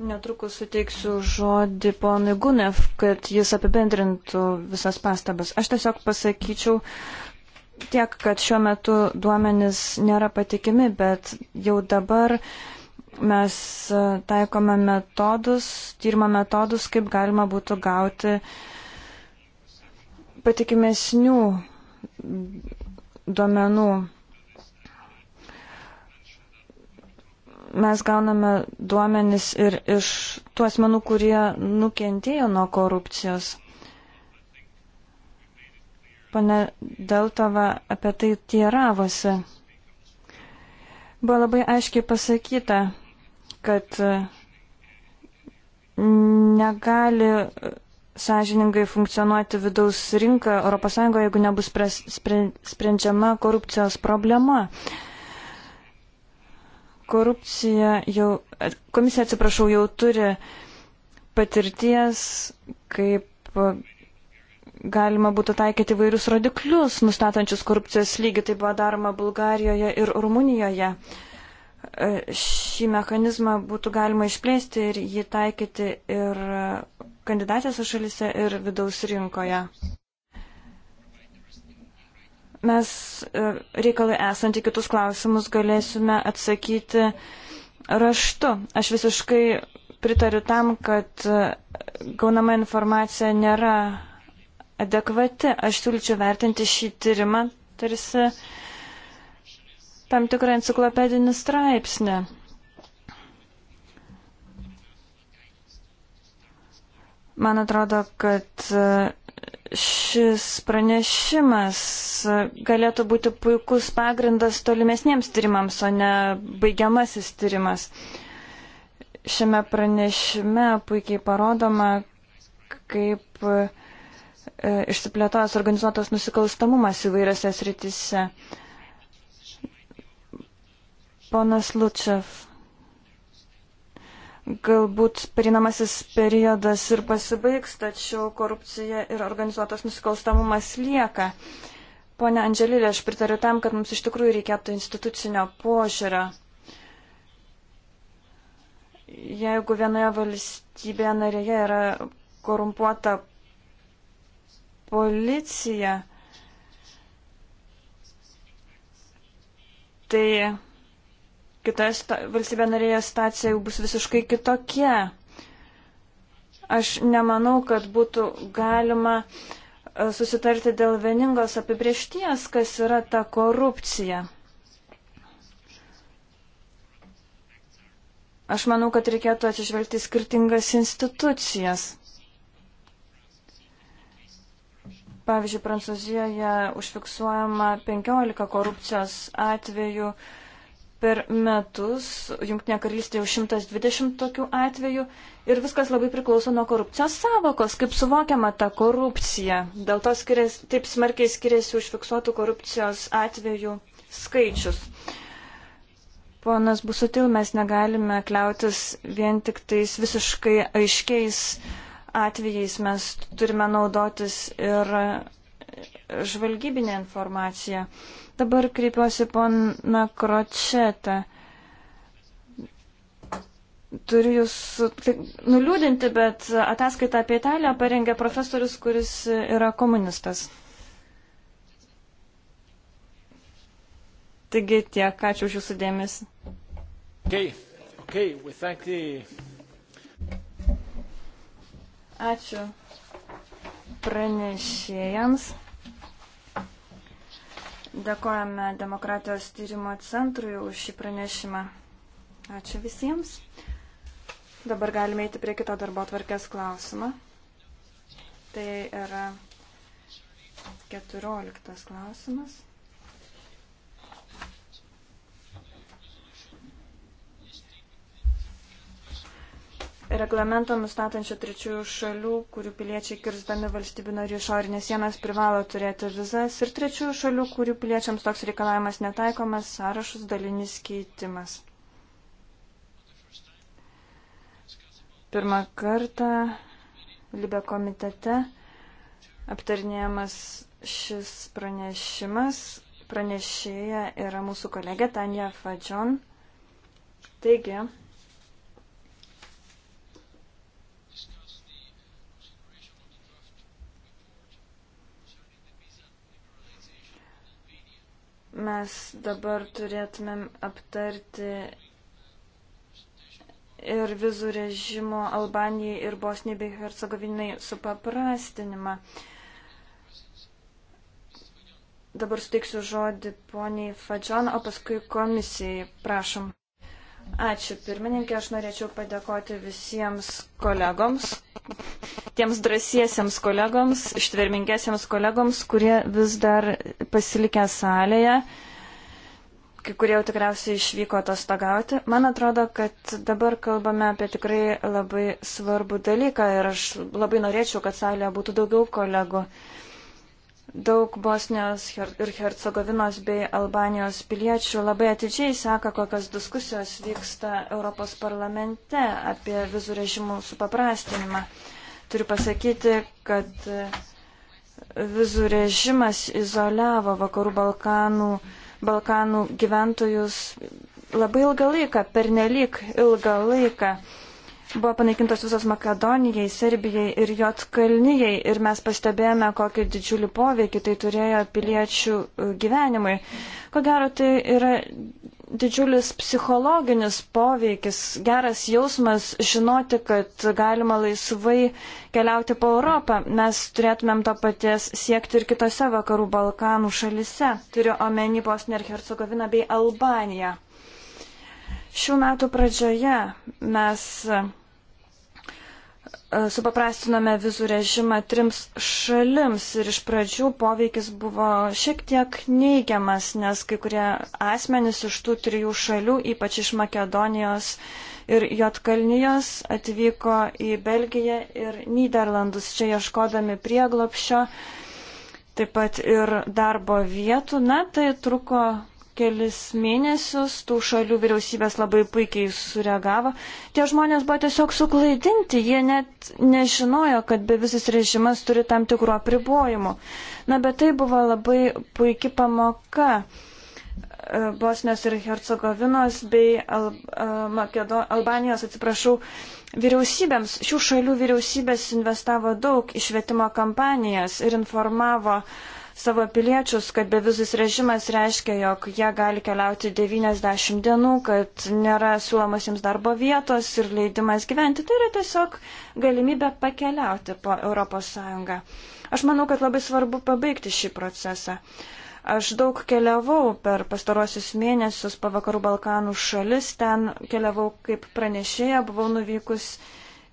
[SPEAKER 1] Netrukus suteiksiu žodį ponui Gunev, kad jis apibendrintų visas pastabas. Aš tiesiog pasakyčiau tiek, kad šiuo metu duomenys nėra patikimi, bet jau dabar uh, Mes e, taikome metodus, tyrimo metodus, kaip galima būtų gauti patikimesnių duomenų. Mes gauname duomenis ir iš tų asmenų, kurie nukentėjo nuo korupcijos. Pane Deltova apie tai tyravosi. Buvo labai aiškiai pasakyta, kad negali sąžiningai funkcionuoti vidaus rinka ES, jeigu nebus sprendžiama korupcijos problema. Korupcija jau, komisija atsiprašau, jau turi patirties, kaip galima būtų taikyti vairius rodiklius, nustatančius korupcijos lygį. Tai buvo daroma Bulgarijoje ir Rumunijoje. Uh, E, šį mechanizmą būtų galima išplėsti ir jį taikyti ir kandidatėse šalise, ir vidaus rinkoje. Mes e, reikalai esant į kitus klausimus galėsime atsakyti raštu. Aš visiškai pritariu tam, kad e, gaunama informacija nėra adekvati. Aš siūlyčiau vertinti šį tyrimą tarsi uh, tam tikrą enciklopedinį straipsnį. Man atrodo, kad e, šis pranešimas galėtų būti puikus pagrindas tolimesniems tyrimams, o ne baigiamasis tyrimas. Šiame pranešime puikiai parodoma, kaip e, išsiplėtojas organizuotas nusikalstamumas įvairiose sritise. Ponas Lučev, galbūt perinamasis periodas ir pasibaigs, tačiau korupcija ir organizuotas nusikalstamumas lieka. Pone Andželilė, aš pritariu tam, kad mums iš tikrųjų reikėtų institucinio požiūrio. Jeigu vienoje valstybėje narėje yra korumpuota policija, tai kitoje valstybė narėje stacija jau bus visiškai kitokia. Aš nemanau, kad būtų galima e, susitarti dėl vieningos apibriešties, kas yra ta korupcija. Aš manau, kad reikėtų atsižvelgti skirtingas institucijas. Pavyzdžiui, Prancūzijoje užfiksuojama 15 korupcijos atvejų uh, per metus, Junktinė karalystė jau 120 tokių atvejų ir viskas labai priklauso nuo korupcijos savokos, kaip suvokiama ta korupcija. Dėl to skiriasi, taip smarkiai skiriasi užfiksuotų korupcijos atvejų skaičius. Ponas Busutil, mes negalime kliautis vien tik tais visiškai aiškiais atvejais, mes turime naudotis ir žvalgybinė informacija. Dabar kreipiuosi pona Kročetą. Turiu jūs nuliūdinti, bet ataskaitą apie Italiją parengė profesorius, kuris yra komunistas. Taigi tiek, ačiū už jūsų dėmesį.
[SPEAKER 5] Okay. Okay. The...
[SPEAKER 1] Ačiū pranešėjams. Dėkojame Demokratijos tyrimo centrui už šį pranešimą. Ačiū visiems. Dabar galime eiti prie kito darbo tvarkės klausimą. Tai yra 14 klausimas. reglamento nustatančio trečiųjų šalių, kurių piliečiai kirstami valstybių narių išorinės sienas privalo turėti vizas ir trečiųjų šalių, kurių piliečiams toks reikalavimas netaikomas, sąrašus dalinis keitimas. Pirmą kartą Libė komitete aptarnėjamas šis pranešimas. Pranešėja yra mūsų kolegė Tanja Fadžion. Taigi, Mes dabar turėtumėm aptarti ir vizų režimo Albanijai ir Bosnijai bei Hercegovinai supaprastinimą. Dabar suteiksiu žodį poniai Fadžon, o paskui komisijai. Prašom. Ačiū pirmininkė, aš norėčiau padėkoti visiems kolegoms, tiems drąsiesiems kolegoms, ištvermingiesiems kolegoms, kurie vis dar pasilikę salėje, kai kurie jau tikriausiai išvyko atostogauti. Man atrodo, kad dabar kalbame apie tikrai labai svarbų dalyką ir aš labai norėčiau, kad salėje būtų daugiau kolegų. Uh, Daug Bosnijos ir Hercegovinos bei Albanijos piliečių labai atidžiai seka, kokios diskusijos vyksta Europos parlamente apie vizų režimų supaprastinimą. Turiu pasakyti, kad e, vizų režimas izoliavo Vakarų Balkanų, Balkanų gyventojus labai ilgą laiką, pernelyg ilgą laiką. Buvo panaikintos visos Makedonijai, Serbijai ir Jotkalnijai ir mes pastebėjome, kokį didžiulį poveikį tai turėjo piliečių e, gyvenimui. Ko gero, tai yra didžiulis psichologinis poveikis, geras jausmas žinoti, kad galima laisvai keliauti po Europą. Mes turėtumėm to paties siekti ir kitose vakarų Balkanų šalise. Turiu omeny Bosniją ir Hercegoviną bei Albaniją. Šių metų pradžioje mes E, supaprastinome vizų režimą trims šalims ir iš pradžių poveikis buvo šiek tiek neigiamas, nes kai kurie asmenys iš tų trijų šalių, ypač iš Makedonijos ir Jotkalnijos, atvyko į Belgiją ir Niderlandus čia ieškodami prieglopšio, taip pat ir darbo vietų. Na, tai truko kelis mėnesius, tų šalių vyriausybės labai puikiai sureagavo. Tie žmonės buvo tiesiog suklaidinti, jie net nežinojo, kad bevizis režimas turi tam tikrų apribojimų. Na, bet tai buvo labai puikia pamoka e, Bosnijos ir Hercegovinos bei Al e, Makedo Albanijos, atsiprašau, vyriausybėms. Šių šalių vyriausybės investavo daug į švietimo kampanijas ir informavo uh, savo piliečius, kad bevizis režimas reiškia, jog jie gali keliauti 90 dienų, kad nėra siūlomas jiems darbo vietos ir leidimas gyventi. Tai yra tiesiog galimybė pakeliauti po ES. Aš manau, kad labai svarbu pabaigti šį procesą. Aš daug keliavau per pastarosius mėnesius po Vakarų Balkanų šalis, ten keliavau kaip pranešėja, buvau nuvykus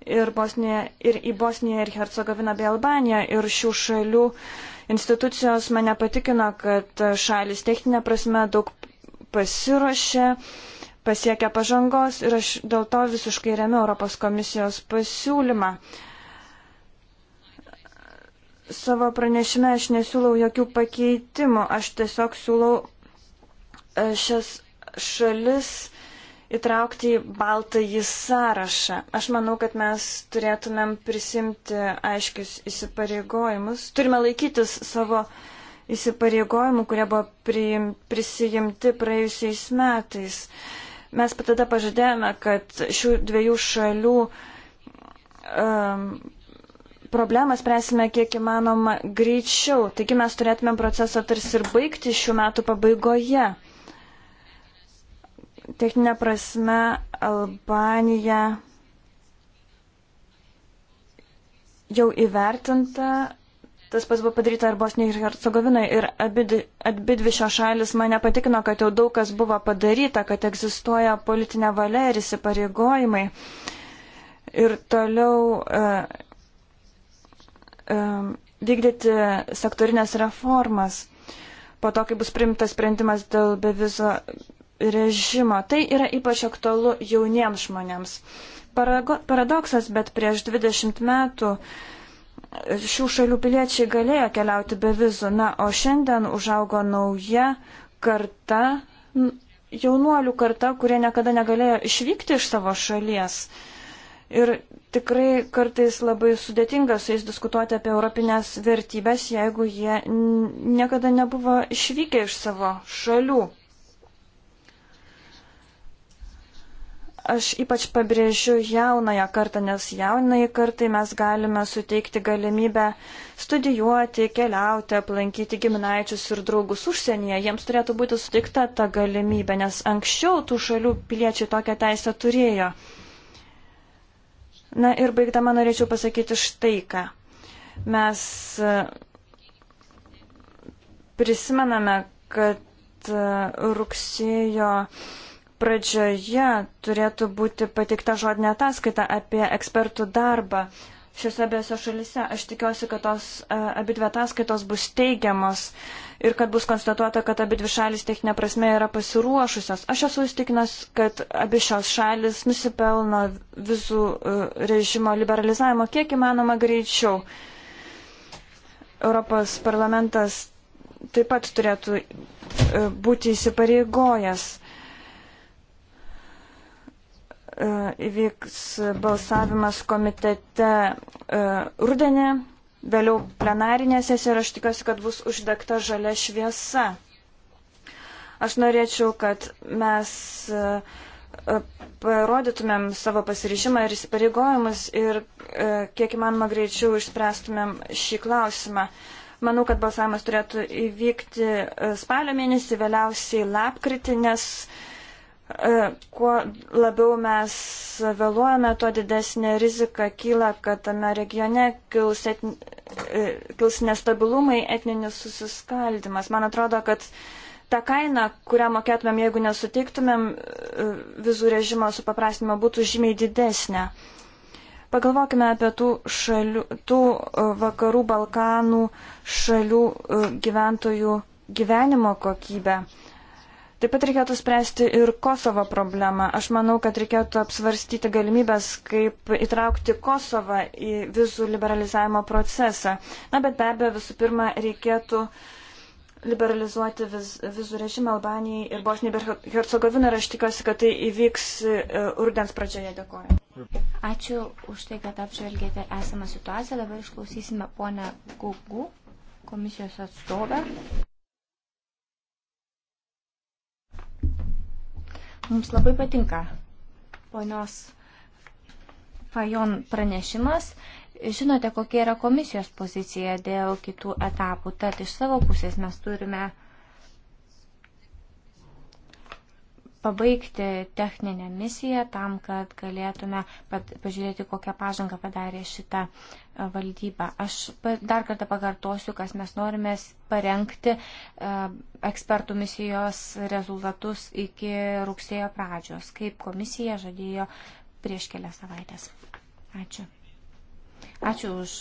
[SPEAKER 1] ir, Bosniją, ir į Bosniją, ir Hercegoviną bei Albaniją, ir šių šalių Institucijos mane patikino, kad šalis techninė prasme daug pasiruošė, pasiekė pažangos ir aš dėl to visiškai remiu Europos komisijos pasiūlymą. Savo pranešime aš nesiūlau jokių pakeitimų, aš tiesiog siūlau e, šias šalis įtraukti į baltąjį sąrašą. Aš manau, kad mes turėtumėm prisimti aiškius įsipareigojimus. Turime laikytis savo įsipareigojimų, kurie buvo priim, prisijimti praėjusiais metais. Mes tada pažadėjome, kad šių dviejų šalių um, problemą spręsime kiek įmanoma greičiau. Taigi mes turėtumėm procesą tarsi ir baigti šių metų pabaigoje. Techninė prasme Albanija jau įvertinta, tas pats buvo padaryta ir Bosnijoje ir Hercegovinoje ir abi dvi šios šalis mane patikino, kad jau daug kas buvo padaryta, kad egzistuoja politinė valia ir įsipareigojimai. Ir toliau uh, uh, vykdyti sektorinės reformas. Po to, kai bus primtas sprendimas dėl bevizio režimo. Tai yra ypač aktualu jauniems žmonėms. Parago, paradoksas, bet prieš 20 metų šių šalių piliečiai galėjo keliauti be vizų. Na, o šiandien užaugo nauja karta, jaunuolių karta, kurie niekada negalėjo išvykti iš savo šalies. Ir tikrai kartais labai sudėtinga su jais diskutuoti apie europinės vertybės, jeigu jie niekada nebuvo išvykę iš savo šalių. Aš ypač pabrėžiu jaunąją kartą, nes jaunai kartai mes galime suteikti galimybę studijuoti, keliauti, aplankyti giminaičius ir draugus užsienyje. Jiems turėtų būti suteikta ta galimybė, nes anksčiau tų šalių piliečiai tokią teisę turėjo. Na ir baigdama norėčiau pasakyti štai ką. Mes e, prisimename, kad e, rugsėjo pradžioje turėtų būti pateikta žodinė ataskaita apie ekspertų darbą šiuose abiejose šalise. Aš tikiuosi, kad tos abidvi ataskaitos bus teigiamos ir kad bus konstatuota, kad abi dvi šalis techninė prasme yra pasiruošusios. Aš esu įstikinęs, kad abi šios šalis nusipelno vizų režimo liberalizavimo kiek įmanoma greičiau. Europos parlamentas taip pat turėtų būti įsipareigojęs E, įvyks balsavimas komitete e, rudenį, vėliau plenarinė sesija ir aš tikiuosi, kad bus uždegta žalia šviesa. Aš norėčiau, kad mes e, parodytumėm savo pasirišimą ir įsipareigojimus ir kiek įmanoma greičiau išspręstumėm šį klausimą. Manau, kad balsavimas turėtų įvykti spalio mėnesį, vėliausiai lapkritį, nes uh, E, kuo labiau mes vėluojame, tuo didesnė rizika kyla, kad tame regione kils, etni, e, kils nestabilumai, etninis susiskaldimas. Man atrodo, kad ta kaina, kurią mokėtumėm, jeigu nesutiktumėm e, vizų režimo supaprastinimo, būtų žymiai didesnė. Pagalvokime apie tų, šalių, tų vakarų Balkanų šalių gyventojų gyvenimo kokybę. Taip pat reikėtų spręsti ir Kosovo problemą. Aš manau, kad reikėtų apsvarstyti galimybės, kaip įtraukti Kosovą į vizų liberalizavimo procesą. Na, bet be abejo, visų pirma, reikėtų liberalizuoti viz, vizų režimą Albanijai ir Bosnijai ir Hercegovinai ir aš tikiuosi, kad tai įvyks e,
[SPEAKER 4] rudens pradžioje. Dėkuoju. Ačiū už tai, kad apžvelgėte esamą situaciją. Dabar išklausysime ponę Gugu, komisijos atstovę. Mums labai patinka ponios Fajon pranešimas. Žinote, kokia yra komisijos pozicija dėl kitų etapų. Tad iš savo pusės mes turime uh, pabaigti techninę misiją tam, kad galėtume pažiūrėti, kokią pažangą padarė šita e, valdyba. Aš dar kartą pakartosiu, kas mes norime parengti e, ekspertų misijos rezultatus iki rugsėjo pradžios, kaip komisija žadėjo prieš kelias savaitės. Ačiū. Ačiū už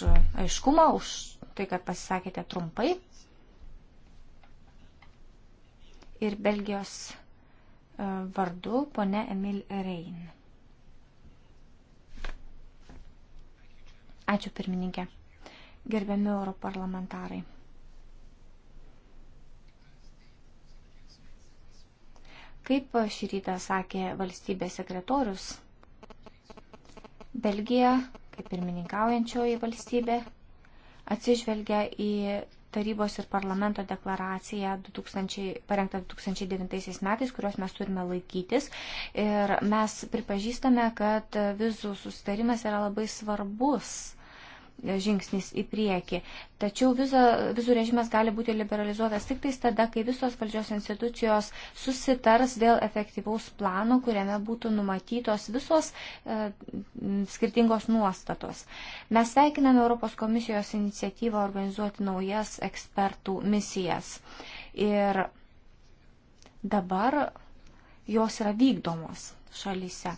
[SPEAKER 4] aiškumą, už tai, kad pasisakėte trumpai. Ir Belgijos E, vardu pone Emil Rein. Ačiū pirmininkė. Gerbiami europarlamentarai. Kaip šį rytą sakė valstybės sekretorius, Belgija, kaip pirmininkaujančioji valstybė, atsižvelgia į tarybos ir parlamento deklaraciją 2000, parengtą 2009 metais, kurios mes turime laikytis. Ir mes pripažįstame, kad vizų susitarimas yra labai svarbus žingsnis į priekį. Tačiau viza, vizų režimas gali būti liberalizuotas tik tais tada, kai visos valdžios institucijos susitars dėl efektyvaus plano, kuriame būtų numatytos visos e, skirtingos nuostatos. Mes sveikiname Europos komisijos iniciatyvą organizuoti naujas ekspertų misijas. Ir dabar jos yra vykdomos šalyse.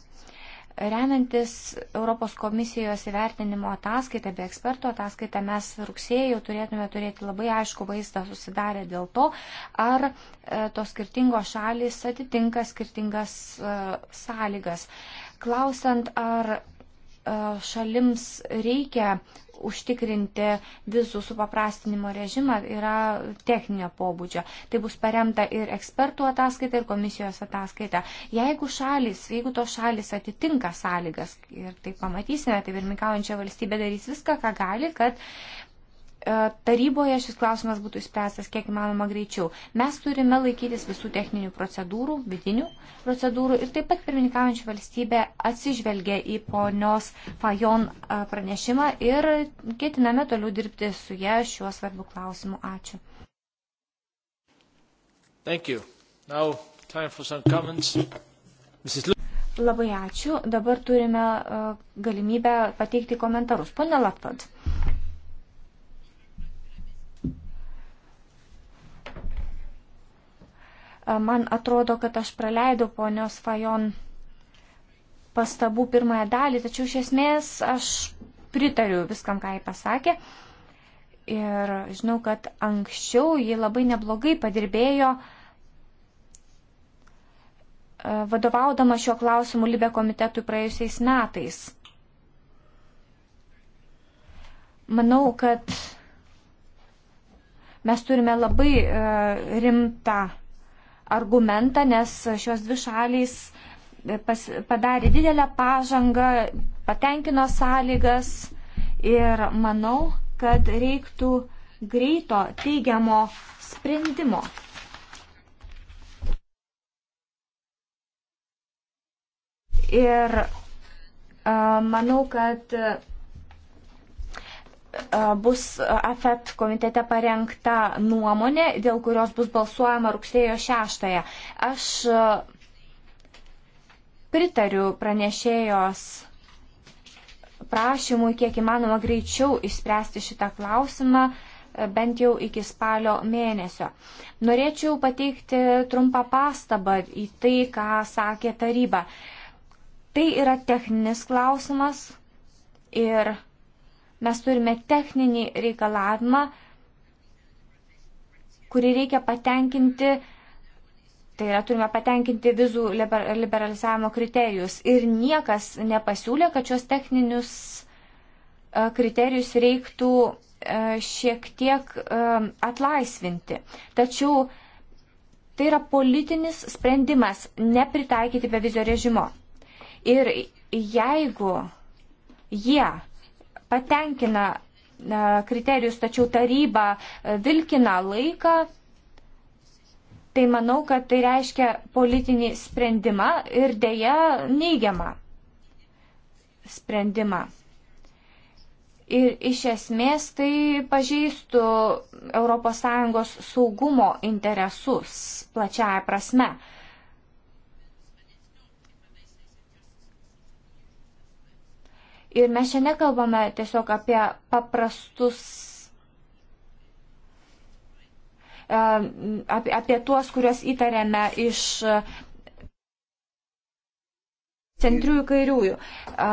[SPEAKER 4] Remiantis Europos komisijos įvertinimo ataskaitą bei ekspertų ataskaitą, mes rugsėjai jau turėtume turėti labai aišku vaizdą susidarę dėl to, ar e, tos skirtingos šalis atitinka skirtingas e, sąlygas. Klausant, ar šalims reikia užtikrinti vizų supaprastinimo režimą yra techninio pobūdžio. Tai bus paremta ir ekspertų ataskaita, ir komisijos ataskaita. Jeigu šalis, jeigu tos šalis atitinka sąlygas, ir tai pamatysime, tai pirmikaujančia valstybė darys viską, ką gali, kad E, taryboje šis klausimas būtų išspręstas kiek įmanoma greičiau. Mes turime laikytis visų techninių procedūrų, vidinių procedūrų ir taip pat pirmininkaujančių valstybė atsižvelgia į ponios Fajon e, pranešimą ir ketiname toliau dirbti su ją šiuo svarbiu klausimu. Ačiū. Now, Labai ačiū. Dabar turime e, galimybę pateikti komentarus. Pone Laptad. Man atrodo, kad aš praleidau ponios Fajon pastabų pirmąją dalį, tačiau iš esmės aš pritariu viskam, ką jį pasakė. Ir žinau, kad anksčiau jį labai neblogai padirbėjo vadovaudama šiuo klausimu Libė komitetui praėjusiais metais. Manau, kad mes turime labai rimtą argumentą, nes šios dvi šalys pas, padarė didelę pažangą, patenkino sąlygas ir manau, kad reiktų greito teigiamo sprendimo. Ir manau, kad bus AFET komitete parengta nuomonė, dėl kurios bus balsuojama rugsėjo 6. Aš pritariu pranešėjos prašymui, kiek įmanoma greičiau išspręsti šitą klausimą, bent jau iki spalio mėnesio. Norėčiau pateikti trumpą pastabą į tai, ką sakė taryba. Tai yra techninis klausimas ir Mes turime techninį reikalavimą, kurį reikia patenkinti, tai yra turime patenkinti vizų liberalizavimo kriterijus. Ir niekas nepasiūlė, kad šios techninius e, kriterijus reiktų e, šiek tiek e, atlaisvinti. Tačiau tai yra politinis sprendimas nepritaikyti bevizio režimo. Ir jeigu jie patenkina e, kriterijus, tačiau taryba e, vilkina laiką, tai manau, kad tai reiškia politinį sprendimą ir dėja neigiamą sprendimą. Ir iš esmės tai pažeistų ES saugumo interesus plačiaja prasme. Ir mes čia nekalbame tiesiog apie paprastus, e, apie, apie tuos, kuriuos įtarėme iš centriųjų kairiųjų. E,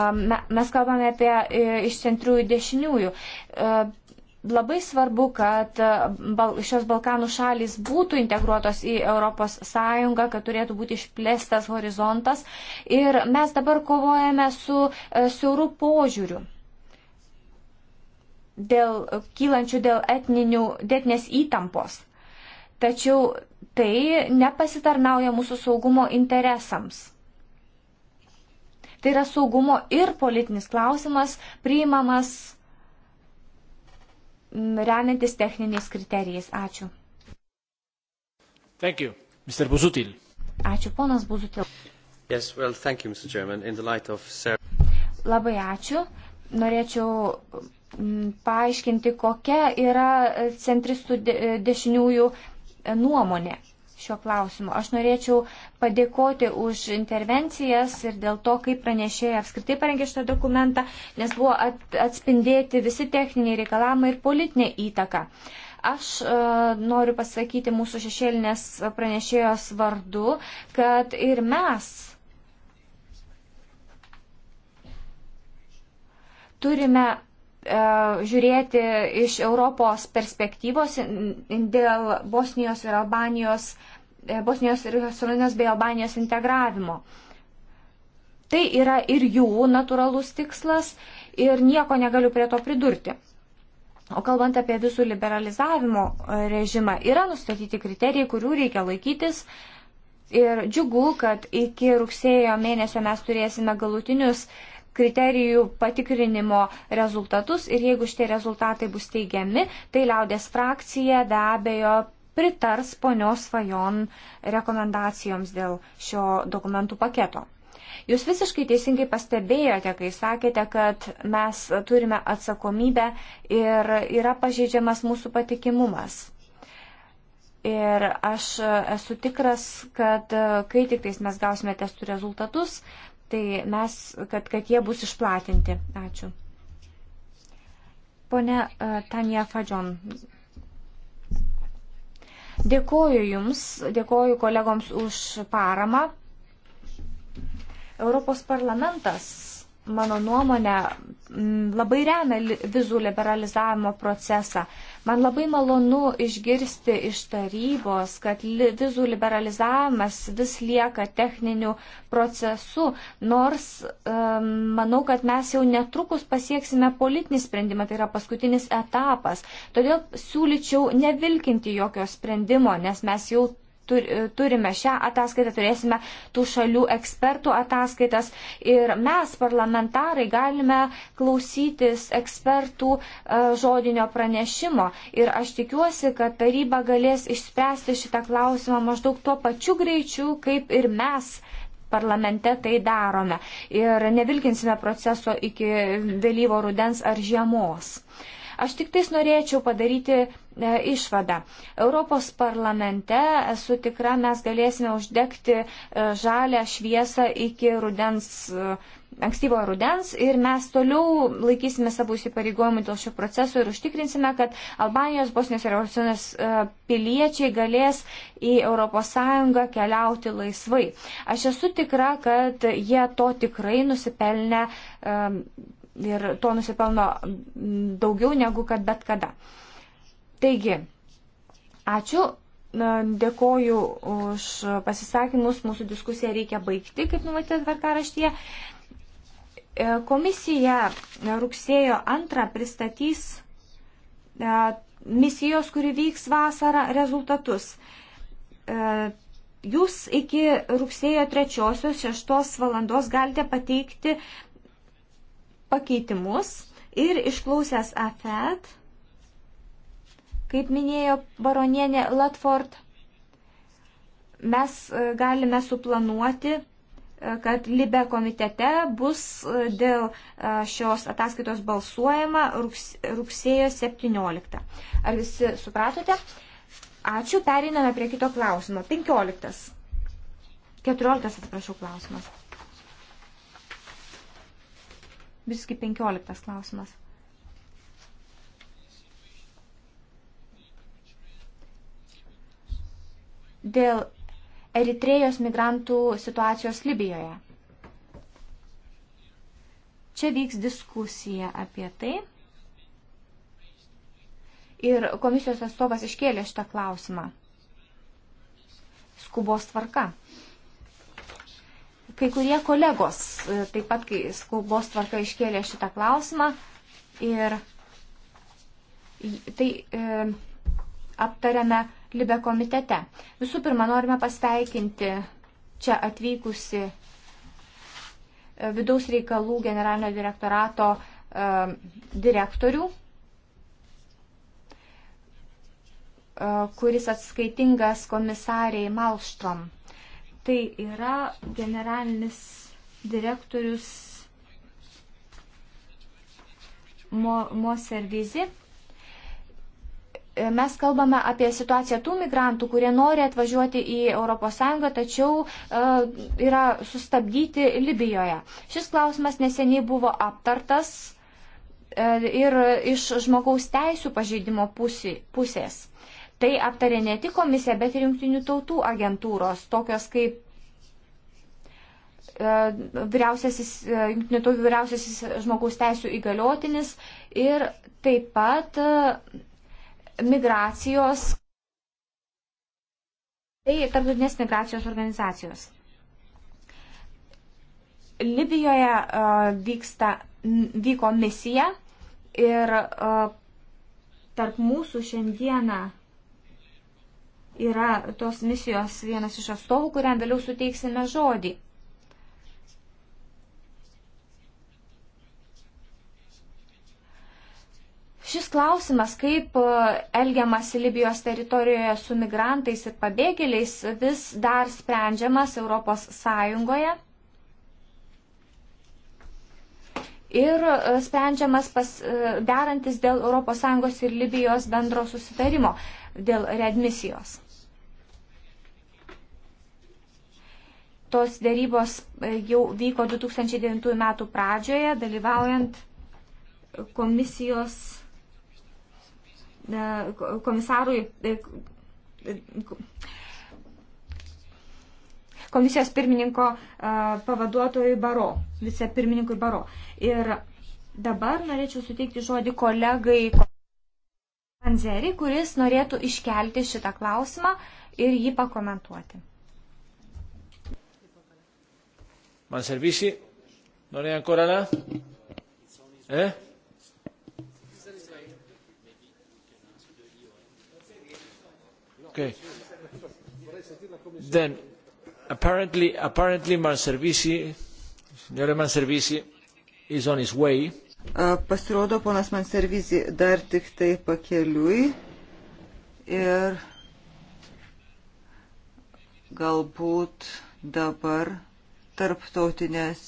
[SPEAKER 4] mes kalbame apie e, iš centriųjų dešiniųjų labai svarbu, kad e, šios Balkanų šalis būtų integruotos į ES, kad turėtų būti išplėstas horizontas. Ir mes dabar kovojame su e, siauru požiūriu. Dėl kylančių dėl etninių, dėtinės įtampos. Tačiau tai nepasitarnauja mūsų saugumo interesams. Tai yra saugumo ir politinis klausimas priimamas remiantis techniniais kriterijais. Ačiū.
[SPEAKER 5] Thank you. Mr. Buzutil.
[SPEAKER 4] Ačiū, ponas Buzutil.
[SPEAKER 5] Yes, well, thank you, Mr. Chairman. In
[SPEAKER 1] the light of...
[SPEAKER 4] Labai ačiū. Norėčiau mm, paaiškinti, kokia yra centristų dešiniųjų nuomonė šio klausimu. Aš norėčiau padėkoti už intervencijas ir dėl to, kaip pranešėjai apskritai parengė šitą dokumentą, nes buvo atspindėti visi techniniai reikalavimai ir politinė įtaka. Aš e, noriu pasakyti mūsų šešėlinės pranešėjos vardu, kad ir mes turime E, žiūrėti iš Europos perspektyvos dėl Bosnijos ir Albanijos, e, Bosnijos ir Hercegovinos bei Albanijos integravimo. Tai yra ir jų natūralus tikslas ir nieko negaliu prie to pridurti. O kalbant apie visų liberalizavimo režimą, yra nustatyti kriterijai, kurių reikia laikytis. Ir džiugu, kad iki rugsėjo mėnesio mes turėsime galutinius uh, kriterijų patikrinimo rezultatus ir jeigu šitie rezultatai bus teigiami, tai liaudės frakcija be abejo pritars ponios svajon rekomendacijoms dėl šio dokumentų paketo. Jūs visiškai teisingai pastebėjote, kai sakėte, kad mes turime atsakomybę ir yra pažeidžiamas mūsų patikimumas. Ir aš esu tikras, kad kai tik tais mes gausime testų rezultatus, tai mes, kad, kad jie bus išplatinti. Ačiū. Pone e, Tanja Fadžion. Dėkoju Jums, dėkoju kolegoms už paramą. Europos parlamentas, mano nuomonė, labai remia vizų liberalizavimo procesą. Man labai malonu išgirsti iš tarybos, kad vizų liberalizavimas vis lieka techniniu procesu, nors um, manau, kad mes jau netrukus pasieksime politinį sprendimą, tai yra paskutinis etapas. Todėl siūlyčiau nevilkinti jokio sprendimo, nes mes jau turime šią ataskaitą, turėsime tų šalių ekspertų ataskaitas ir mes, parlamentarai, galime klausytis ekspertų e, žodinio pranešimo. Ir aš tikiuosi, kad taryba galės išspręsti šitą klausimą maždaug tuo pačiu greičiu, kaip ir mes parlamente tai darome. Ir nevilkinsime proceso iki vėlyvo rudens ar žiemos. Uh, Aš tik tais norėčiau padaryti e, išvadą. Europos parlamente, esu tikra, mes galėsime uždegti e, žalę šviesą iki rudens e, ankstyvo rudens ir mes toliau laikysime savo įsipareigojimų dėl šio proceso ir užtikrinsime, kad Albanijos, Bosnijos ir Hercegovinos piliečiai galės į ES keliauti laisvai. Aš esu tikra, kad jie to tikrai nusipelnė ir to nusipelno daugiau negu kad bet kada. Taigi, ačiū. Dėkoju už pasisakymus. Mūsų diskusiją reikia baigti, kaip numatyta tvarkaraštyje. E, komisija rugsėjo antrą pristatys e, misijos, kuri vyks vasarą, rezultatus. E, jūs iki rugsėjo 3-6 valandos galite pateikti pakeitimus ir išklausęs AFET, kaip minėjo baronienė Latford, mes e, galime suplanuoti, e, kad Libe komitete bus e, dėl šios ataskaitos balsuojama rugsėjo 17. Ar visi supratote? Ačiū, periname prie kito klausimo. 15. 14, atsiprašau, klausimas. Visgi 15 klausimas. Dėl Eritrėjos migrantų situacijos Libijoje. Čia vyks diskusija apie tai. Ir komisijos atstovas iškėlė šitą klausimą. Skubos tvarka. Kai kurie kolegos e, taip pat, kai skubos tvarka iškėlė šitą klausimą ir tai e, aptariame Libe komitete. Visų pirma, norime pasveikinti čia atvykusi e, vidaus reikalų generalinio direktorato e, direktorių, e, kuris atskaitingas komisariai Malštrom. Tai yra generalinis direktorius Mo, Mo Servizi. Mes kalbame apie situaciją tų migrantų, kurie nori atvažiuoti į ES, tačiau e, yra sustabdyti Libijoje. Šis klausimas neseniai buvo aptartas e, ir iš žmogaus teisų pažeidimo pusės. Tai aptarė ne tik komisija, bet ir jungtinių tautų agentūros, tokios kaip e, vyriausiasis, e, jungtinių tautų vyriausiasis žmogaus teisų įgaliotinis ir taip pat e, migracijos, tai tarptautinės migracijos organizacijos. Libijoje vyksta, vyko misija ir tarp mūsų šiandieną yra tos misijos vienas iš atstovų, kuriam vėliau suteiksime žodį. Šis klausimas, kaip e, elgiamasi Libijos teritorijoje su migrantais ir pabėgėliais, vis dar sprendžiamas Europos Sąjungoje. Ir e, sprendžiamas pas, e, derantis dėl ES ir Libijos bendro susitarimo dėl readmisijos. Tos dėrybos e, jau vyko 2009 metų pradžioje, dalyvaujant komisijos e, komisarui e, komisijos pirmininko pavaduotojui Baro, vicepirmininkui Baro. Ir dabar norėčiau suteikti žodį kolegai Panzerį, kuris norėtų iškelti šitą klausimą ir jį pakomentuoti.
[SPEAKER 5] Manservisi? Non è ancora là? Eh? Okay. Then, apparently, apparently Manservisi, signore Manservisi, is on his way.
[SPEAKER 2] Pasirodo, ponas Manservisi dar tik tai pakeliui ir galbūt dabar tarptautinės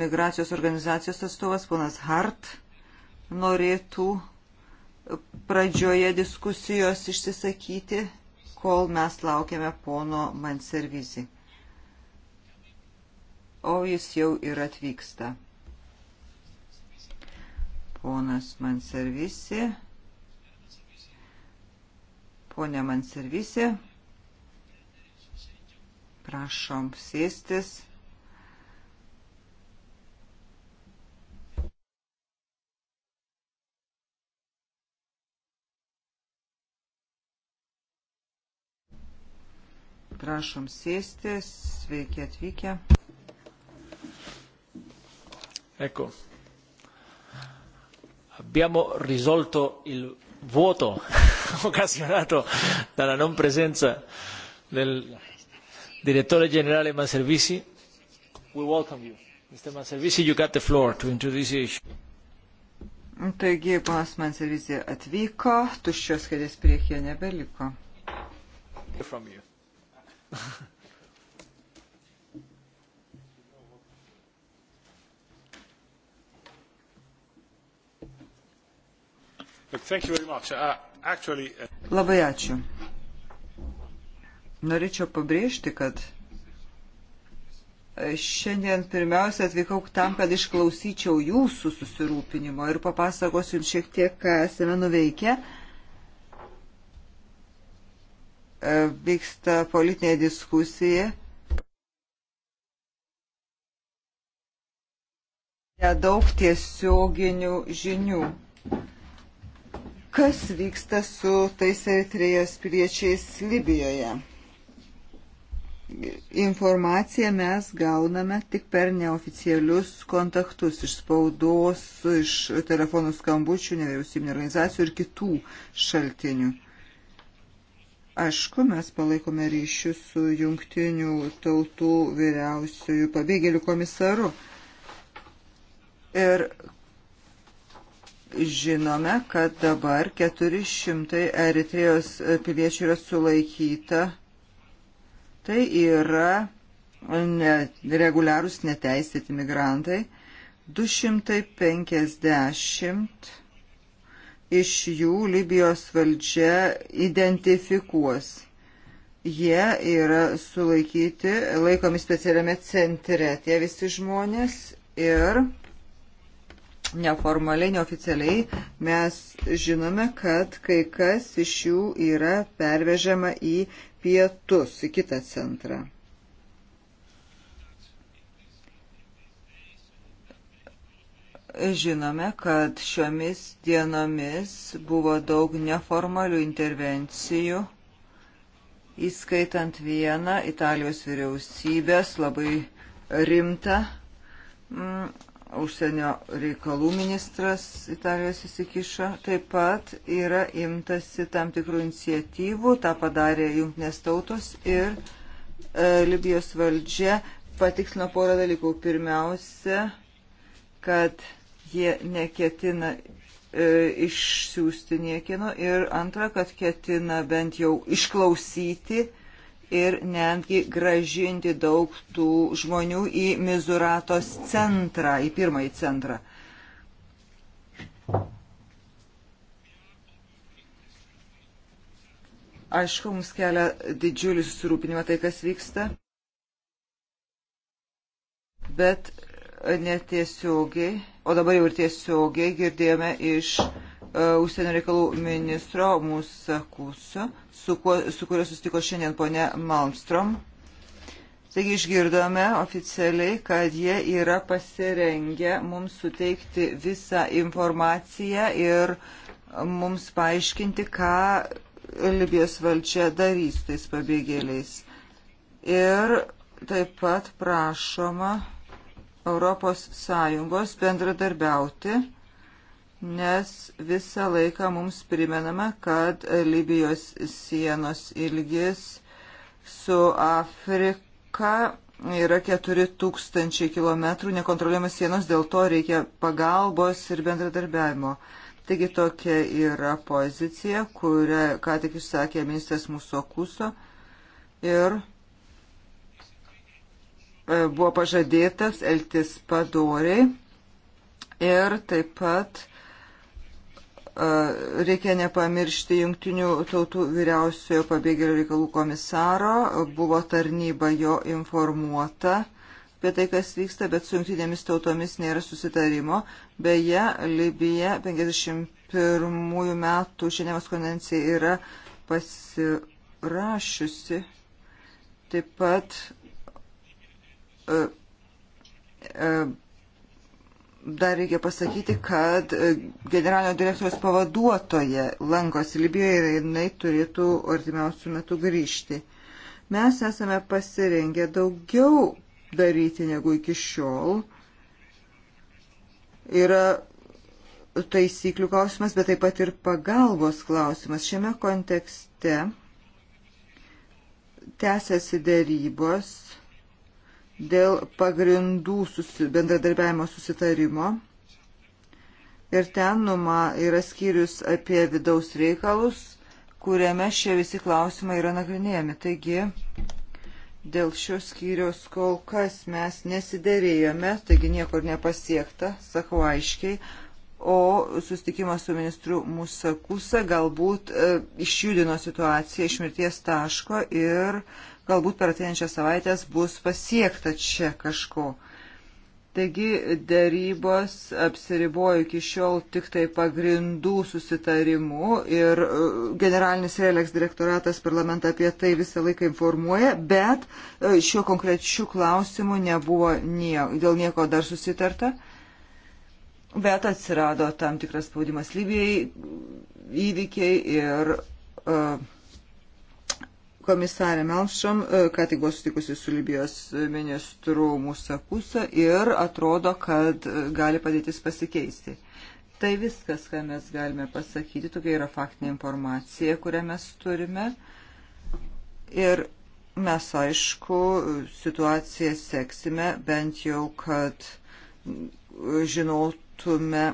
[SPEAKER 2] migracijos organizacijos atstovas ponas Hart norėtų pradžioje diskusijos išsisakyti, kol mes laukiame pono Manservizi. O jis jau ir atvyksta. Ponas Manservisi. Pone Manservisi. Prašom sėstis. Prašom sėstis, sveiki atvykę.
[SPEAKER 5] Ecco, abbiamo risolto il vuoto occasionato dalla non presenza del direttore generale Manservisi. We welcome you. Mr. Manservisi, you got the floor to introduce the issue.
[SPEAKER 2] Taigi, ponas Manservisi atvyko, tuščios kėdės priekyje nebeliko. From you.
[SPEAKER 3] Uh,
[SPEAKER 5] uh,
[SPEAKER 2] Labai ačiū. Norėčiau pabrėžti, kad e, šiandien pirmiausia atvykau tam, kad išklausyčiau jūsų susirūpinimo ir papasakosiu jums šiek tiek, ką esame nuveikę. E, vyksta politinė diskusija. Nedaug tiesioginių žinių. Kas vyksta su tais Eritrejos piliečiais Libijoje? Informaciją mes gauname tik per neoficialius kontaktus iš spaudos, iš telefonų skambučių, nevyriausybinio organizacijų ir kitų šaltinių Aišku, mes palaikome ryšius su jungtinių tautų vyriausiųjų pabėgėlių komisaru. Ir žinome, kad dabar 400 Eritrejos piliečių yra sulaikyta. Tai yra ne, reguliarūs neteisėti migrantai. 250 iš jų Libijos valdžia identifikuos. Jie yra sulaikyti, laikomi specialiame centre tie visi žmonės ir neformaliai, neoficialiai mes žinome, kad kai kas iš jų yra pervežama į pietus, į kitą centrą. Žinome, kad šiomis dienomis buvo daug neformalių intervencijų, įskaitant vieną Italijos vyriausybės labai rimtą. Mm, užsienio reikalų ministras Italijos įsikišo. Taip pat yra imtasi tam tikrų iniciatyvų, tą padarė jungtinės tautos ir e, Libijos valdžia patikslino porą dalykų. Pirmiausia, kad jie neketina e, išsiųsti niekino ir antra, kad ketina bent jau išklausyti ir netgi gražinti daug tų žmonių į Mizuratos centrą, į pirmąjį centrą. Aišku, mums kelia didžiulį susirūpinimą tai, kas vyksta, bet netiesiogiai o dabar jau ir tiesiogiai girdėjome iš e, užsienio reikalų ministro Musakuso, su, kuo, su kuriuo sustiko šiandien ponė Malmstrom. Taigi išgirdome oficialiai, kad jie yra pasirengę mums suteikti visą informaciją ir mums paaiškinti, ką Libijos valdžia darys tais pabėgėliais. Ir taip pat prašoma ES bendradarbiauti, nes visą laiką mums primenama, kad Libijos sienos ilgis su Afrika yra 4000 km nekontroliuojamas sienos, dėl to reikia pagalbos ir bendradarbiavimo. Taigi tokia yra pozicija, kurią ką tik išsakė ministras Musokuso ir E, buvo pažadėtas elgtis padoriai ir taip pat e, reikia nepamiršti jungtinių tautų vyriausiojo pabėgėlių reikalų komisaro, buvo tarnyba jo informuota apie tai, kas vyksta, bet su jungtinėmis tautomis nėra susitarimo. Beje, Libija 51 metų Ženevos konvencija yra pasirašiusi. Taip pat E, e, dar reikia pasakyti, kad e, generalinio direktoriaus pavaduotoje lankosi Libijoje ir jinai turėtų artimiausių metų grįžti. Mes esame pasirengę daugiau daryti negu iki šiol. Yra taisyklių klausimas, bet taip pat ir pagalbos klausimas. Šiame kontekste tęsiasi dėrybos dėl pagrindų susi, bendradarbiavimo susitarimo. Ir ten numa yra skyrius apie vidaus reikalus, kuriame šie visi klausimai yra nagrinėjami. Taigi, dėl šios skyrius kol kas mes nesiderėjome, taigi niekur nepasiekta, sakau aiškiai, o susitikimas su ministru Musakusa galbūt e, išjudino situaciją iš mirties taško ir galbūt per ateinančią savaitęs bus pasiekta čia kažko. Taigi dėrybos apsiribojo iki šiol tik tai pagrindų susitarimu ir e, generalinis Releks direktoratas parlamentą apie tai visą laiką informuoja, bet e, šiuo konkrečiu klausimu nebuvo nie, dėl nieko dar susitarta. Bet atsirado tam tikras spaudimas Libijai įvykiai ir uh, Komisarė Melšom, e, ką tik buvo sutikusi su Libijos ministru Musakusa ir atrodo, kad e, gali padėtis pasikeisti. Tai viskas, ką mes galime pasakyti, tokia yra faktinė informacija, kurią mes turime. Ir mes, aišku, situaciją seksime, bent jau, kad žinotume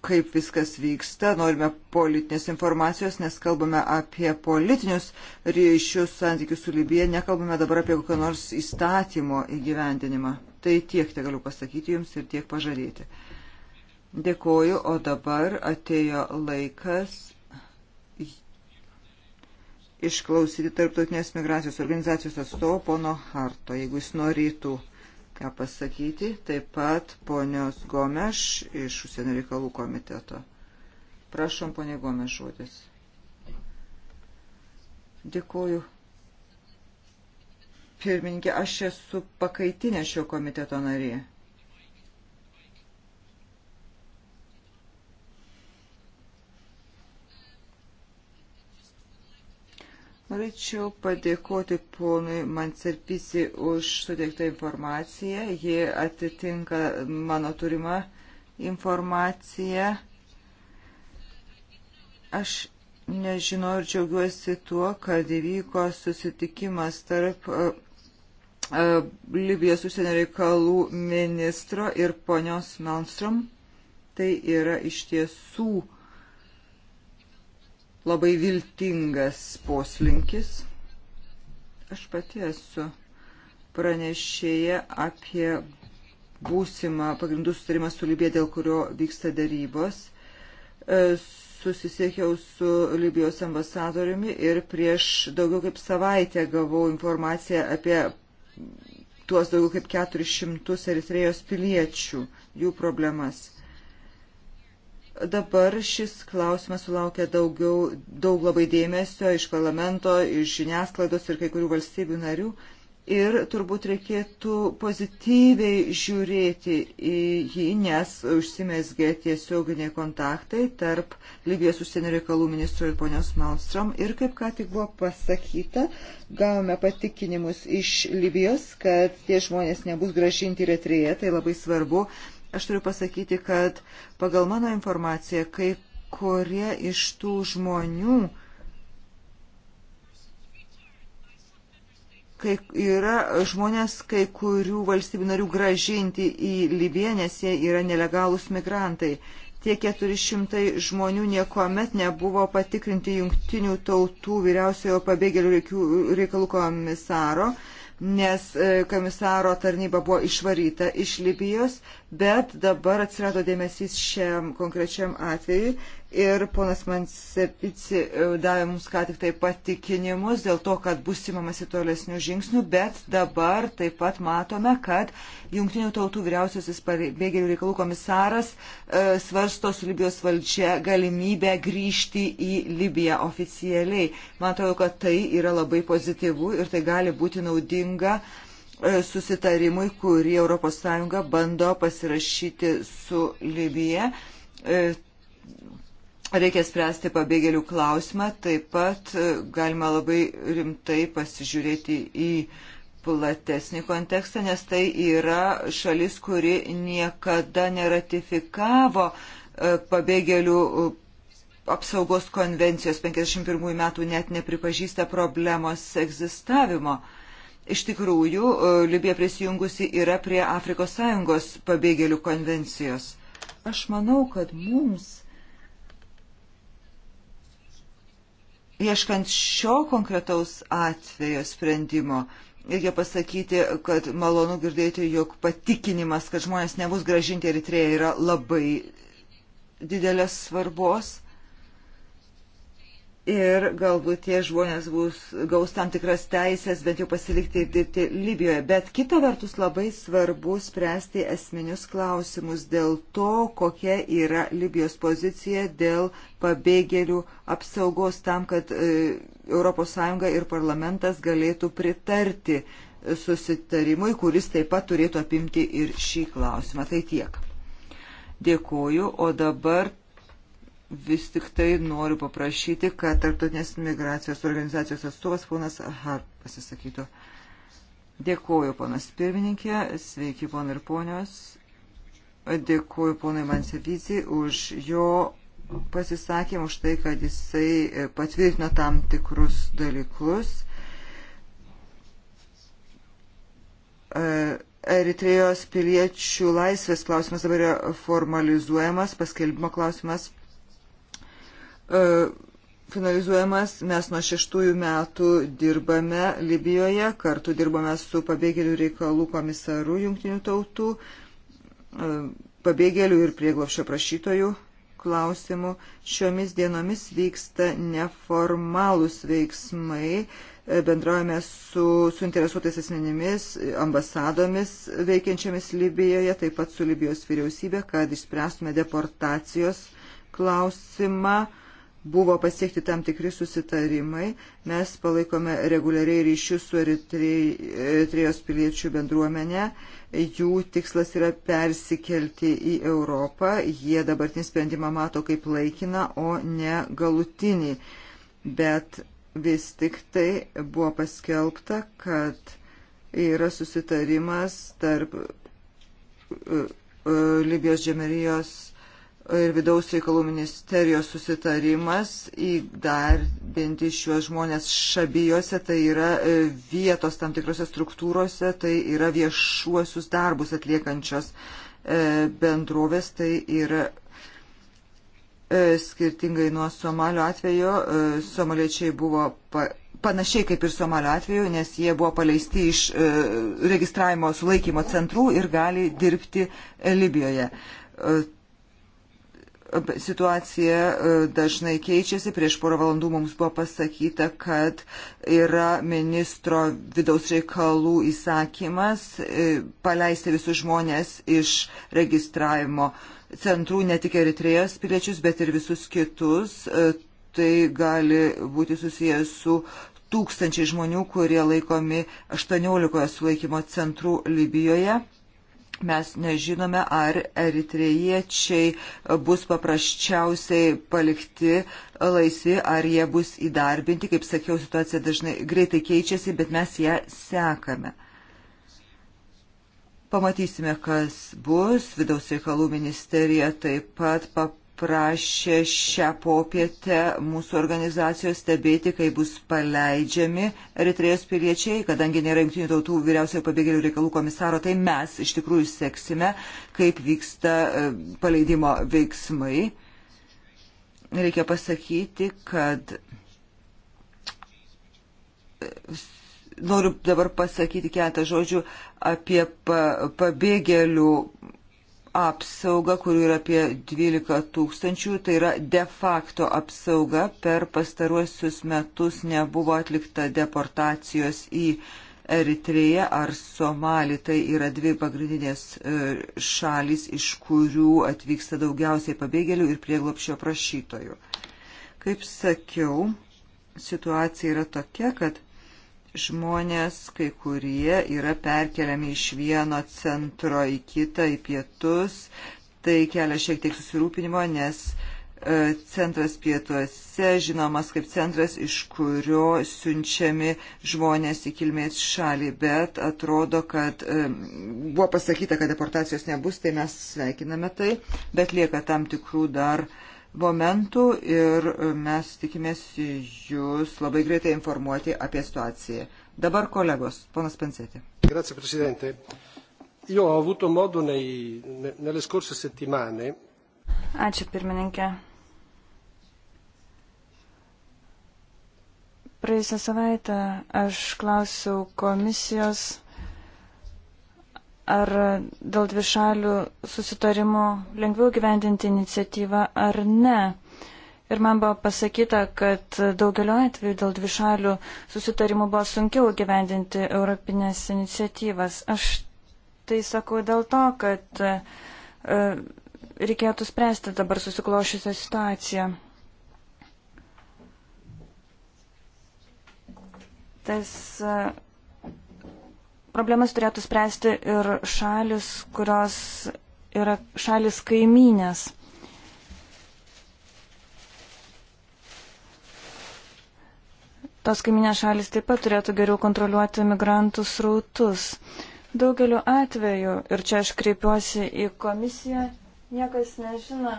[SPEAKER 2] kaip viskas vyksta, norime politinės informacijos, nes kalbame apie politinius ryšius santykius su Libija, nekalbame dabar apie kokią nors įstatymo įgyvendinimą. Tai tiek te galiu pasakyti jums ir tiek pažadėti. Dėkoju, o dabar atėjo laikas išklausyti Tarptautinės migracijos organizacijos atstovo pono Harto, jeigu jis norėtų ką pasakyti, taip pat ponios Gomeš iš užsienio reikalų komiteto. Prašom, ponė Gomeš, žodis. Dėkuoju. Pirmininkė, aš esu pakaitinė šio komiteto narė. Norėčiau padėkoti ponui Manserpisi už suteiktą informaciją. Ji atitinka mano turimą informaciją. Aš nežinau ir džiaugiuosi tuo, kad įvyko susitikimas tarp e, e, Libijos užsienio reikalų ministro ir ponios Melmstrom. Tai yra iš tiesų uh, labai viltingas poslinkis. Aš pati esu pranešėja apie būsimą pagrindų sutarimą su Libija, dėl kurio vyksta darybos. E, susisiekiau su Libijos ambasadoriumi ir prieš daugiau kaip savaitę gavau informaciją apie tuos daugiau kaip 400 Eritrejos piliečių, jų problemas. Dabar šis klausimas sulaukia daugiau, daug labai dėmesio iš parlamento, iš žiniasklaidos ir kai kurių valstybių narių. Ir turbūt reikėtų pozityviai žiūrėti į jį, nes užsimesgė tiesioginiai kontaktai tarp Libijos užsienio reikalų ministro ir ponios Malmstrom. Ir kaip ką tik buvo pasakyta, gavome patikinimus iš Libijos, kad tie žmonės nebus gražinti į Retreją, tai labai svarbu Aš turiu pasakyti, kad pagal mano informaciją, kai kurie iš tų žmonių, kai yra žmonės kai kurių valstybių narių gražinti į Libiją, nes jie yra nelegalūs migrantai. Tie 400 žmonių niekuomet nebuvo patikrinti jungtinių tautų vyriausiojo pabėgėlių reikalų komisaro nes e, komisaro tarnyba buvo išvaryta iš Libijos, bet dabar atsirado dėmesys šiam konkrečiam atvejui Ir ponas Mansepici e, davė mums ką tik tai patikinimus dėl to, kad bus įmamasi tolesnių žingsnių, bet dabar taip pat matome, kad Junktinių tautų vyriausiasis pabėgėlių reikalų komisaras e, svarsto su Libijos valdžia galimybę grįžti į Libiją oficialiai. Matau, kad tai yra labai pozityvu ir tai gali būti naudinga e, susitarimui, kurį ES bando pasirašyti su Libija. E, Reikia spręsti pabėgėlių klausimą, taip pat e, galima labai rimtai pasižiūrėti į platesnį kontekstą, nes tai yra šalis, kuri niekada neratifikavo e, pabėgėlių e, apsaugos konvencijos 51 metų net nepripažįsta problemos egzistavimo. Iš tikrųjų, Libija prisijungusi yra prie Afrikos Sąjungos pabėgėlių konvencijos. Aš manau, kad mums ieškant šio konkretaus atvejo sprendimo, reikia pasakyti, kad malonu girdėti, jog patikinimas, kad žmonės nebus gražinti Eritreja yra labai didelės svarbos ir galbūt tie žmonės bus, gaus tam tikras teisės bent jau pasilikti ir dirbti Libijoje. Bet kita vertus labai svarbu spręsti esminius klausimus dėl to, kokia yra Libijos pozicija dėl pabėgėlių apsaugos tam, kad ES ir parlamentas galėtų pritarti susitarimui, kuris taip pat turėtų apimti ir šį klausimą. Tai tiek. Dėkuoju, o dabar vis tik tai noriu paprašyti, kad Tarptautinės migracijos organizacijos atstovas ponas Har pasisakytų. Dėkuoju, ponas pirmininkė, sveiki, ponai ir ponios. Dėkuoju, ponai Mansevici, už jo pasisakymą, už tai, kad jisai patvirtino tam tikrus dalykus. E, Eritrejos piliečių laisvės klausimas dabar yra formalizuojamas, paskelbimo klausimas E, finalizuojamas. Mes nuo šeštųjų metų dirbame Libijoje, kartu dirbame su pabėgėlių reikalų komisaru Junktinių tautų, e, pabėgėlių ir prieglopšio prašytojų klausimų. Šiomis dienomis vyksta neformalūs veiksmai. E, bendraujame su suinteresuotais asmenimis, ambasadomis veikiančiamis Libijoje, taip pat su Libijos vyriausybė, kad išspręstume deportacijos klausimą buvo pasiekti tam tikri susitarimai. Mes palaikome reguliariai ryšius su Eritrejos piliečių bendruomenė. Jų tikslas yra persikelti į Europą. Jie dabartinį sprendimą mato kaip laikiną, o ne galutinį. Bet vis tik tai buvo paskelbta, kad yra susitarimas tarp e, e, Libijos džemerijos ir vidaus reikalų ministerijos susitarimas įdarbinti šiuos žmonės šabijose, tai yra e, vietos tam tikrose struktūrose, tai yra viešuosius darbus atliekančios e, bendrovės, tai yra e, skirtingai nuo Somalio atvejo, somaliečiai buvo pa, panašiai kaip ir Somalio atveju, nes jie buvo paleisti iš registravimo sulaikymo centrų ir gali dirbti Libijoje situacija e, dažnai keičiasi. Prieš porą valandų mums buvo pasakyta, kad yra ministro vidaus reikalų įsakymas e, paleisti visus žmonės iš registravimo centrų, ne tik Eritrėjos piliečius, bet ir visus kitus. E, tai gali būti susijęs su tūkstančiai žmonių, kurie laikomi 18 sulaikymo centrų Libijoje Mes nežinome, ar eritrejiečiai bus paprasčiausiai palikti laisvi, ar jie bus įdarbinti. Kaip sakiau, situacija dažnai greitai keičiasi, bet mes ją sekame. Pamatysime, kas bus. Vidaus reikalų ministerija taip pat pap prašė šią popietę mūsų organizacijos stebėti, kai bus paleidžiami Eritrejos piliečiai, kadangi nėra jungtinių tautų vyriausiojo pabėgėlių reikalų komisaro, tai mes iš tikrųjų seksime, kaip vyksta e, paleidimo veiksmai. Reikia pasakyti, kad e, noriu dabar pasakyti keletą žodžių apie pabėgėlių apsaugą, kurių yra apie 12 tūkstančių, tai yra de facto apsauga. Per pastaruosius metus nebuvo atlikta deportacijos į Eritreją ar Somalį. Tai yra dvi pagrindinės e, šalis, iš kurių atvyksta daugiausiai pabėgėlių ir prieglopšio prašytojų. Kaip sakiau, situacija yra tokia, kad žmonės, kai kurie yra perkeliami iš vieno centro į kitą, į pietus. Tai kelia šiek tiek susirūpinimo, nes e, centras pietuose žinomas kaip centras, iš kurio siunčiami žmonės į kilmės šalį, bet atrodo, kad e, buvo pasakyta, kad deportacijos nebus, tai mes sveikiname tai, bet lieka tam tikrų dar uh, momentų ir mes tikimės jūs labai greitai informuoti apie situaciją. Dabar kolegos, ponas Pensetė. Grazie,
[SPEAKER 5] prezidente. Io ho avuto modo nei, ne, nelle scorse settimane.
[SPEAKER 1] Ačiū, pirmininkė. Praėjusią savaitę aš klausiau komisijos ar dėl dvišalių susitarimų lengviau gyvendinti iniciatyvą ar ne. Ir man buvo pasakyta, kad daugeliu atveju dėl dvišalių susitarimų buvo sunkiau gyvendinti europinės iniciatyvas. Aš tai sakau dėl to, kad uh, reikėtų spręsti dabar susiklošusią situaciją. Tas uh, problemas turėtų spręsti ir šalis, kurios yra šalis kaimynės. Tos kaiminės šalis taip pat turėtų geriau kontroliuoti migrantų srautus. Daugeliu atveju, ir čia aš kreipiuosi į komisiją, niekas nežino,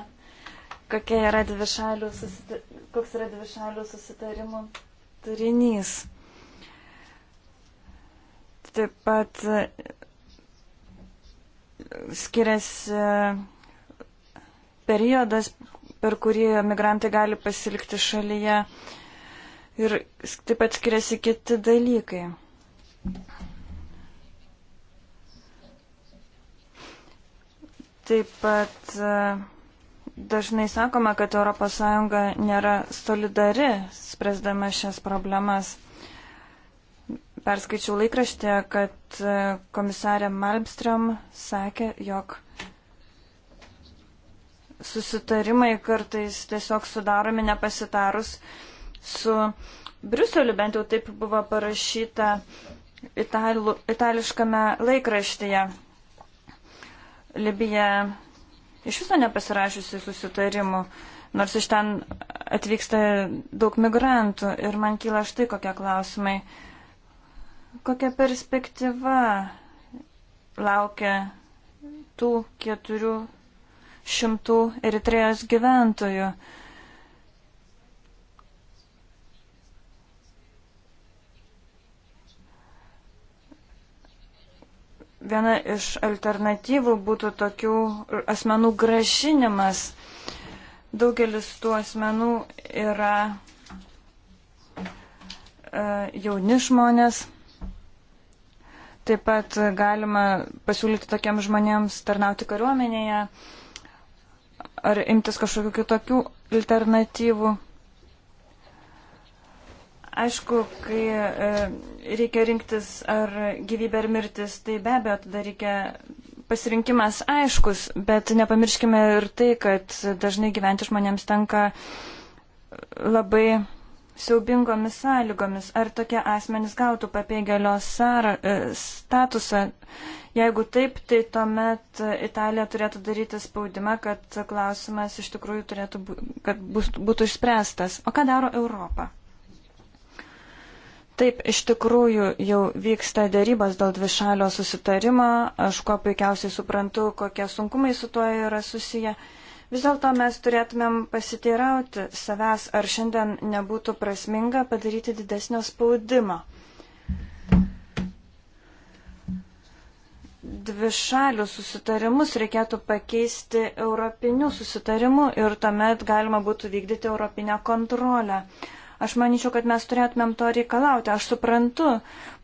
[SPEAKER 1] yra susita, koks yra dvišalių susitarimų turinys. Taip pat skiriasi periodas, per kurį migrantai gali pasilikti šalyje ir taip pat skiriasi kiti dalykai. Taip pat e, dažnai sakoma, kad ES nėra solidari, spręsdama šias problemas. Perskaičiau laikraštę, kad e, komisarė Malmström sakė, jog susitarimai kartais tiesiog sudaromi nepasitarus su Briuseliu, bent jau taip buvo parašyta italų, itališkame laikraštyje. Libija iš viso nepasirašiusi susitarimų, nors iš ten atvyksta daug migrantų ir man kyla štai kokie klausimai. Uh, Kokia perspektyva laukia tų keturių šimtų Eritrejos gyventojų? viena iš alternatyvų būtų tokių asmenų gražinimas. Daugelis tų asmenų yra e, jauni žmonės. Taip pat galima pasiūlyti tokiems žmonėms tarnauti kariuomenėje ar imtis kažkokių kitokių alternatyvų. Aišku, kai e, reikia rinktis ar gyvybė ar mirtis, tai be abejo, tada reikia pasirinkimas aiškus, bet nepamirškime ir tai, kad dažnai gyventi žmonėms tenka labai siaubingomis sąlygomis, ar tokie asmenys gautų pabėgėlio e, statusą. Jeigu taip, tai tuomet e, Italija turėtų daryti spaudimą, kad klausimas iš tikrųjų turėtų, kad būtų išspręstas. O ką daro Europa? Taip, iš tikrųjų jau vyksta dėrybas dėl dvišalio susitarimo. Aš kuo puikiausiai suprantu, kokie sunkumai su tuo yra susiję. Uh, Vis dėlto mes turėtumėm pasiteirauti savęs, ar šiandien nebūtų prasminga padaryti didesnio spaudimo. Dvišalių susitarimus reikėtų pakeisti europiniu susitarimu ir tuomet galima būtų vykdyti europinę kontrolę. Aš manyčiau, kad mes turėtumėm to reikalauti. Aš suprantu,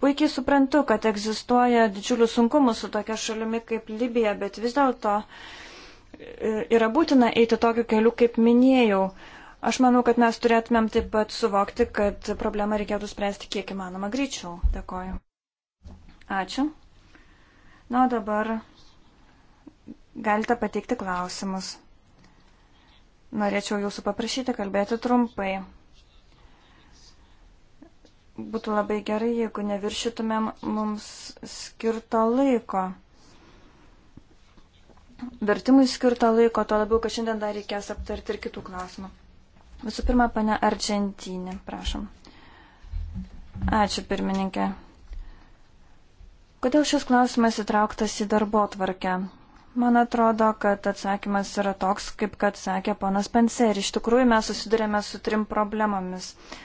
[SPEAKER 1] puikiai suprantu, kad egzistuoja didžiulių sunkumų su tokia šalimi kaip Libija, bet vis dėlto uh, E, yra būtina eiti tokiu keliu, kaip minėjau. Aš manau, kad mes turėtumėm taip pat suvokti, kad problemą reikėtų spręsti kiek įmanoma greičiau. Dėkoju. Ačiū. Na, o dabar galite pateikti klausimus. Norėčiau jūsų paprašyti kalbėti trumpai. Būtų labai gerai, jeigu neviršytumėm mums skirto laiko vertimui skirto laiko, tuo labiau, kad šiandien dar reikės aptarti ir kitų klausimų. Visų pirma, pane Argentinė, prašom. Ačiū, pirmininkė. Kodėl šis klausimas įtrauktas į darbo tvarkę? Man atrodo, kad atsakymas yra toks, kaip kad sakė ponas Penser. Iš tikrųjų, mes susidurėme su trim problemomis. Uh,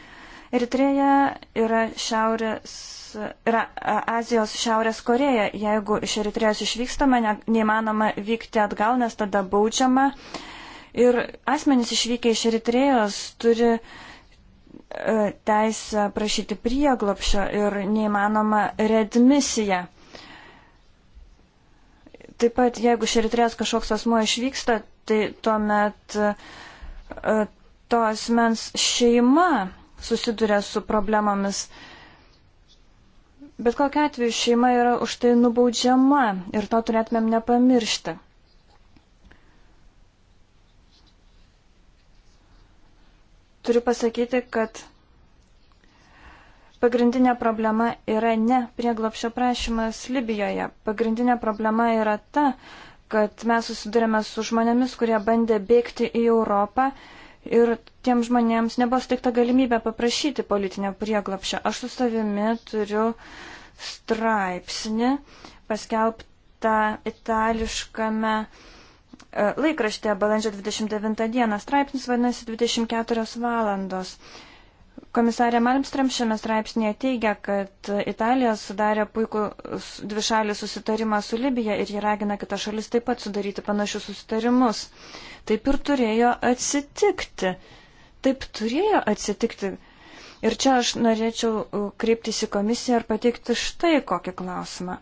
[SPEAKER 1] Eritreja yra, šiaurės, yra Azijos šiaurės Koreja. Jeigu iš Eritrejos išvykstama, ne, neįmanoma vykti atgal, nes tada baudžiama. Ir asmenys išvykę iš Eritrejos turi e, teisę prašyti prieglopšio ir neįmanoma redmisija. Taip pat, jeigu iš Eritrejos kažkoks asmuo išvyksta, tai tuomet e, to asmens šeima susiduria su problemomis. Bet kokia atveju šeima yra už tai nubaudžiama ir to turėtumėm nepamiršti. Turiu pasakyti, kad pagrindinė problema yra ne prieglopšio prašymas Libijoje. Pagrindinė problema yra ta, kad mes susidurėme su žmonėmis, kurie bandė bėgti į Europą ir tiem žmonėms nebuvo suteikta galimybė paprašyti politinio prieglapšio. Aš su savimi turiu straipsnį paskelbtą itališkame e, laikraštėje balandžio 29 dieną. Straipsnis vadinasi 24 valandos. Komisarė Malmström šiame straipsnėje teigia, kad Italija sudarė puikų dvišalį susitarimą su Libija ir jį ragina kitas šalis taip pat sudaryti panašius susitarimus. Taip ir turėjo atsitikti. Taip turėjo atsitikti. Ir čia aš norėčiau kreiptis į komisiją ir pateikti štai kokį klausimą.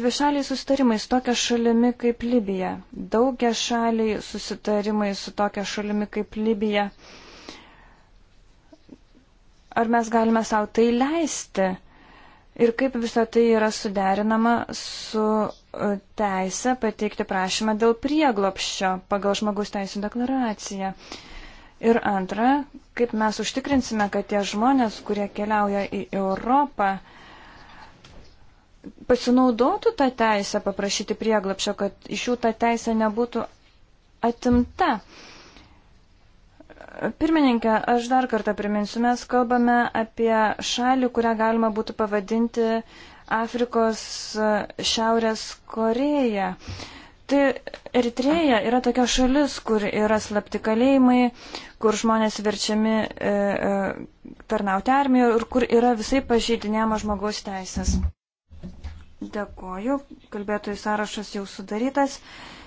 [SPEAKER 1] Dvišaliai susitarimai su tokia šalimi kaip Libija, daugia šaliai susitarimai su tokia šalimi kaip Libija Ar mes galime savo tai leisti? Ir kaip visą tai yra suderinama su e, teisė pateikti prašymą dėl prieglopščio pagal žmogus teisų deklaraciją. Ir antra, kaip mes užtikrinsime, kad tie žmonės, kurie keliauja į Europą, pasinaudotų tą teisę paprašyti prieglopščio, kad iš jų ta teisė nebūtų atimta. Uh, Pirmininkė, aš dar kartą priminsiu, mes kalbame apie šalį, kurią galima būtų pavadinti Afrikos Šiaurės Koreja. Tai Eritreja yra tokia šalis, kur yra slapti kalėjimai, kur žmonės verčiami e, e, tarnauti armijoje ir kur yra visai pažeidinėjama žmogaus teisės. Dėkoju, kalbėtojų sąrašas jau sudarytas. E,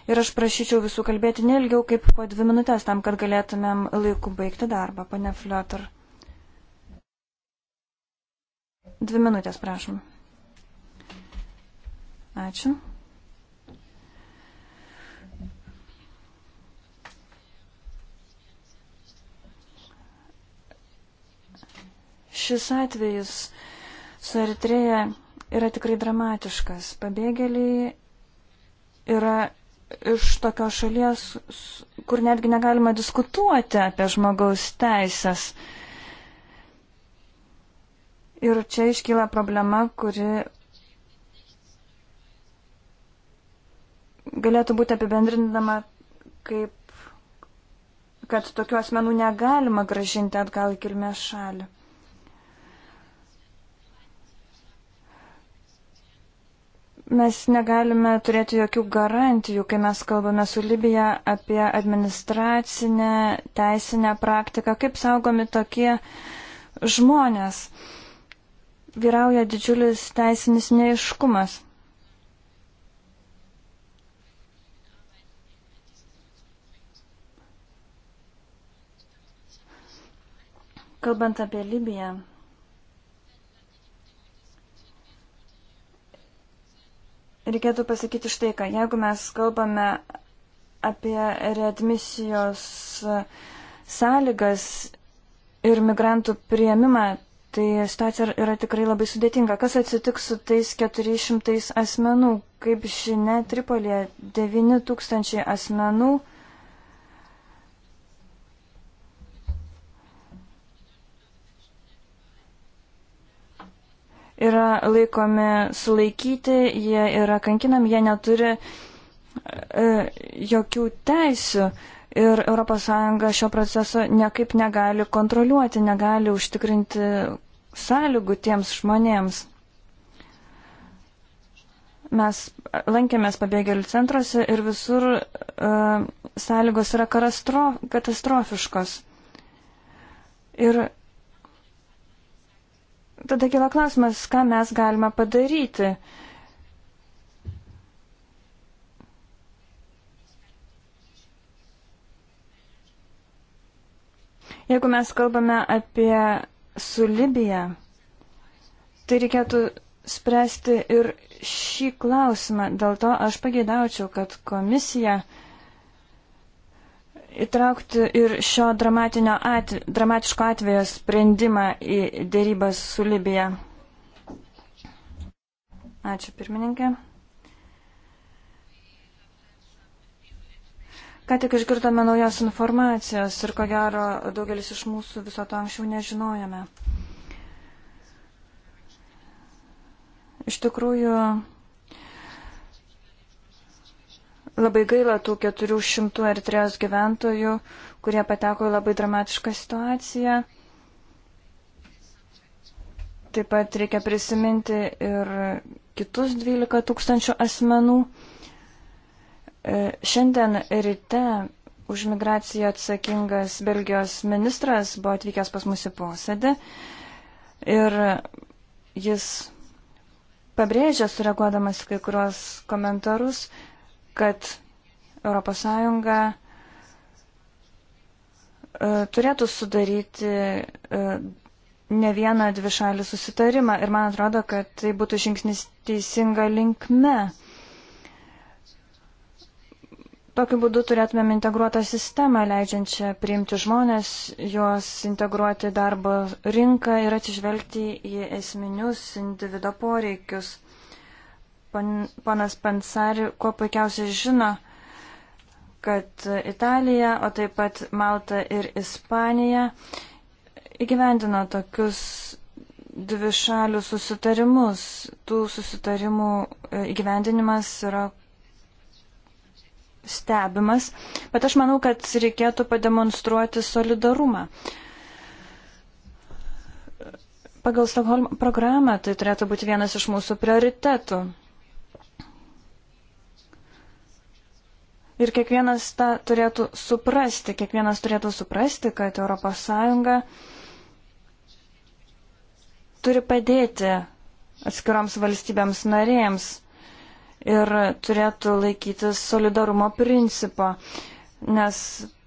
[SPEAKER 1] Ir aš prašyčiau visų kalbėti nelgiau kaip po dvi minutės, tam, kad galėtumėm laiku baigti darbą, pane Fliotar. Dvi minutės, prašom. Ačiū. Šis atvejis su Eritreja yra tikrai dramatiškas. Pabėgėliai yra iš tokios šalies, kur netgi negalima diskutuoti apie žmogaus teisės. Ir čia iškyla problema, kuri galėtų būti apibendrindama kaip kad tokių asmenų negalima gražinti atgal į kilmės šalį. Mes negalime turėti jokių garantijų, kai mes kalbame su Libija apie administracinę, teisinę praktiką, kaip saugomi tokie žmonės. Vyrauja didžiulis teisinis neiškumas. Kalbant apie Libiją, reikėtų pasakyti štai ką. Jeigu mes kalbame apie readmisijos sąlygas ir migrantų prieimimą, tai situacija yra tikrai labai sudėtinga. Kas atsitiks su tais 400 asmenų? Kaip žinia, Tripolė 9000 asmenų yra laikomi sulaikyti, jie yra kankinami, jie neturi e, jokių teisių. Ir ES šio proceso niekaip negali kontroliuoti, negali užtikrinti sąlygų tiems žmonėms. Mes lankėmės pabėgėlių centruose ir visur uh, sąlygos yra katastro, katastrofiškos. Ir tada kila klausimas, ką mes galime padaryti. Jeigu mes kalbame apie su Libija, tai reikėtų spręsti ir šį klausimą. Dėl to aš pageidaučiau, kad komisija uh, įtraukti ir šio atve, dramatiško atvejo sprendimą į dėrybas su Libija. Ačiū pirmininkė. Ką tik išgirdome naujos informacijos ir ko gero daugelis iš mūsų viso to anksčiau nežinojame. Iš tikrųjų, Labai gaila tų 400 Eritrejos gyventojų, kurie pateko į labai dramatišką situaciją. Taip pat reikia prisiminti ir kitus 12 tūkstančių asmenų. E, šiandien ryte už migraciją atsakingas Belgijos ministras buvo atvykęs pas mus į posėdį ir jis pabrėžė, sureaguodamas kai kurios komentarus, kad ES e, turėtų sudaryti e, ne vieną dvišalį susitarimą ir man atrodo, kad tai būtų žingsnis teisinga linkme. Tokiu būdu turėtumėm integruotą sistemą, leidžiančią priimti žmonės, juos integruoti darbo rinką ir atsižvelgti į esminius individo poreikius. Ponas Pansari kuo puikiausiai žino, kad Italija, o taip pat Malta ir Ispanija įgyvendino tokius dvi šalių susitarimus. Tų susitarimų e, įgyvendinimas yra stebimas, bet aš manau, kad reikėtų pademonstruoti solidarumą. Pagal Stokholm programą tai turėtų būti vienas iš mūsų prioritetų. Ir kiekvienas tą turėtų suprasti, kiekvienas turėtų suprasti, kad ES turi padėti atskiroms valstybėms narėms ir turėtų laikytis solidarumo principo, nes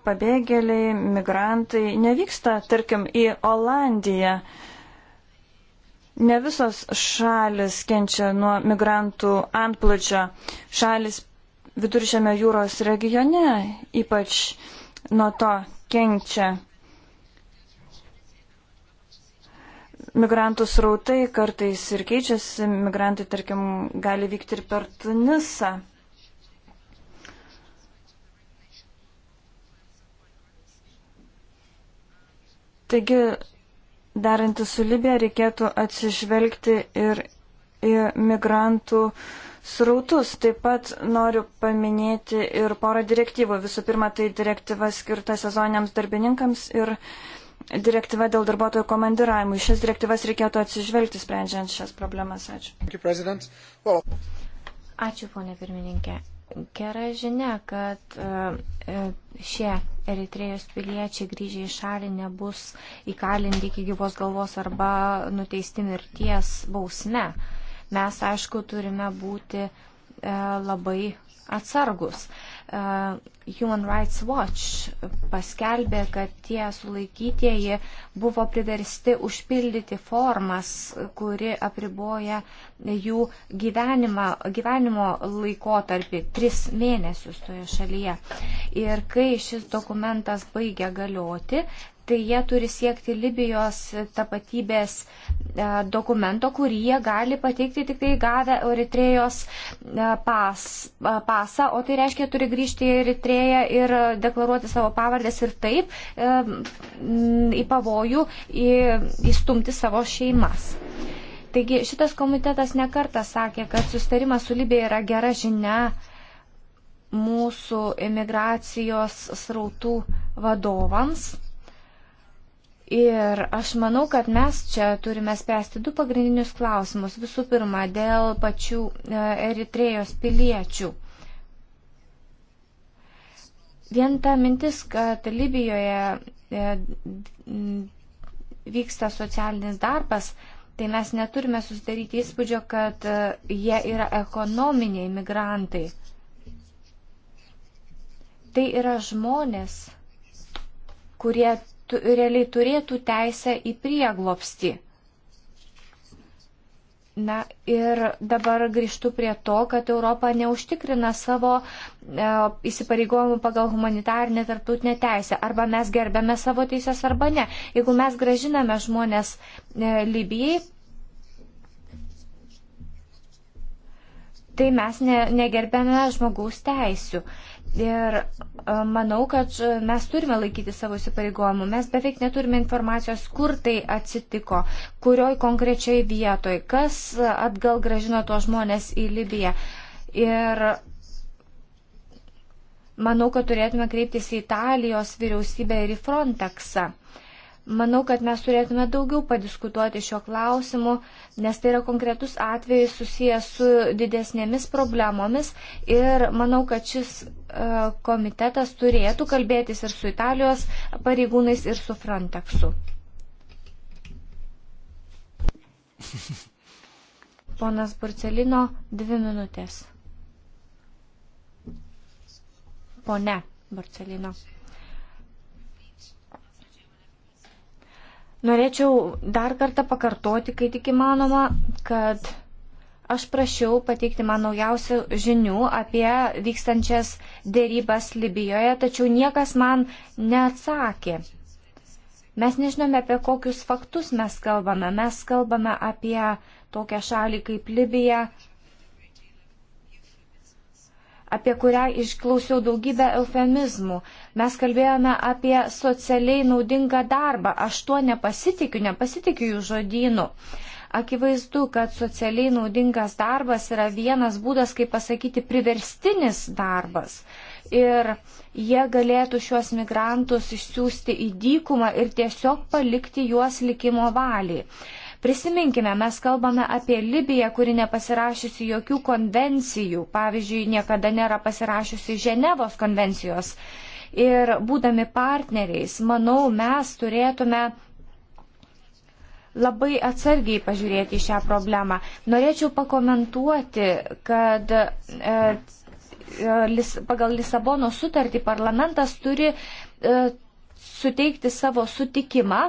[SPEAKER 1] pabėgėliai, migrantai nevyksta, tarkim, į Olandiją. Ne visos šalis kenčia nuo migrantų antplūdžio. Šalis viduržėme jūros regione ypač nuo to kenčia migrantų srautai, kartais ir keičiasi, migrantai, tarkim, gali vykti ir per Tunisą. Taigi, darantį su Libija reikėtų atsižvelgti ir į migrantų uh, srautus. Taip pat noriu paminėti ir porą direktyvų. Visų pirma, tai direktyva skirta sezoniniams darbininkams ir direktyva dėl darbuotojų komandiravimų. Šias direktyvas reikėtų atsižvelgti sprendžiant šias problemas.
[SPEAKER 2] Ačiū.
[SPEAKER 4] Ačiū, ponė pirmininkė. Gera žinia, kad e, e, šie Eritrėjos piliečiai grįžę į šalį nebus įkalinti iki gyvos galvos arba nuteisti mirties bausme. Ne mes, aišku, turime būti e, labai atsargus. E, Human Rights Watch paskelbė, kad tie sulaikytieji buvo priversti užpildyti formas, kuri apriboja jų gyvenimą, gyvenimo laikotarpį - tris mėnesius toje šalyje. Ir kai šis dokumentas baigia galioti, tai jie turi siekti Libijos tapatybės e, dokumento, kurį jie gali pateikti tik tai gavę Eritrejos e, pas, e, pasą, o tai reiškia, turi grįžti į Eritreją ir deklaruoti savo pavardės ir taip į pavojų į, įstumti savo šeimas. Taigi šitas komitetas nekarta sakė, kad sustarimas su Libija yra gera žinia mūsų imigracijos srautų vadovams Ir aš manau, kad mes čia turime spręsti du pagrindinius klausimus. Visų pirma, dėl pačių e, Eritrėjos piliečių. Vien ta mintis, kad Libijoje e, vyksta socialinis darbas, tai mes neturime susidaryti įspūdžio, kad e, jie yra ekonominiai migrantai. Tai yra žmonės, kurie realiai turėtų teisę į prieglopstį. Na ir dabar grįžtu prie to, kad Europa neužtikrina savo e, įsipareigojimų pagal humanitarnę tarptautinę teisę. Arba mes gerbėme savo teisės, arba ne. Jeigu mes gražiname žmonės e, Libijai, tai mes ne, negerbėme žmogaus teisių. E, Ir e, manau, kad mes turime laikyti savo įsipareigojimų. Mes beveik neturime informacijos, kur tai atsitiko, kurioj konkrečiai vietoj, kas atgal gražino tuos žmonės į Libiją. Ir manau, kad turėtume kreiptis į Italijos vyriausybę ir į Frontexą. Manau, kad mes turėtume daugiau padiskutuoti šio klausimu, nes tai yra konkretus atvejis susijęs su didesnėmis problemomis ir manau, kad šis e, komitetas turėtų kalbėtis ir su Italijos pareigūnais, ir su Frontexu. Ponas Burcelino, dvi minutės. Pone Burcelino. Norėčiau dar kartą pakartoti, kai tik įmanoma, kad aš prašiau pateikti man naujausių žinių apie vykstančias dėrybas Libijoje, tačiau niekas man neatsakė. Mes nežinome, apie kokius faktus mes kalbame. Mes kalbame apie tokią šalį kaip Libija, apie kurią išklausiau daugybę eufemizmų. Mes kalbėjome apie socialiai naudingą darbą. Aš tuo nepasitikiu, nepasitikiu jų žodynu. Akivaizdu, kad socialiai naudingas darbas yra vienas būdas, kaip pasakyti, priverstinis darbas. Ir jie galėtų šiuos migrantus išsiųsti į dykumą ir tiesiog palikti juos likimo valiai. Prisiminkime, mes kalbame apie Libiją, kuri nepasirašiusi jokių konvencijų, pavyzdžiui, niekada nėra pasirašiusi Ženevos konvencijos. Ir būdami partneriais, manau, mes turėtume labai atsargiai pažiūrėti šią problemą. Norėčiau pakomentuoti, kad e, e pagal Lisabono sutartį parlamentas turi e, suteikti savo sutikimą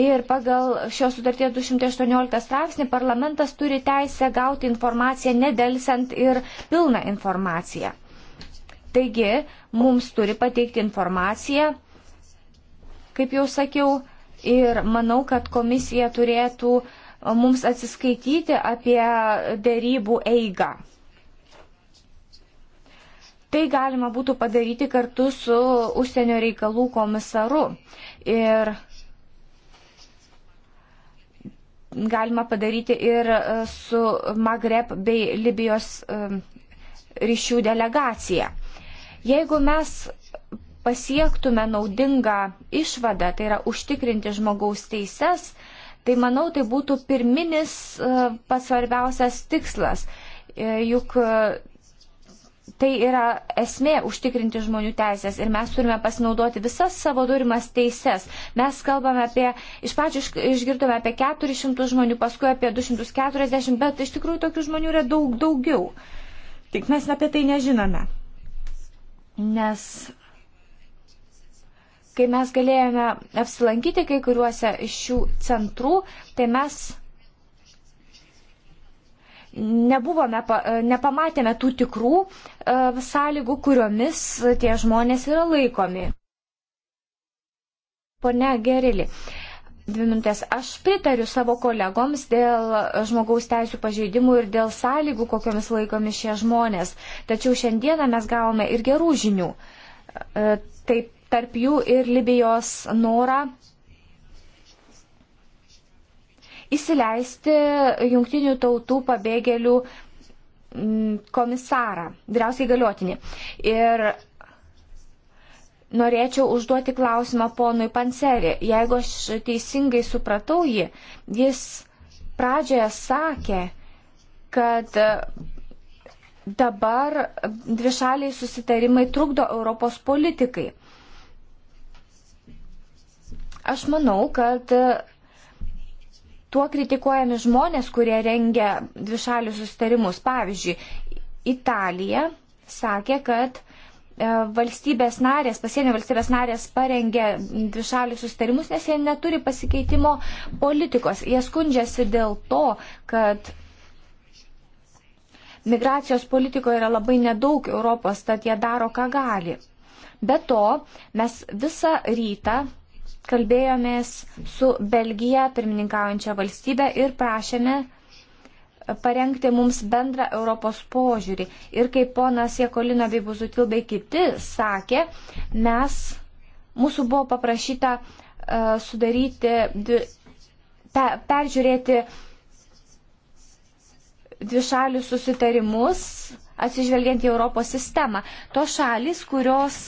[SPEAKER 4] Ir pagal šios sutarties 218 straipsnį parlamentas turi teisę gauti informaciją nedelsiant ir pilną informaciją. Taigi, mums turi pateikti informaciją, kaip jau sakiau, ir manau, kad komisija turėtų uh, mums atsiskaityti apie dėrybų eigą. Tai galima būtų padaryti kartu su užsienio reikalų komisaru. Ir galima padaryti ir e, su Magreb bei Libijos e, ryšių delegacija. Jeigu mes pasiektume naudingą išvadą, tai yra užtikrinti žmogaus teises, tai manau, tai būtų pirminis e, pats svarbiausias tikslas. Juk Tai yra esmė užtikrinti žmonių teisės ir mes turime pasinaudoti visas savo turimas teises. Mes kalbame apie, iš pradžių išgirdome apie 400 žmonių, paskui apie 240, bet iš tikrųjų tokių žmonių yra daug daugiau. Tik mes apie tai nežinome. Nes kai mes galėjome apsilankyti kai kuriuose iš šių centrų, tai mes nebuvome, e, nepamatėme tų tikrų e, sąlygų, kuriomis tie žmonės yra laikomi. Pone Gerili, dvi minutės. Aš pritariu savo kolegoms dėl žmogaus teisų pažeidimų ir dėl sąlygų, kokiomis laikomi šie žmonės. Tačiau šiandieną mes gavome ir gerų žinių. E, taip, tarp jų ir Libijos norą įsileisti jungtinių tautų pabėgėlių mm, komisarą, vyriausiai galiotinį. Ir norėčiau užduoti klausimą ponui Pancerį. Jeigu aš teisingai supratau jį, jis pradžioje sakė, kad dabar dvišaliai susitarimai trukdo Europos politikai. Aš manau, kad Tuo kritikuojami žmonės, kurie rengia dvišalius sustarimus. Pavyzdžiui, Italija sakė, kad e, valstybės narės, pasienio valstybės narės parengė dvišalius sustarimus, nes jie neturi pasikeitimo politikos. Jie skundžiasi dėl to, kad migracijos politikoje yra labai nedaug Europos, tad jie daro, ką gali. Be to, mes visą rytą kalbėjomės su Belgija pirmininkaujančia valstybė ir prašėme parengti mums bendrą Europos požiūrį. Ir kaip ponas Jekolina bei Buzutil bei kiti sakė, mes, mūsų buvo paprašyta uh, sudaryti, dvi, pe, peržiūrėti dvišalius susitarimus, atsižvelgiant į Europos sistemą. To šalis, kurios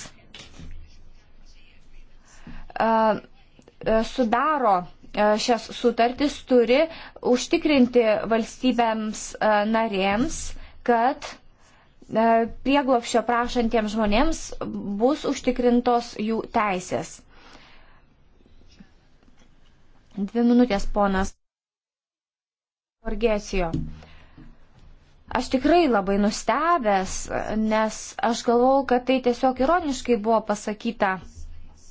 [SPEAKER 4] sudaro šias sutartis, turi užtikrinti valstybėms narėms, kad prieglopščio prašantiems žmonėms bus užtikrintos jų teisės. Dvi minutės, ponas Orgėsijo. Aš tikrai labai nustebęs, nes aš galvau, kad tai tiesiog ironiškai buvo pasakyta,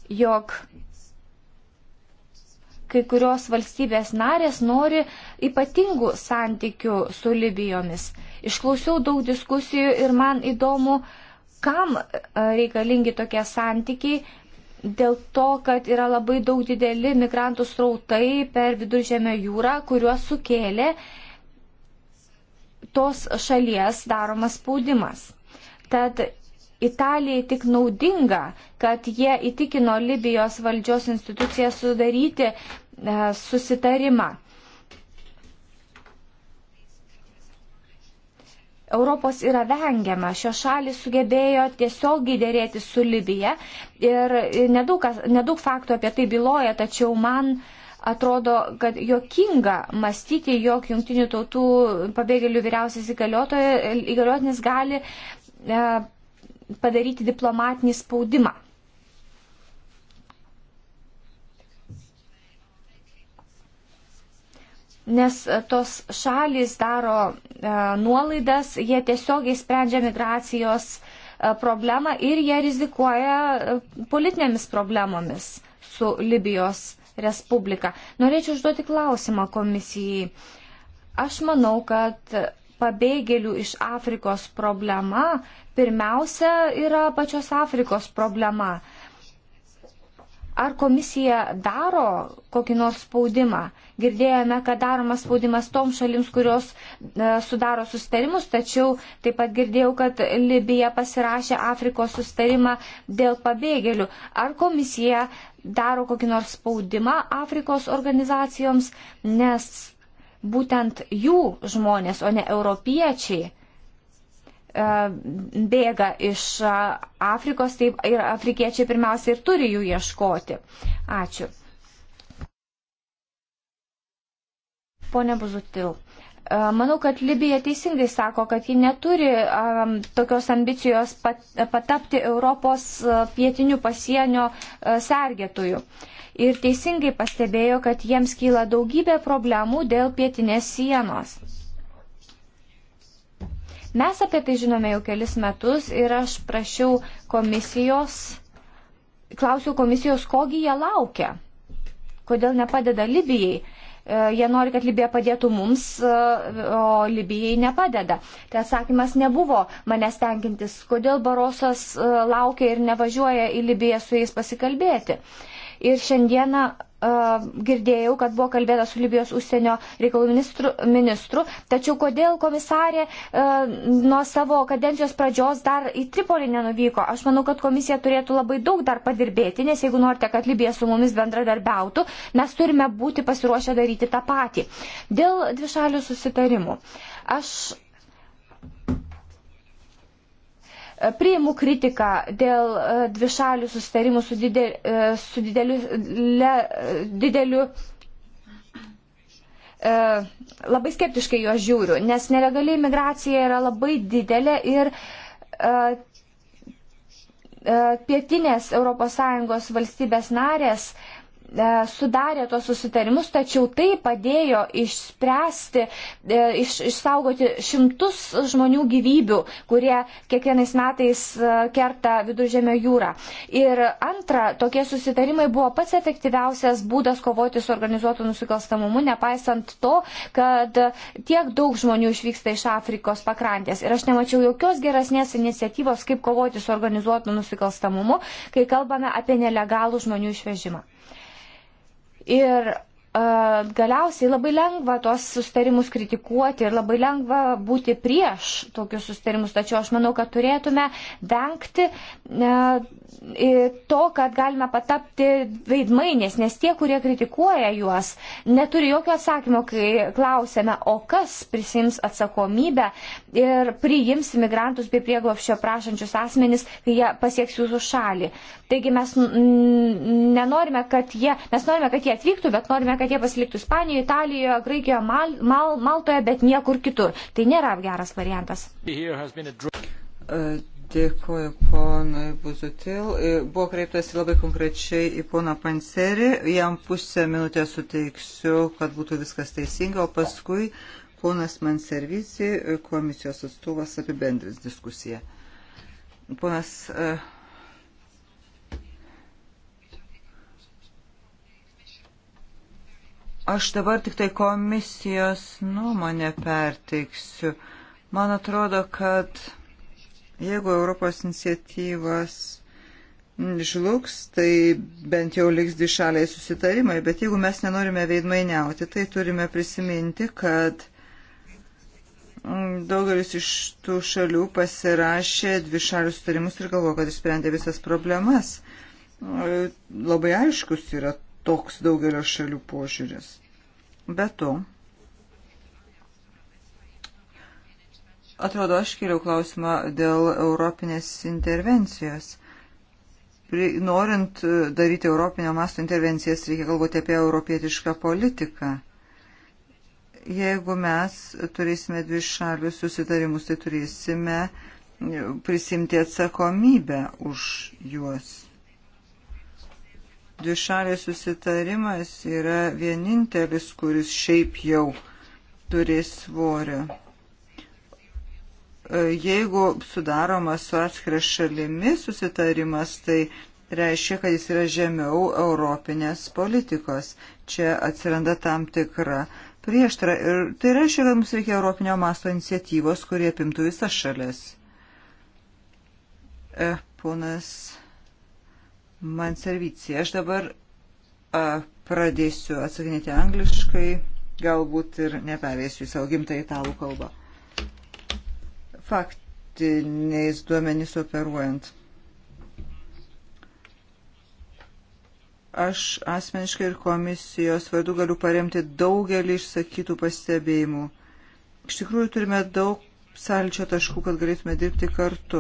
[SPEAKER 4] jog kai kurios valstybės narės nori ypatingų santykių su Libijomis. Išklausiau daug diskusijų ir man įdomu, kam e, reikalingi tokie santykiai, dėl to, kad yra labai daug dideli migrantų srautai per viduržėmio jūrą, kuriuos sukėlė tos šalies daromas spaudimas. Tad Italijai tik naudinga, kad jie įtikino Libijos valdžios instituciją sudaryti E, susitarimą. Europos yra vengiama. Šios šalis sugebėjo tiesiogiai dėrėti su Libija ir nedaug, nedaug faktų apie tai byloja, tačiau man atrodo, kad jokinga mąstyti, jog jungtinių tautų pabėgėlių vyriausias įgaliotinis gali e, padaryti diplomatinį spaudimą. nes e, tos šalys daro e, nuolaidas, jie tiesiogiai sprendžia migracijos e, problemą ir jie rizikuoja politinėmis problemomis su Libijos Respublika. Norėčiau užduoti klausimą komisijai. Aš manau, kad pabėgėlių iš Afrikos problema pirmiausia yra pačios Afrikos problema. Ar komisija daro kokį nors spaudimą? Girdėjome, kad daromas spaudimas tom šalims, kurios e, sudaro sustarimus, tačiau taip pat girdėjau, kad Libija pasirašė Afrikos sustarimą dėl pabėgėlių. Ar komisija daro kokį nors spaudimą Afrikos organizacijoms, nes būtent jų žmonės, o ne europiečiai, E, bėga iš Afrikos, taip ir afrikiečiai pirmiausia ir turi jų ieškoti. Ačiū. Pone Buzutil. E, manau, kad Libija teisingai sako, kad ji neturi um, tokios ambicijos pat, patapti Europos e, pietinių pasienio uh, sergėtojų. Ir teisingai pastebėjo, kad jiems kyla daugybė problemų dėl pietinės sienos. Mes apie tai žinome jau kelis metus ir aš prašiau komisijos, klausiau komisijos, kogi jie laukia, kodėl nepadeda Libijai. E, jie nori, kad Libija padėtų mums, e, o Libijai nepadeda. Tai atsakymas nebuvo manęs tenkintis, kodėl Barosas e, laukia ir nevažiuoja į Libiją su jais pasikalbėti. Ir šiandieną E, girdėjau, kad buvo kalbėta su Libijos užsienio reikalų ministru, ministru tačiau kodėl komisarė e, nuo savo kadencijos pradžios dar į Tripolį nenuvyko? Aš manau, kad komisija turėtų labai daug dar padirbėti, nes jeigu norite, kad Libija su mumis bendradarbiautų, mes turime būti pasiruošę daryti tą patį. Dėl dvišalių susitarimų. Aš priimu kritiką dėl e, dvišalių sustarimų su, didel, e, su dideliu, le, e, dideliu labai skeptiškai juos žiūriu, nes nelegali imigracija yra labai didelė ir pietinės ES valstybės narės uh, E, sudarė tos susitarimus, tačiau tai padėjo išspręsti, e, iš, išsaugoti šimtus žmonių gyvybių, kurie kiekvienais metais e, kerta viduržėmio jūrą. Ir antra, tokie susitarimai buvo pats efektyviausias būdas kovoti su organizuotu nusikalstamumu, nepaisant to, kad tiek daug žmonių išvyksta iš Afrikos pakrantės. Ir aš nemačiau jokios geresnės iniciatyvos, kaip kovoti su organizuotu nusikalstamumu, kai kalbame apie nelegalų žmonių išvežimą. Ir e, galiausiai labai lengva tuos sustarimus kritikuoti ir labai lengva būti prieš tokius sustarimus, tačiau aš manau, kad turėtume vengti e, to, kad galime patapti veidmainės, nes tie, kurie kritikuoja juos, neturi jokio atsakymo, kai klausėme, o kas prisims atsakomybę ir priims imigrantus bei prieglopščio prašančius asmenys, kai jie pasieks jūsų šalį. Taigi mes nenorime, kad jie, mes norime, kad jie atvyktų, bet norime, kad jie pasiliktų Ispanijoje, Italijoje, Graikijoje, Mal, Mal, Maltoje, bet niekur kitur. Tai nėra geras variantas.
[SPEAKER 2] Dėkuoju ponui Buzutil. E, Buvo kreiptasi labai konkrečiai į poną Panserį. Jam pusę minutės suteiksiu, kad būtų viskas teisinga, o paskui ponas Manservisi, e, komisijos atstovas, apibendrins diskusiją. Ponas. E, aš dabar tik tai komisijos nuomonę perteiksiu. Man atrodo, kad Jeigu Europos iniciatyvas žlugs, tai bent jau liks dišaliai susitarimai, bet jeigu mes nenorime veidmainiauti, tai turime prisiminti, kad daugelis iš tų šalių pasirašė dvišalių sutarimus ir galvo, kad išsprendė visas problemas. Labai aiškus yra toks daugelio šalių požiūris. Be to, Atrodo, aš keliau klausimą dėl europinės intervencijos. Norint e, daryti europinio masto intervencijas, reikia galvoti apie europietišką politiką. Jeigu mes turėsime dvi šalius susitarimus, tai turėsime e, prisimti atsakomybę už juos. Dvišalės susitarimas yra vienintelis, kuris šiaip jau turi svorio E, jeigu sudaromas su atskira šalimi susitarimas, tai reiškia, kad jis yra žemiau europinės politikos. Čia atsiranda tam tikra prieštara. Ir tai reiškia, kad mums reikia europinio masto iniciatyvos, kurie apimtų visas šalis. E, ponas man servicija. Aš dabar a, pradėsiu atsakinėti angliškai, galbūt ir neperėsiu į savo gimtą italų kalbą faktiniais duomenys operuojant. Aš asmeniškai ir komisijos vardu galiu paremti daugelį išsakytų pastebėjimų. Iš tikrųjų turime daug sąlyčio taškų, kad galėtume dirbti kartu.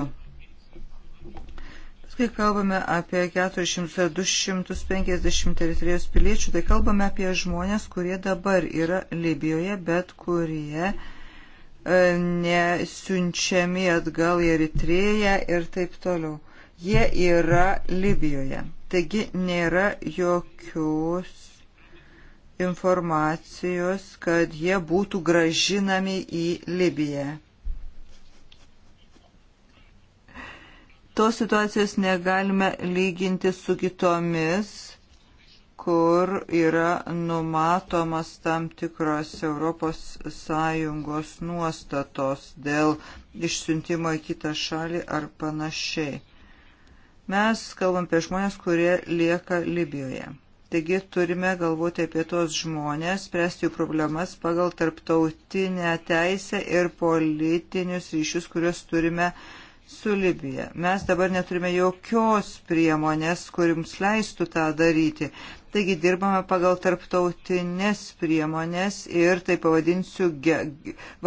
[SPEAKER 2] Kai kalbame apie 400-250 Eritrijos piliečių, tai kalbame apie žmonės, kurie dabar yra Libijoje, bet kurie E, nesiunčiami atgal į Eritrėją ir taip toliau. Jie yra Libijoje. Taigi nėra jokios informacijos, kad jie būtų gražinami į Libiją. Tos situacijos negalime lyginti su kitomis kur yra numatomas tam tikros ES nuostatos dėl išsiuntimo į kitą šalį ar panašiai. Mes kalbam apie žmonės, kurie lieka Libijoje. Taigi turime galvoti apie tos žmonės, spręsti jų problemas pagal tarptautinę teisę ir politinius ryšius, kuriuos turime su Libija. Mes dabar neturime jokios priemonės, kuriums leistų tą daryti. Taigi dirbame pagal tarptautinės priemonės ir tai pavadinsiu ge,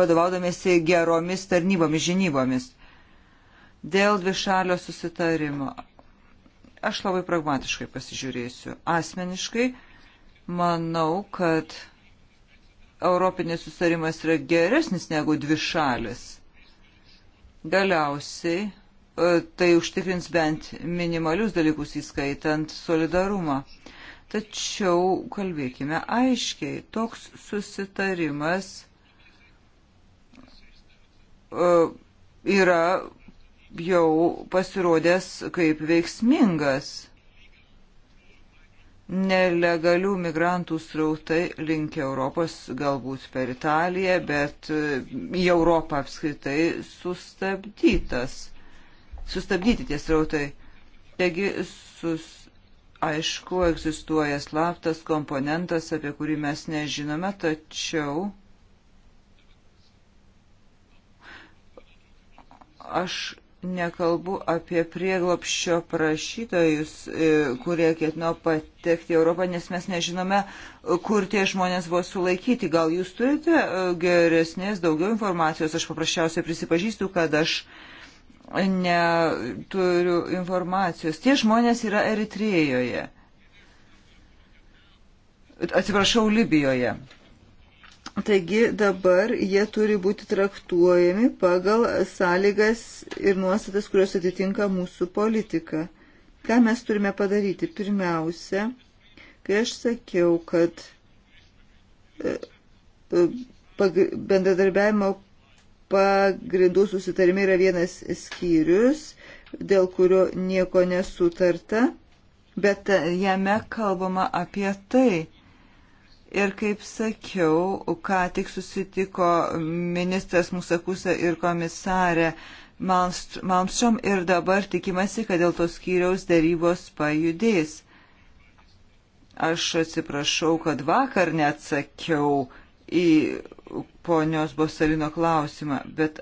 [SPEAKER 2] vadovaudomėsi geromis tarnybomis, žinybomis. Dėl dvišalio susitarimo. Aš labai pragmatiškai pasižiūrėsiu. Asmeniškai manau, kad europinis susitarimas yra geresnis negu dvišalis. Galiausiai e, tai užtikrins bent minimalius dalykus įskaitant solidarumą. Tačiau kalbėkime aiškiai, toks susitarimas e, yra jau pasirodęs kaip veiksmingas. Nelegalių migrantų srautai link Europos, galbūt per Italiją, bet e, į Europą apskritai sustabdytas. Sustabdyti tie srautai. Taigi sus, Aišku, egzistuoja slaptas komponentas, apie kurį mes nežinome, tačiau aš nekalbu apie prieglopščio prašytojus, e, kurie ketino patekti į Europą, nes mes nežinome, kur tie žmonės buvo sulaikyti. Gal jūs turite e, geresnės, daugiau informacijos? Aš paprasčiausiai prisipažįstu, kad aš uh, neturiu informacijos. Tie žmonės yra Eritrėjoje. Atsiprašau, Libijoje. Taigi dabar jie turi būti traktuojami pagal sąlygas ir nuostatas, kurios atitinka mūsų politiką. Ką mes turime padaryti? Pirmiausia, kai aš sakiau, kad e, e, bendradarbiavimo pagrindų susitarime yra vienas skyrius, dėl kurio nieko nesutarta, bet jame kalbama apie tai. Ir kaip sakiau, ką tik susitiko ministras Musakusa ir komisarė Malmstrom ir dabar tikimasi, kad dėl tos skyriaus darybos pajudės. Aš atsiprašau, kad vakar neatsakiau į ponios Bosalino klausimą, bet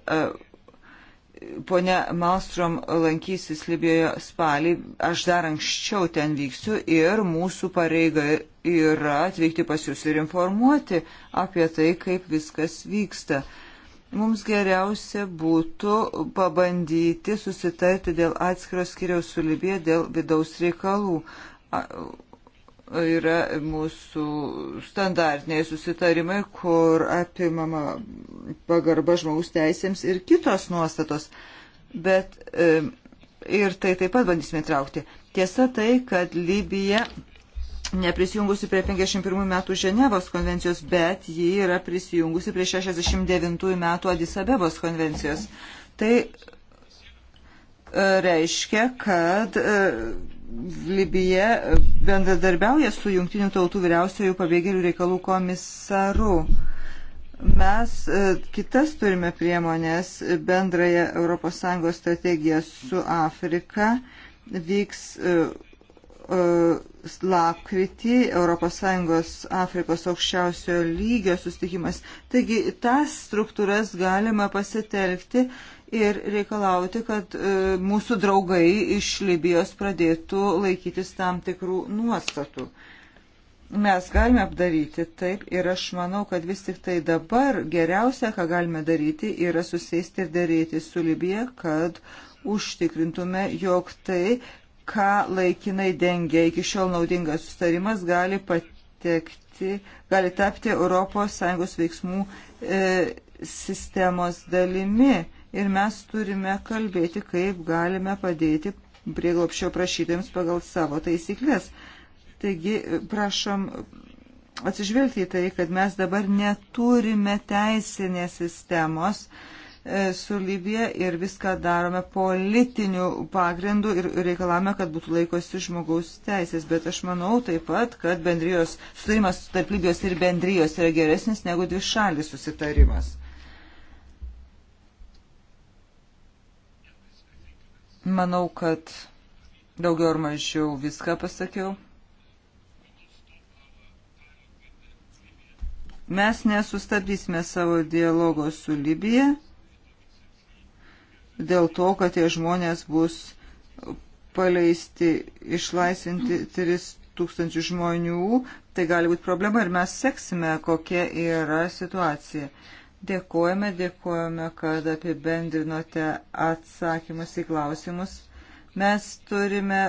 [SPEAKER 2] ponia Malstrom lankysis Libijoje spalį, aš dar anksčiau ten vyksiu ir mūsų pareiga yra atvykti pas jūs ir informuoti apie tai, kaip viskas vyksta. Mums geriausia būtų pabandyti susitarti dėl atskiros skiriaus su Libija, dėl vidaus reikalų yra mūsų standartiniai susitarimai, kur apimama pagarba žmogus teisėms ir kitos nuostatos. Bet ir tai taip pat bandysime traukti. Tiesa tai, kad Libija neprisijungusi prie 51 metų Ženevos konvencijos, bet ji yra prisijungusi prie 69 metų Adisabebos konvencijos. Tai e, reiškia, kad e, Libija bendradarbiauja su Junktinių tautų vyriausiojų pabėgėlių reikalų komisaru. Mes e, kitas turime priemonės bendrąją ES strategiją su Afrika. Vyks e, e, lapkritį ES Afrikos aukščiausiojo lygio sustikimas. Taigi tas struktūras galima pasitelkti ir reikalauti, kad e, mūsų draugai iš Libijos pradėtų laikytis tam tikrų nuostatų. Mes galime apdaryti taip ir aš manau, kad vis tik tai dabar geriausia, ką galime daryti, yra susėsti ir daryti su Libija, kad užtikrintume, jog tai, ką laikinai dengia iki šiol naudingas sustarimas, gali patekti, gali tapti ES veiksmų e, sistemos dalimi ir mes turime kalbėti, kaip galime padėti prieglopščio prašytojams pagal savo taisyklės. Taigi, prašom atsižvelgti į tai, kad mes dabar neturime teisinės sistemos e, su Libija ir viską darome politiniu pagrindu ir reikalame, kad būtų laikosi žmogaus teisės. Bet aš manau taip pat, kad bendrijos sutarimas tarp Libijos ir bendrijos yra geresnis negu dvi šalis susitarimas. Manau, kad daugiau ar mažiau viską pasakiau. Mes nesustabdysime savo dialogo su Libija dėl to, kad tie žmonės bus paleisti, išlaisvinti 3000 žmonių, tai gali būti problema ir mes seksime, kokia yra situacija. Dėkojame, dėkojame, kad apibendrinote atsakymus į klausimus. Mes turime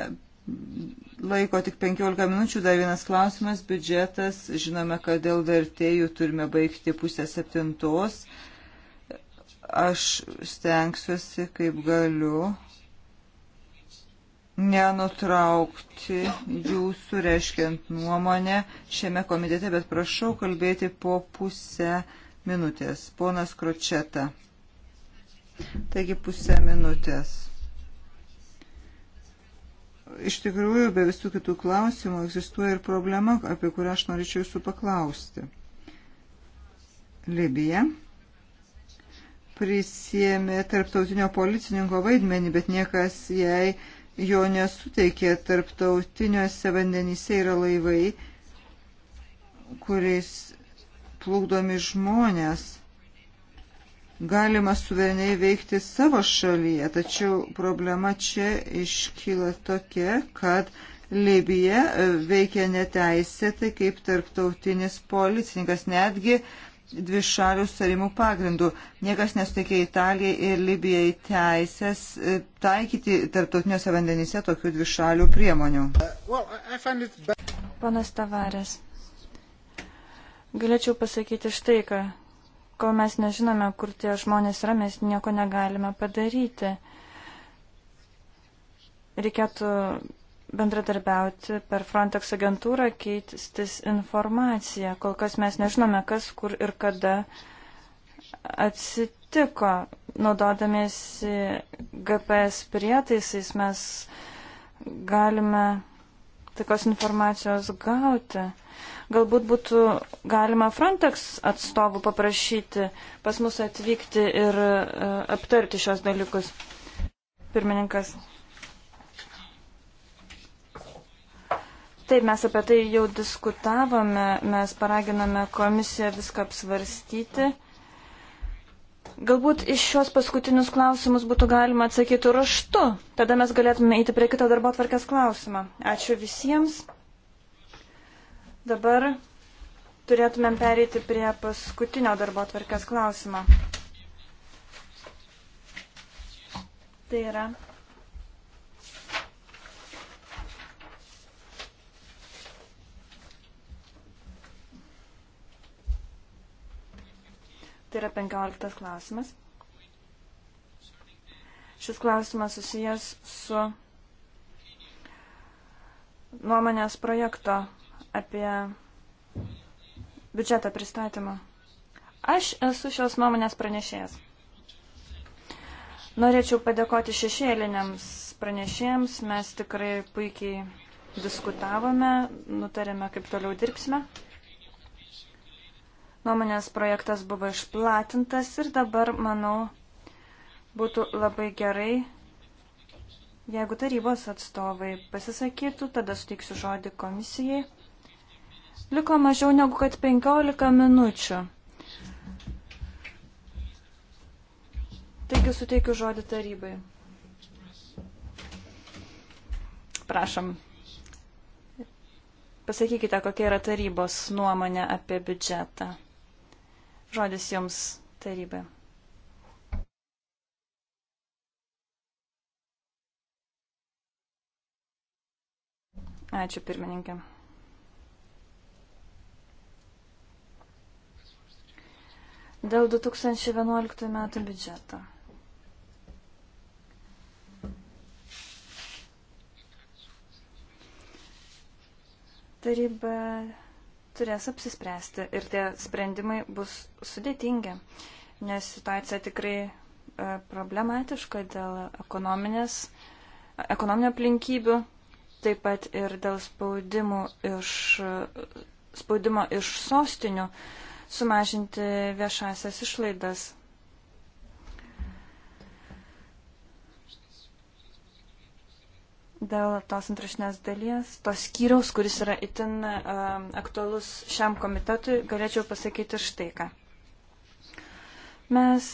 [SPEAKER 2] laiko tik 15 minučių, dar vienas klausimas, biudžetas. Žinome, kad dėl vertėjų turime baigti pusę septintos. Aš stengsiuosi, kaip galiu, nenutraukti jūsų reiškiant nuomonę šiame komitete, bet prašau kalbėti po pusę septintos minutės. Ponas Kročeta. Taigi pusę minutės. Iš tikrųjų, be visų kitų klausimų egzistuoja ir problema, apie kurią aš norėčiau jūsų paklausti. Libija prisėmė tarptautinio policininko vaidmenį, bet niekas jai jo nesuteikė. Tarptautiniuose vandenyse yra laivai, kuriais plukdomi žmonės. Galima suvereniai veikti savo šalyje, tačiau problema čia iškyla tokia, kad Libija veikia neteisėtai kaip tarptautinis policininkas, netgi dvišalių sarimų pagrindų. Niekas nesuteikė Italijai ir Libijai teisės e, taikyti tarptautiniuose vandenyse tokių dvišalių priemonių.
[SPEAKER 1] Panas Tavarės. Galėčiau pasakyti štai ką. Kol mes nežinome, kur tie žmonės yra, mes nieko negalime padaryti. Reikėtų bendradarbiauti per Frontex agentūrą, keistis informaciją. Kol kas mes nežinome, kas, kur ir kada atsitiko. Naudodamiesi GPS prietaisais mes galime tokios informacijos gauti. Galbūt būtų galima Frontex atstovų paprašyti pas mus atvykti ir e, aptarti šios dalykus. Pirmininkas. Taip, mes apie tai jau diskutavome, mes paraginame komisiją viską apsvarstyti Galbūt iš šios paskutinius klausimus būtų galima atsakyti raštu. Tada mes galėtume eiti prie kito darbo tvarkės klausimą. Ačiū visiems. Dabar turėtumėm pereiti prie paskutinio darbo tvarkės klausimą. Tai yra Tai yra 15 klausimas. Šis klausimas susijęs su nuomonės projekto apie biudžetą pristatymą. Aš esu šios nuomonės pranešėjas. Norėčiau padėkoti šešėliniams pranešėjams. Mes tikrai puikiai diskutavome, nutarėme, kaip toliau dirbsime. Nuomonės projektas buvo išplatintas ir dabar, manau, būtų labai gerai, jeigu tarybos atstovai pasisakytų, tada suteiksiu žodį komisijai. Liko mažiau negu kad 15 minučių. Taigi suteikiu žodį tarybai. Prašom. Pasakykite, kokia yra tarybos nuomonė apie biudžetą. Žodis jums tarybai. Ačiū pirmininkė. Dėl 2011 metų biudžeto. Taryba turės apsispręsti ir tie sprendimai bus sudėtingi, nes situacija tikrai e, problematiška dėl ekonominės, ekonominio aplinkybių, taip pat ir dėl spaudimų iš, spaudimo iš sostinių sumažinti viešasias išlaidas. dėl tos antrašinės dalies, tos skyriaus, kuris yra itin um, aktualus šiam komitetui, galėčiau pasakyti štai ką. Mes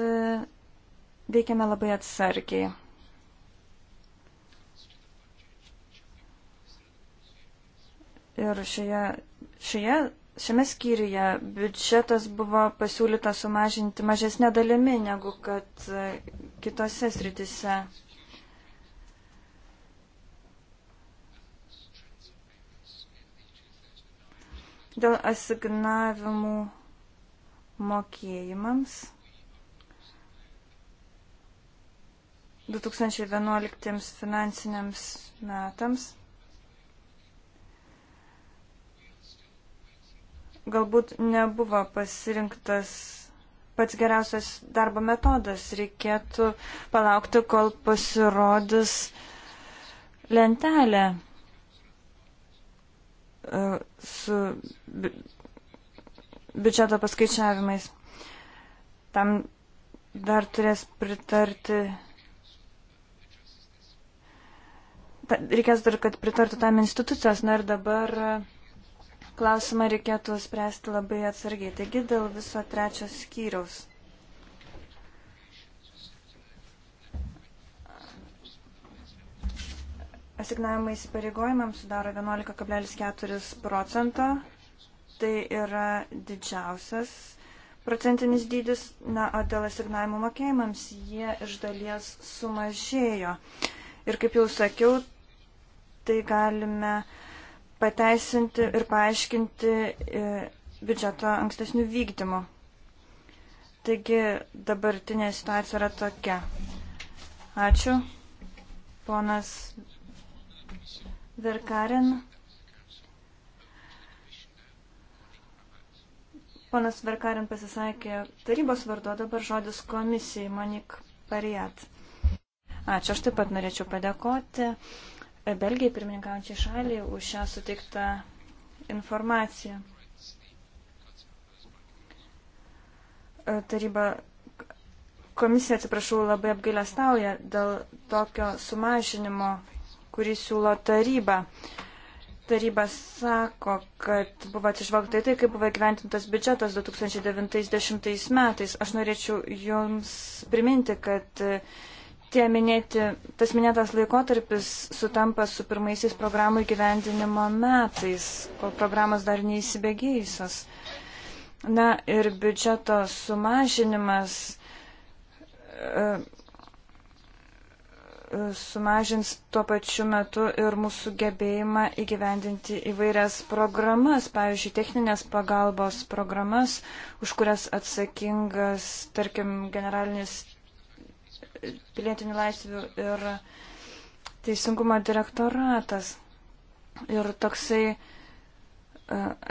[SPEAKER 1] uh, veikiame labai atsargiai. Ir šioje, šioje, šiame skyriuje biudžetas buvo pasiūlyta sumažinti mažesnė dalimi negu kad uh, kitose sritise. Uh, Dėl asignavimų mokėjimams 2011 finansiniams metams galbūt nebuvo pasirinktas pats geriausias darbo metodas. Reikėtų palaukti, kol pasirodys lentelė E, su bi biudžeto paskaičiavimais. Tam dar turės pritarti. Ta, reikės dar, kad pritartų tam institucijos. Na ir dabar e, klausimą reikėtų spręsti labai atsargiai. Taigi dėl viso trečios skyriaus. asignavimai įsipareigojimams sudaro 11,4 procento. Tai yra didžiausias procentinis dydis, na, o dėl asignavimų mokėjimams jie iš dalies sumažėjo. Ir kaip jau sakiau, tai galime pateisinti ir paaiškinti e, biudžeto ankstesnių vykdymų. Taigi dabartinė situacija yra tokia. Ačiū. Ponas Verkaren. Ponas Verkaren pasisakė tarybos vardu, dabar žodis komisijai, Monik Parijat. Ačiū, aš taip pat norėčiau padėkoti Belgijai pirmininkaujančiai šaliai už šią suteiktą informaciją. Taryba, komisija, atsiprašau, labai apgailestauja dėl tokio sumažinimo kurį siūlo taryba. Taryba sako, kad buvo atsižvalgta į tai, kaip buvo gyventintas biudžetas 2090 metais. Aš norėčiau Jums priminti, kad e, tie minėti, tas minėtas laikotarpis sutampa su pirmaisiais programų gyvendinimo metais, kol programas dar neįsibėgėjusios. Na ir biudžeto sumažinimas. E, sumažins tuo pačiu metu ir mūsų gebėjimą įgyvendinti įvairias programas, pavyzdžiui, techninės pagalbos programas, už kurias atsakingas, tarkim, generalinis pilietinių laisvių ir teisingumo direktoratas. Ir toksai e,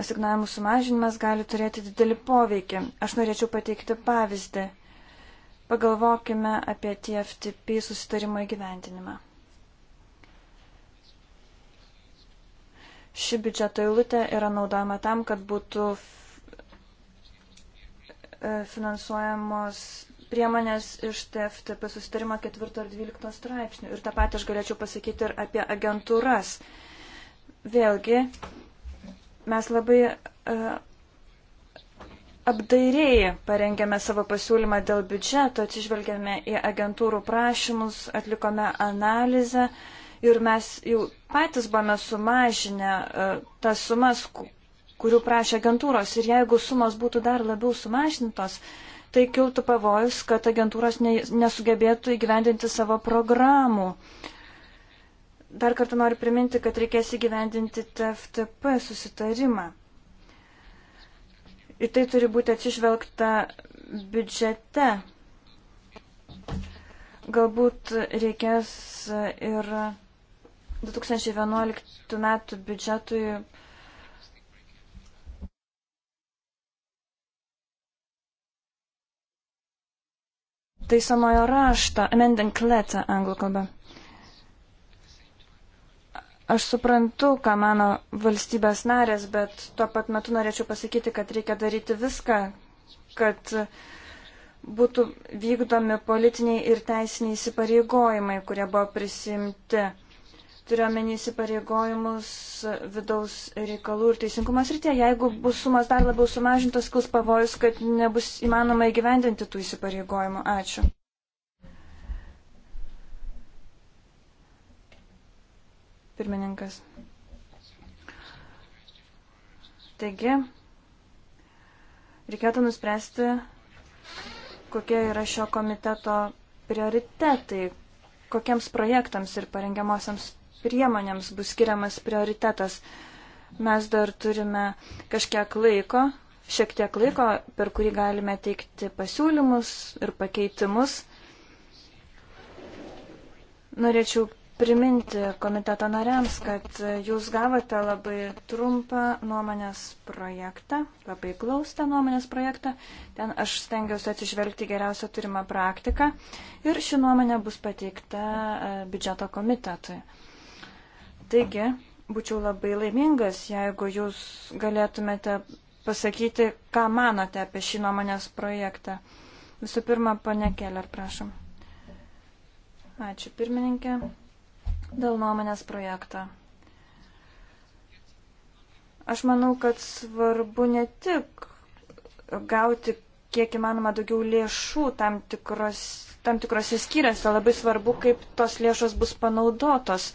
[SPEAKER 1] asignavimų sumažinimas gali turėti didelį poveikį. Aš norėčiau pateikti pavyzdį. Pagalvokime apie TFTP susitarimo įgyvendinimą. Ši biudžeto eilutė yra naudojama tam, kad būtų e, finansuojamos priemonės iš TFTP susitarimo 4 ar 12 straipsnių. Ir tą patį aš galėčiau pasakyti ir apie agentūras. Vėlgi, mes labai uh, apdairiai parengėme savo pasiūlymą dėl biudžeto, atsižvelgėme į agentūrų prašymus, atlikome analizę ir mes jau patys buvome sumažinę e, tas sumas, kurių prašė agentūros. Ir jeigu sumos būtų dar labiau sumažintos, tai kiltų pavojus, kad agentūros nesugebėtų įgyvendinti savo programų. Dar kartą noriu priminti, kad reikės įgyvendinti TFTP susitarimą į tai turi būti atsižvelgta biudžete. Galbūt reikės ir 2011 metų biudžetui taisomojo rašto, amending letter anglų kalba. Aš suprantu, ką mano valstybės narės, bet tuo pat metu norėčiau pasakyti, kad reikia daryti viską, kad būtų vykdomi politiniai ir teisiniai įsipareigojimai, kurie buvo prisimti. Turiuomenį įsipareigojimus vidaus reikalų ir teisingumas rytė. Jeigu bus sumas dar labiau sumažintas, kils pavojus, kad nebus įmanoma įgyvendinti tų įsipareigojimų. Ačiū. pirmininkas. Taigi, reikėtų nuspręsti, kokie yra šio komiteto prioritetai, kokiems projektams ir parengiamosiams priemonėms bus skiriamas prioritetas. Mes dar turime kažkiek laiko, šiek tiek laiko, per kurį galime teikti pasiūlymus ir pakeitimus. Norėčiau priminti komiteto nariams, kad jūs gavote labai trumpą nuomonės projektą, labai glaustą nuomonės projektą. Ten aš stengiausi atsižvelgti geriausią turimą praktiką ir ši nuomonė bus pateikta e, biudžeto komitetui. Taigi, būčiau labai laimingas, jeigu jūs galėtumėte pasakyti, ką manote apie šį nuomonės projektą. Visų pirma, pane Keller, prašom. Ačiū, pirmininkė dėl nuomonės projekto. Aš manau, kad svarbu ne tik gauti kiek įmanoma daugiau lėšų tam, tikros, tam tikrose skiriasi, labai svarbu, kaip tos lėšos bus panaudotos.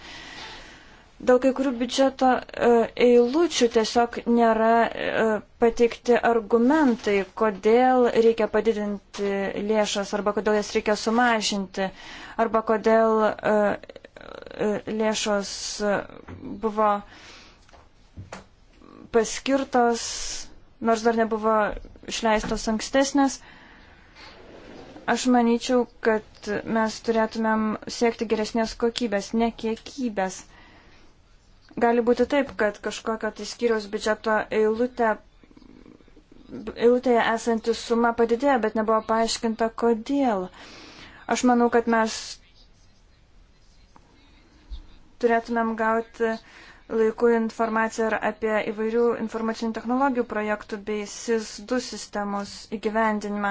[SPEAKER 1] Dėl kai kurių biudžeto e, eilučių tiesiog nėra e, pateikti argumentai, kodėl reikia padidinti lėšas arba kodėl jas reikia sumažinti arba kodėl e, lėšos buvo paskirtos, nors dar nebuvo išleistos ankstesnės. Aš manyčiau, kad mes turėtumėm siekti geresnės kokybės, ne kiekybės. Gali būti taip, kad kažkokia tai skyriaus biudžeto eilutė, eilutėje esanti suma padidėjo, bet nebuvo paaiškinta, kodėl. Aš manau, kad mes turėtumėm gauti laiku informaciją ir apie įvairių informacinių technologijų projektų bei SIS-2 sistemos įgyvendinimą.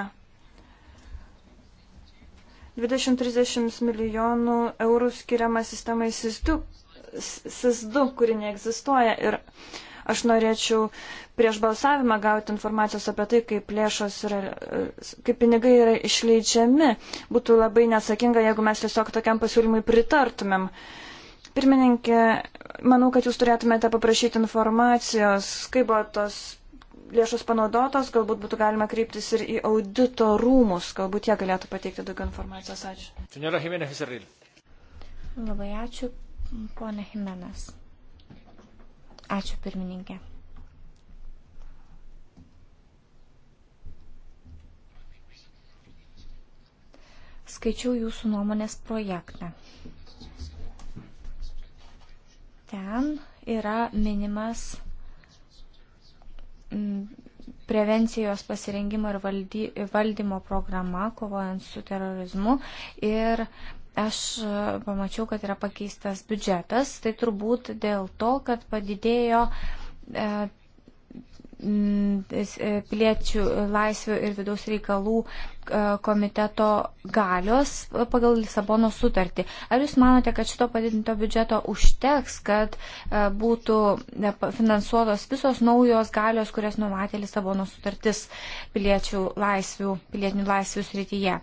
[SPEAKER 1] 20-30 milijonų eurų skiriama sistemai SIS-2, SIS kuri neegzistuoja. Ir aš norėčiau prieš balsavimą gauti informacijos apie tai, kaip lėšos yra, kaip pinigai yra išleidžiami. Būtų labai nesakinga, jeigu mes tiesiog tokiam pasiūlymui pritartumėm. Uh, Pirmininkė, manau, kad jūs turėtumėte paprašyti informacijos, kaip buvo tos lėšos panaudotos, galbūt būtų galima kreiptis ir į audito rūmus, galbūt jie galėtų
[SPEAKER 4] pateikti daugiau informacijos. Ačiū.
[SPEAKER 5] Senora Jimenez Izaril.
[SPEAKER 4] Labai ačiū, ponė Jimenez. Ačiū, pirmininkė. Skaičiau jūsų nuomonės projektą. Ten yra minimas prevencijos pasirengimo ir valdy, valdymo programa, kovojant su terorizmu. Ir aš e, pamačiau, kad yra pakeistas biudžetas. Tai turbūt dėl to, kad padidėjo e, Mm, e, piliečių laisvių ir vidaus reikalų e, komiteto galios pagal Lisabono sutartį. Ar Jūs manote, kad šito padidinto biudžeto užteks, kad e, būtų finansuotos visos naujos galios, kurias numatė Lisabono sutartis piliečių laisvių, pilietinių laisvių srityje?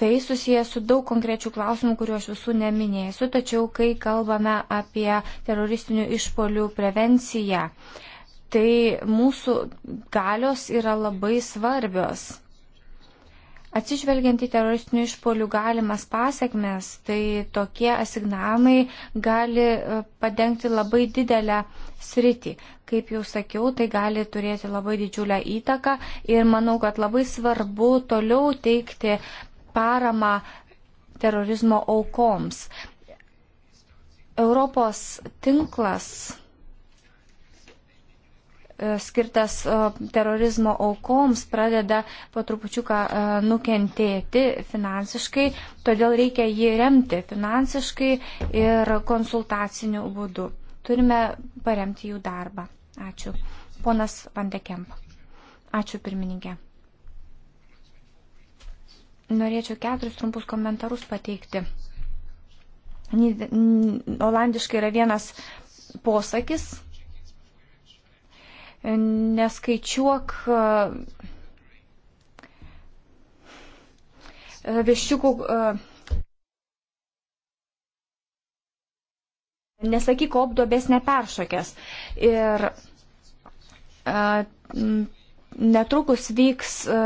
[SPEAKER 4] Tai susijęs su daug konkrečių klausimų, kuriuos visų neminėsiu, tačiau kai kalbame apie teroristinių išpolių prevenciją, uh, tai mūsų galios yra labai svarbios. Atsižvelgiant į teroristinių išpolių galimas pasiekmes, tai tokie asignavimai gali e, padengti labai didelę sritį. Kaip jau sakiau, tai gali turėti labai didžiulę įtaką ir manau, kad labai svarbu toliau teikti paramą terorizmo aukoms. Europos tinklas E, skirtas e, terorizmo aukoms pradeda po trupučiuką e, nukentėti finansiškai, todėl reikia jį remti finansiškai ir konsultaciniu būdu. Turime paremti jų darbą. Ačiū. Ponas Vandekemp. Ačiū pirmininkė. Norėčiau keturis trumpus komentarus pateikti. Olandiškai yra vienas posakis, neskaičiuok e, viščiukų. E, nesakyk, obdobės neperšokės. Ir e, Netrukus vyks e,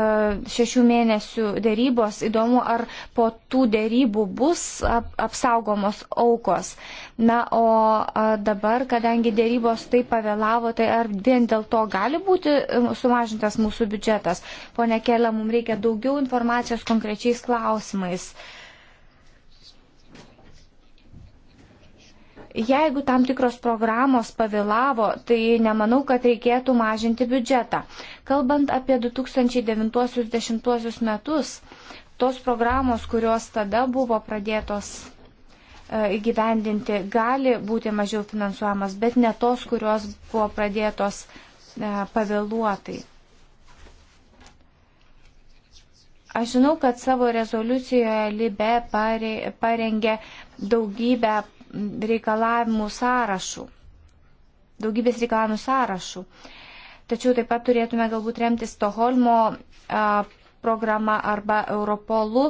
[SPEAKER 4] šešių mėnesių dėrybos. Įdomu, ar po tų dėrybų bus apsaugomos aukos. Na, o dabar, kadangi dėrybos taip pavėlavo, tai ar vien dėl to gali būti e, sumažintas mūsų biudžetas? Pone Kelia, mums reikia daugiau informacijos konkrečiais klausimais. Uh, Jeigu tam tikros programos pavėlavo, tai nemanau, kad reikėtų mažinti biudžetą. Kalbant apie 2009-2010 metus, tos programos, kurios tada buvo pradėtos e, įgyvendinti, gali būti mažiau finansuojamas, bet ne tos, kurios buvo pradėtos e, pavėluotai. Aš žinau, kad savo rezoliucijoje Libe parengė daugybę reikalavimų sąrašų, daugybės reikalavimų sąrašų. Tačiau taip pat turėtume galbūt remti Stoholmo programą arba Europolu.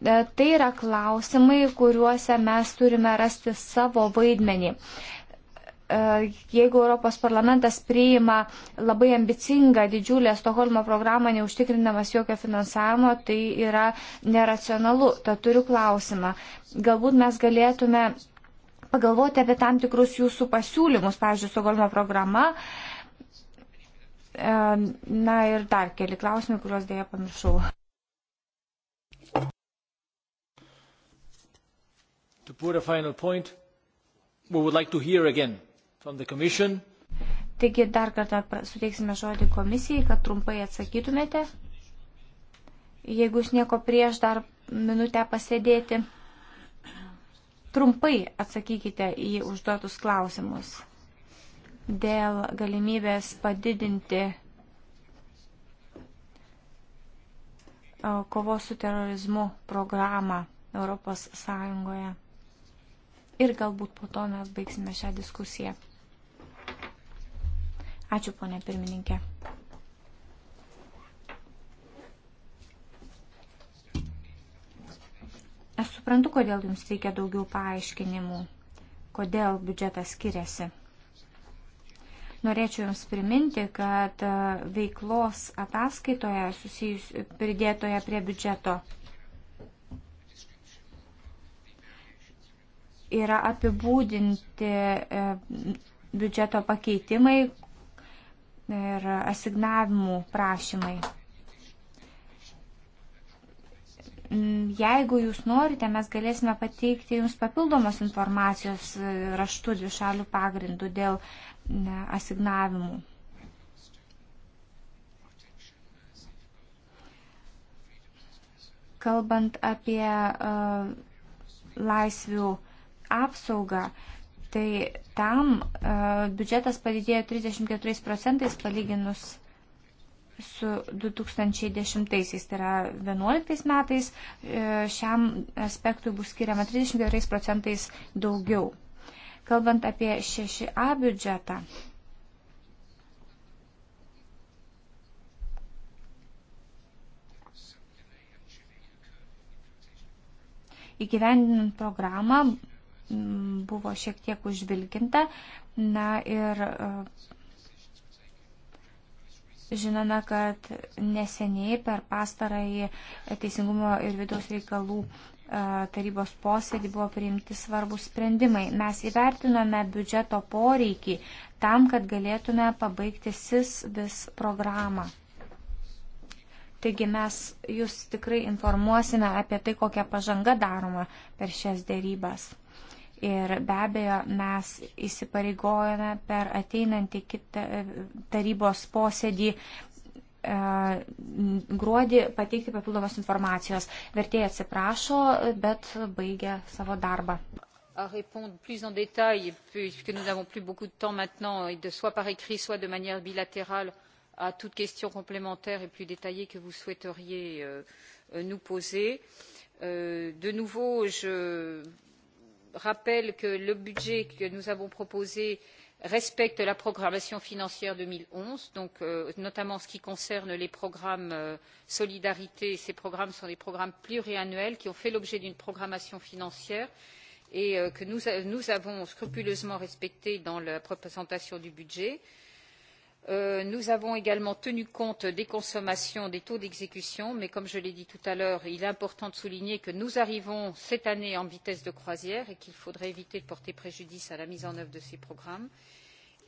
[SPEAKER 4] E, tai yra klausimai, kuriuose mes turime rasti savo vaidmenį e, jeigu Europos parlamentas priima labai ambicingą didžiulę Stoholmo programą, neužtikrindamas jokio finansavimo, tai yra neracionalu. Tad turiu klausimą. Galbūt mes galėtume pagalvoti apie tam tikrus jūsų pasiūlymus, pavyzdžiui, Stokholmo programa. E, na ir dar keli klausimai, kuriuos dėja pamiršau.
[SPEAKER 5] To put a final point, we would like to hear again from the Commission.
[SPEAKER 4] Taigi dar kartą suteiksime žodį komisijai, kad trumpai atsakytumėte. Jeigu jūs nieko prieš, dar minutę pasėdėti. Trumpai atsakykite į užduotus klausimus dėl galimybės padidinti kovos su terorizmu programą Europos Sąjungoje. Ir galbūt po to mes baigsime šią diskusiją. Ačiū, ponė pirmininkė. Suprantu, kodėl jums reikia daugiau paaiškinimų, kodėl biudžetas skiriasi. Norėčiau Jums priminti, kad e, veiklos ataskaitoje susijus pridėtoje prie biudžeto yra apibūdinti e, biudžeto pakeitimai ir asignavimų prašymai. Mm, jeigu jūs norite, mes galėsime pateikti jums papildomos informacijos e, raštų dvišalių pagrindų dėl asignavimų. Kalbant apie uh, laisvių apsaugą, tai tam uh, biudžetas padidėjo 34 procentais palyginus su 2010, tai yra 2011 metais, e, šiam aspektui bus skiriama 34 procentais daugiau. Kalbant apie 6A biudžetą, įgyvendinant programą buvo šiek tiek užvilkinta. Na ir e, Žinome, kad neseniai per pastarąjį Teisingumo ir vidaus reikalų e, tarybos posėdį buvo priimti svarbus sprendimai. Mes įvertinome biudžeto poreikį tam, kad galėtume pabaigti SIS vis programą. Taigi mes jūs tikrai informuosime apie tai, kokia pažanga daroma per šias dėrybas. Ir be abejo, mes įsipareigojame per ateinantį kitą e, tarybos posėdį e, gruodį pateikti papildomos informacijos. Vertėjai atsiprašo, bet baigia savo darbą.
[SPEAKER 3] à répondre plus en détail, puisque nous n'avons plus beaucoup de temps maintenant, et de soit par écrit, soit de manière bilatérale, à toute question complémentaire et plus détaillée que vous souhaiteriez euh, nous poser. Euh, de nouveau, je rappelle que le budget que nous avons proposé respecte la programmation financière deux mille onze euh, notamment en ce qui concerne les programmes de euh, solidarité. ces programmes sont des programmes pluriannuels qui ont fait l'objet d'une programmation financière et euh, que nous avons scrupuleusement respectée dans la présentation du budget. Euh, nous avons également tenu compte des consommations des taux d'exécution mais comme je l'ai dit tout à l'heure il est important de souligner que nous arrivons cette année en vitesse de croisière et qu'il faudrait éviter de porter préjudice à la mise en œuvre de ces programmes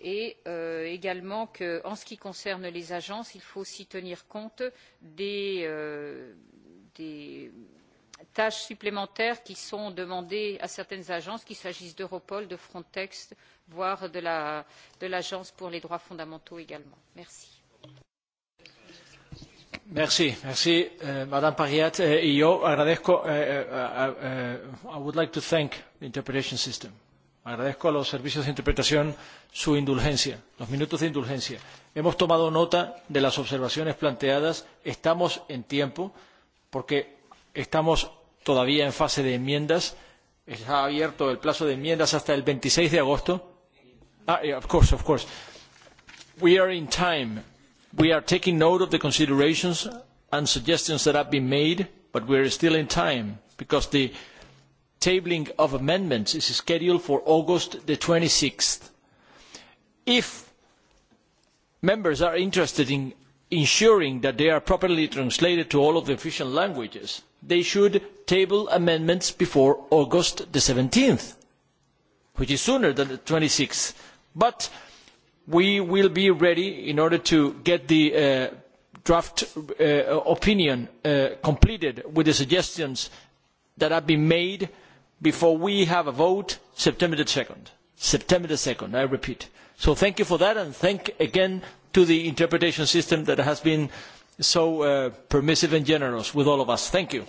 [SPEAKER 3] et euh, également qu'en ce qui concerne les agences il faut aussi tenir compte des, euh, des tâches supplémentaires qui sont demandées à certaines agences, qu'il s'agisse d'Europol, de Frontex, voire de l'Agence la, de pour les droits fondamentaux également. Merci.
[SPEAKER 5] Merci, merci, uh, Madame Pariat. Uh, y yo agradezco, uh, uh, uh, I would like to thank the interpretation system. Agradezco a los servicios de interpretación su indulgencia, los minutos de indulgencia. Hemos tomado nota de las observaciones planteadas, estamos en tiempo, porque Estamos todavía en fase de enmiendas. Está abierto el plazo de enmiendas hasta el 26 de agosto. Ah, yeah, of course, of course. We are in time. We are taking note of the considerations and suggestions that have been made, but we are still in time because the tabling of amendments is scheduled for August the 26th. If members are interested in ensuring that they are properly translated to all of the official languages, they should table amendments before august seventeen which is sooner than the twenty sixth but we will be ready in order to get the uh, draft uh, opinion uh, completed with the suggestions that have been made before we have a vote september two september two i repeat. so thank you for that and thank again to the interpretation system that has been so uh, permissive and generous with all of us. Thank you.